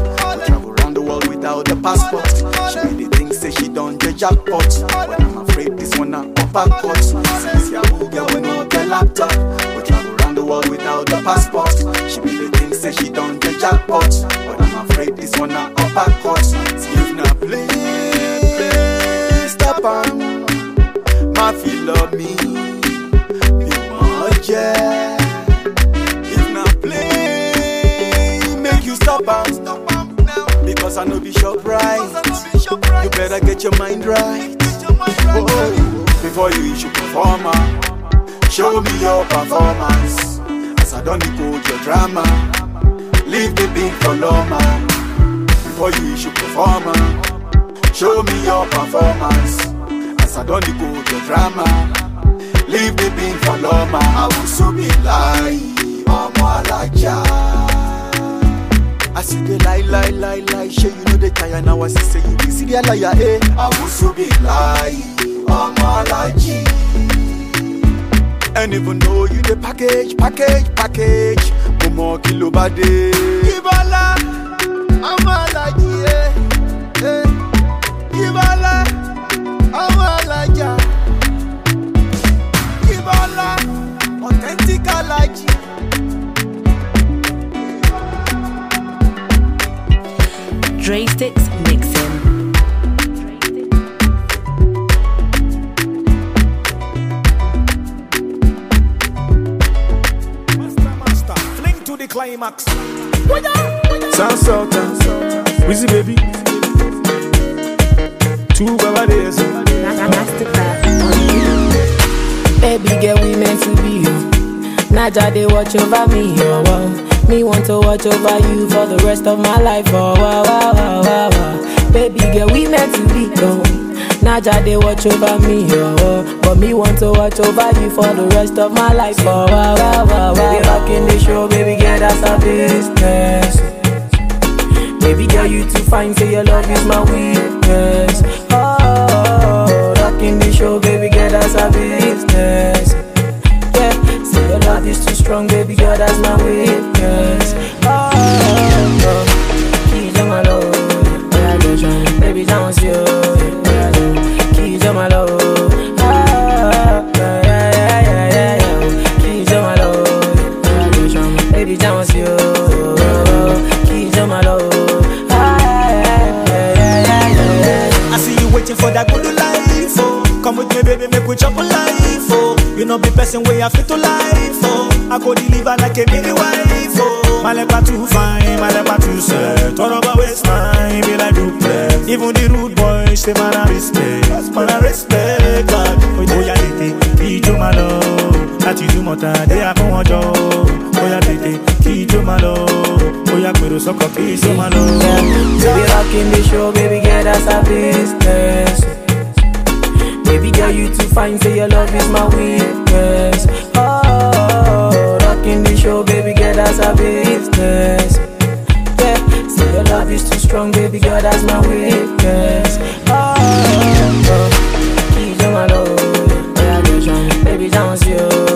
travel around the world without a passport. She really thinks say she done the jackpot, but I'm afraid this one a upper cut. See this Yahoo girl, we no get laptop. We travel around the world without a passport. She really thinks say she done the jackpot, but I'm afraid this one a upper cut. See if please stop on. My feel love me, you much yeah. stop am. Stop am now. Because I know be shop right. You better get your mind right. Oh, oh, before you issue performer, show me your performance. As I don't decode your drama, leave the big for Before you issue performer, show me your performance. As I don't decode your drama, leave the big for Loma. I will soon be lying, Ọmọ Alájà. I see the lie, lie, lie, lie. Sure, you know the tire now. I see say you be see the liar, eh? I will so be I'm a lie. And even though you the package, package, package, no more kilo body. Ibala, I'm a lie, eh? eh. Ibala, I'm a lie, Ibala, authentic lie. Dre Sticks Mixing. climax. Sound Sultan, Wizzy Baby, two Babades. Baby girl, we meant to be. Naja, they watch over me, oh, oh. Me want to watch over you for the rest of my life. Oh, wow, oh, wow, oh, wow, oh, wow, wow. Baby girl, we meant to be gone. Naja, they watch over me, oh, but me want to watch over you for the rest of my life. Oh, wow, wow, wow, wow. Baby, back in the show, baby girl, that's a business. Baby girl, you too fine, say your love is my weakness. Oh, oh, oh, oh. rocking the show, baby girl, that's a business strong, baby girl, that's my weakness. Oh, oh, oh. keys on my low, yeah, baby, that was you. Yeah, keys on my love. Oh, oh, baby, on my I see you waiting for that good life. Oh. Come with me, baby, make we chop a life. Oh. You know be person way I fit to life Oh. I go deliver like a mini wife Oh. My leper too fine, my leper too set. Turn over waste time, be like you play. Even the rude boys they man I respect, man I respect God. Oya tètè, ijó ma lọ, láti Ìdúmọ̀tà dé Àfọ̀nwọ́jọ́. Oya tètè, kí ijó ma lọ, oya pèrò sọ́kọ̀ kí ijó ma lọ. Baby, rock in the show, baby, get us a business. Baby girl, you too fine, say your love is my weakness. Oh, rocking the show, baby girl, that's our business. Yeah, say your love is too strong, baby girl, that's my weakness. Oh, oh, oh. keep on my love, yeah, baby, don't you.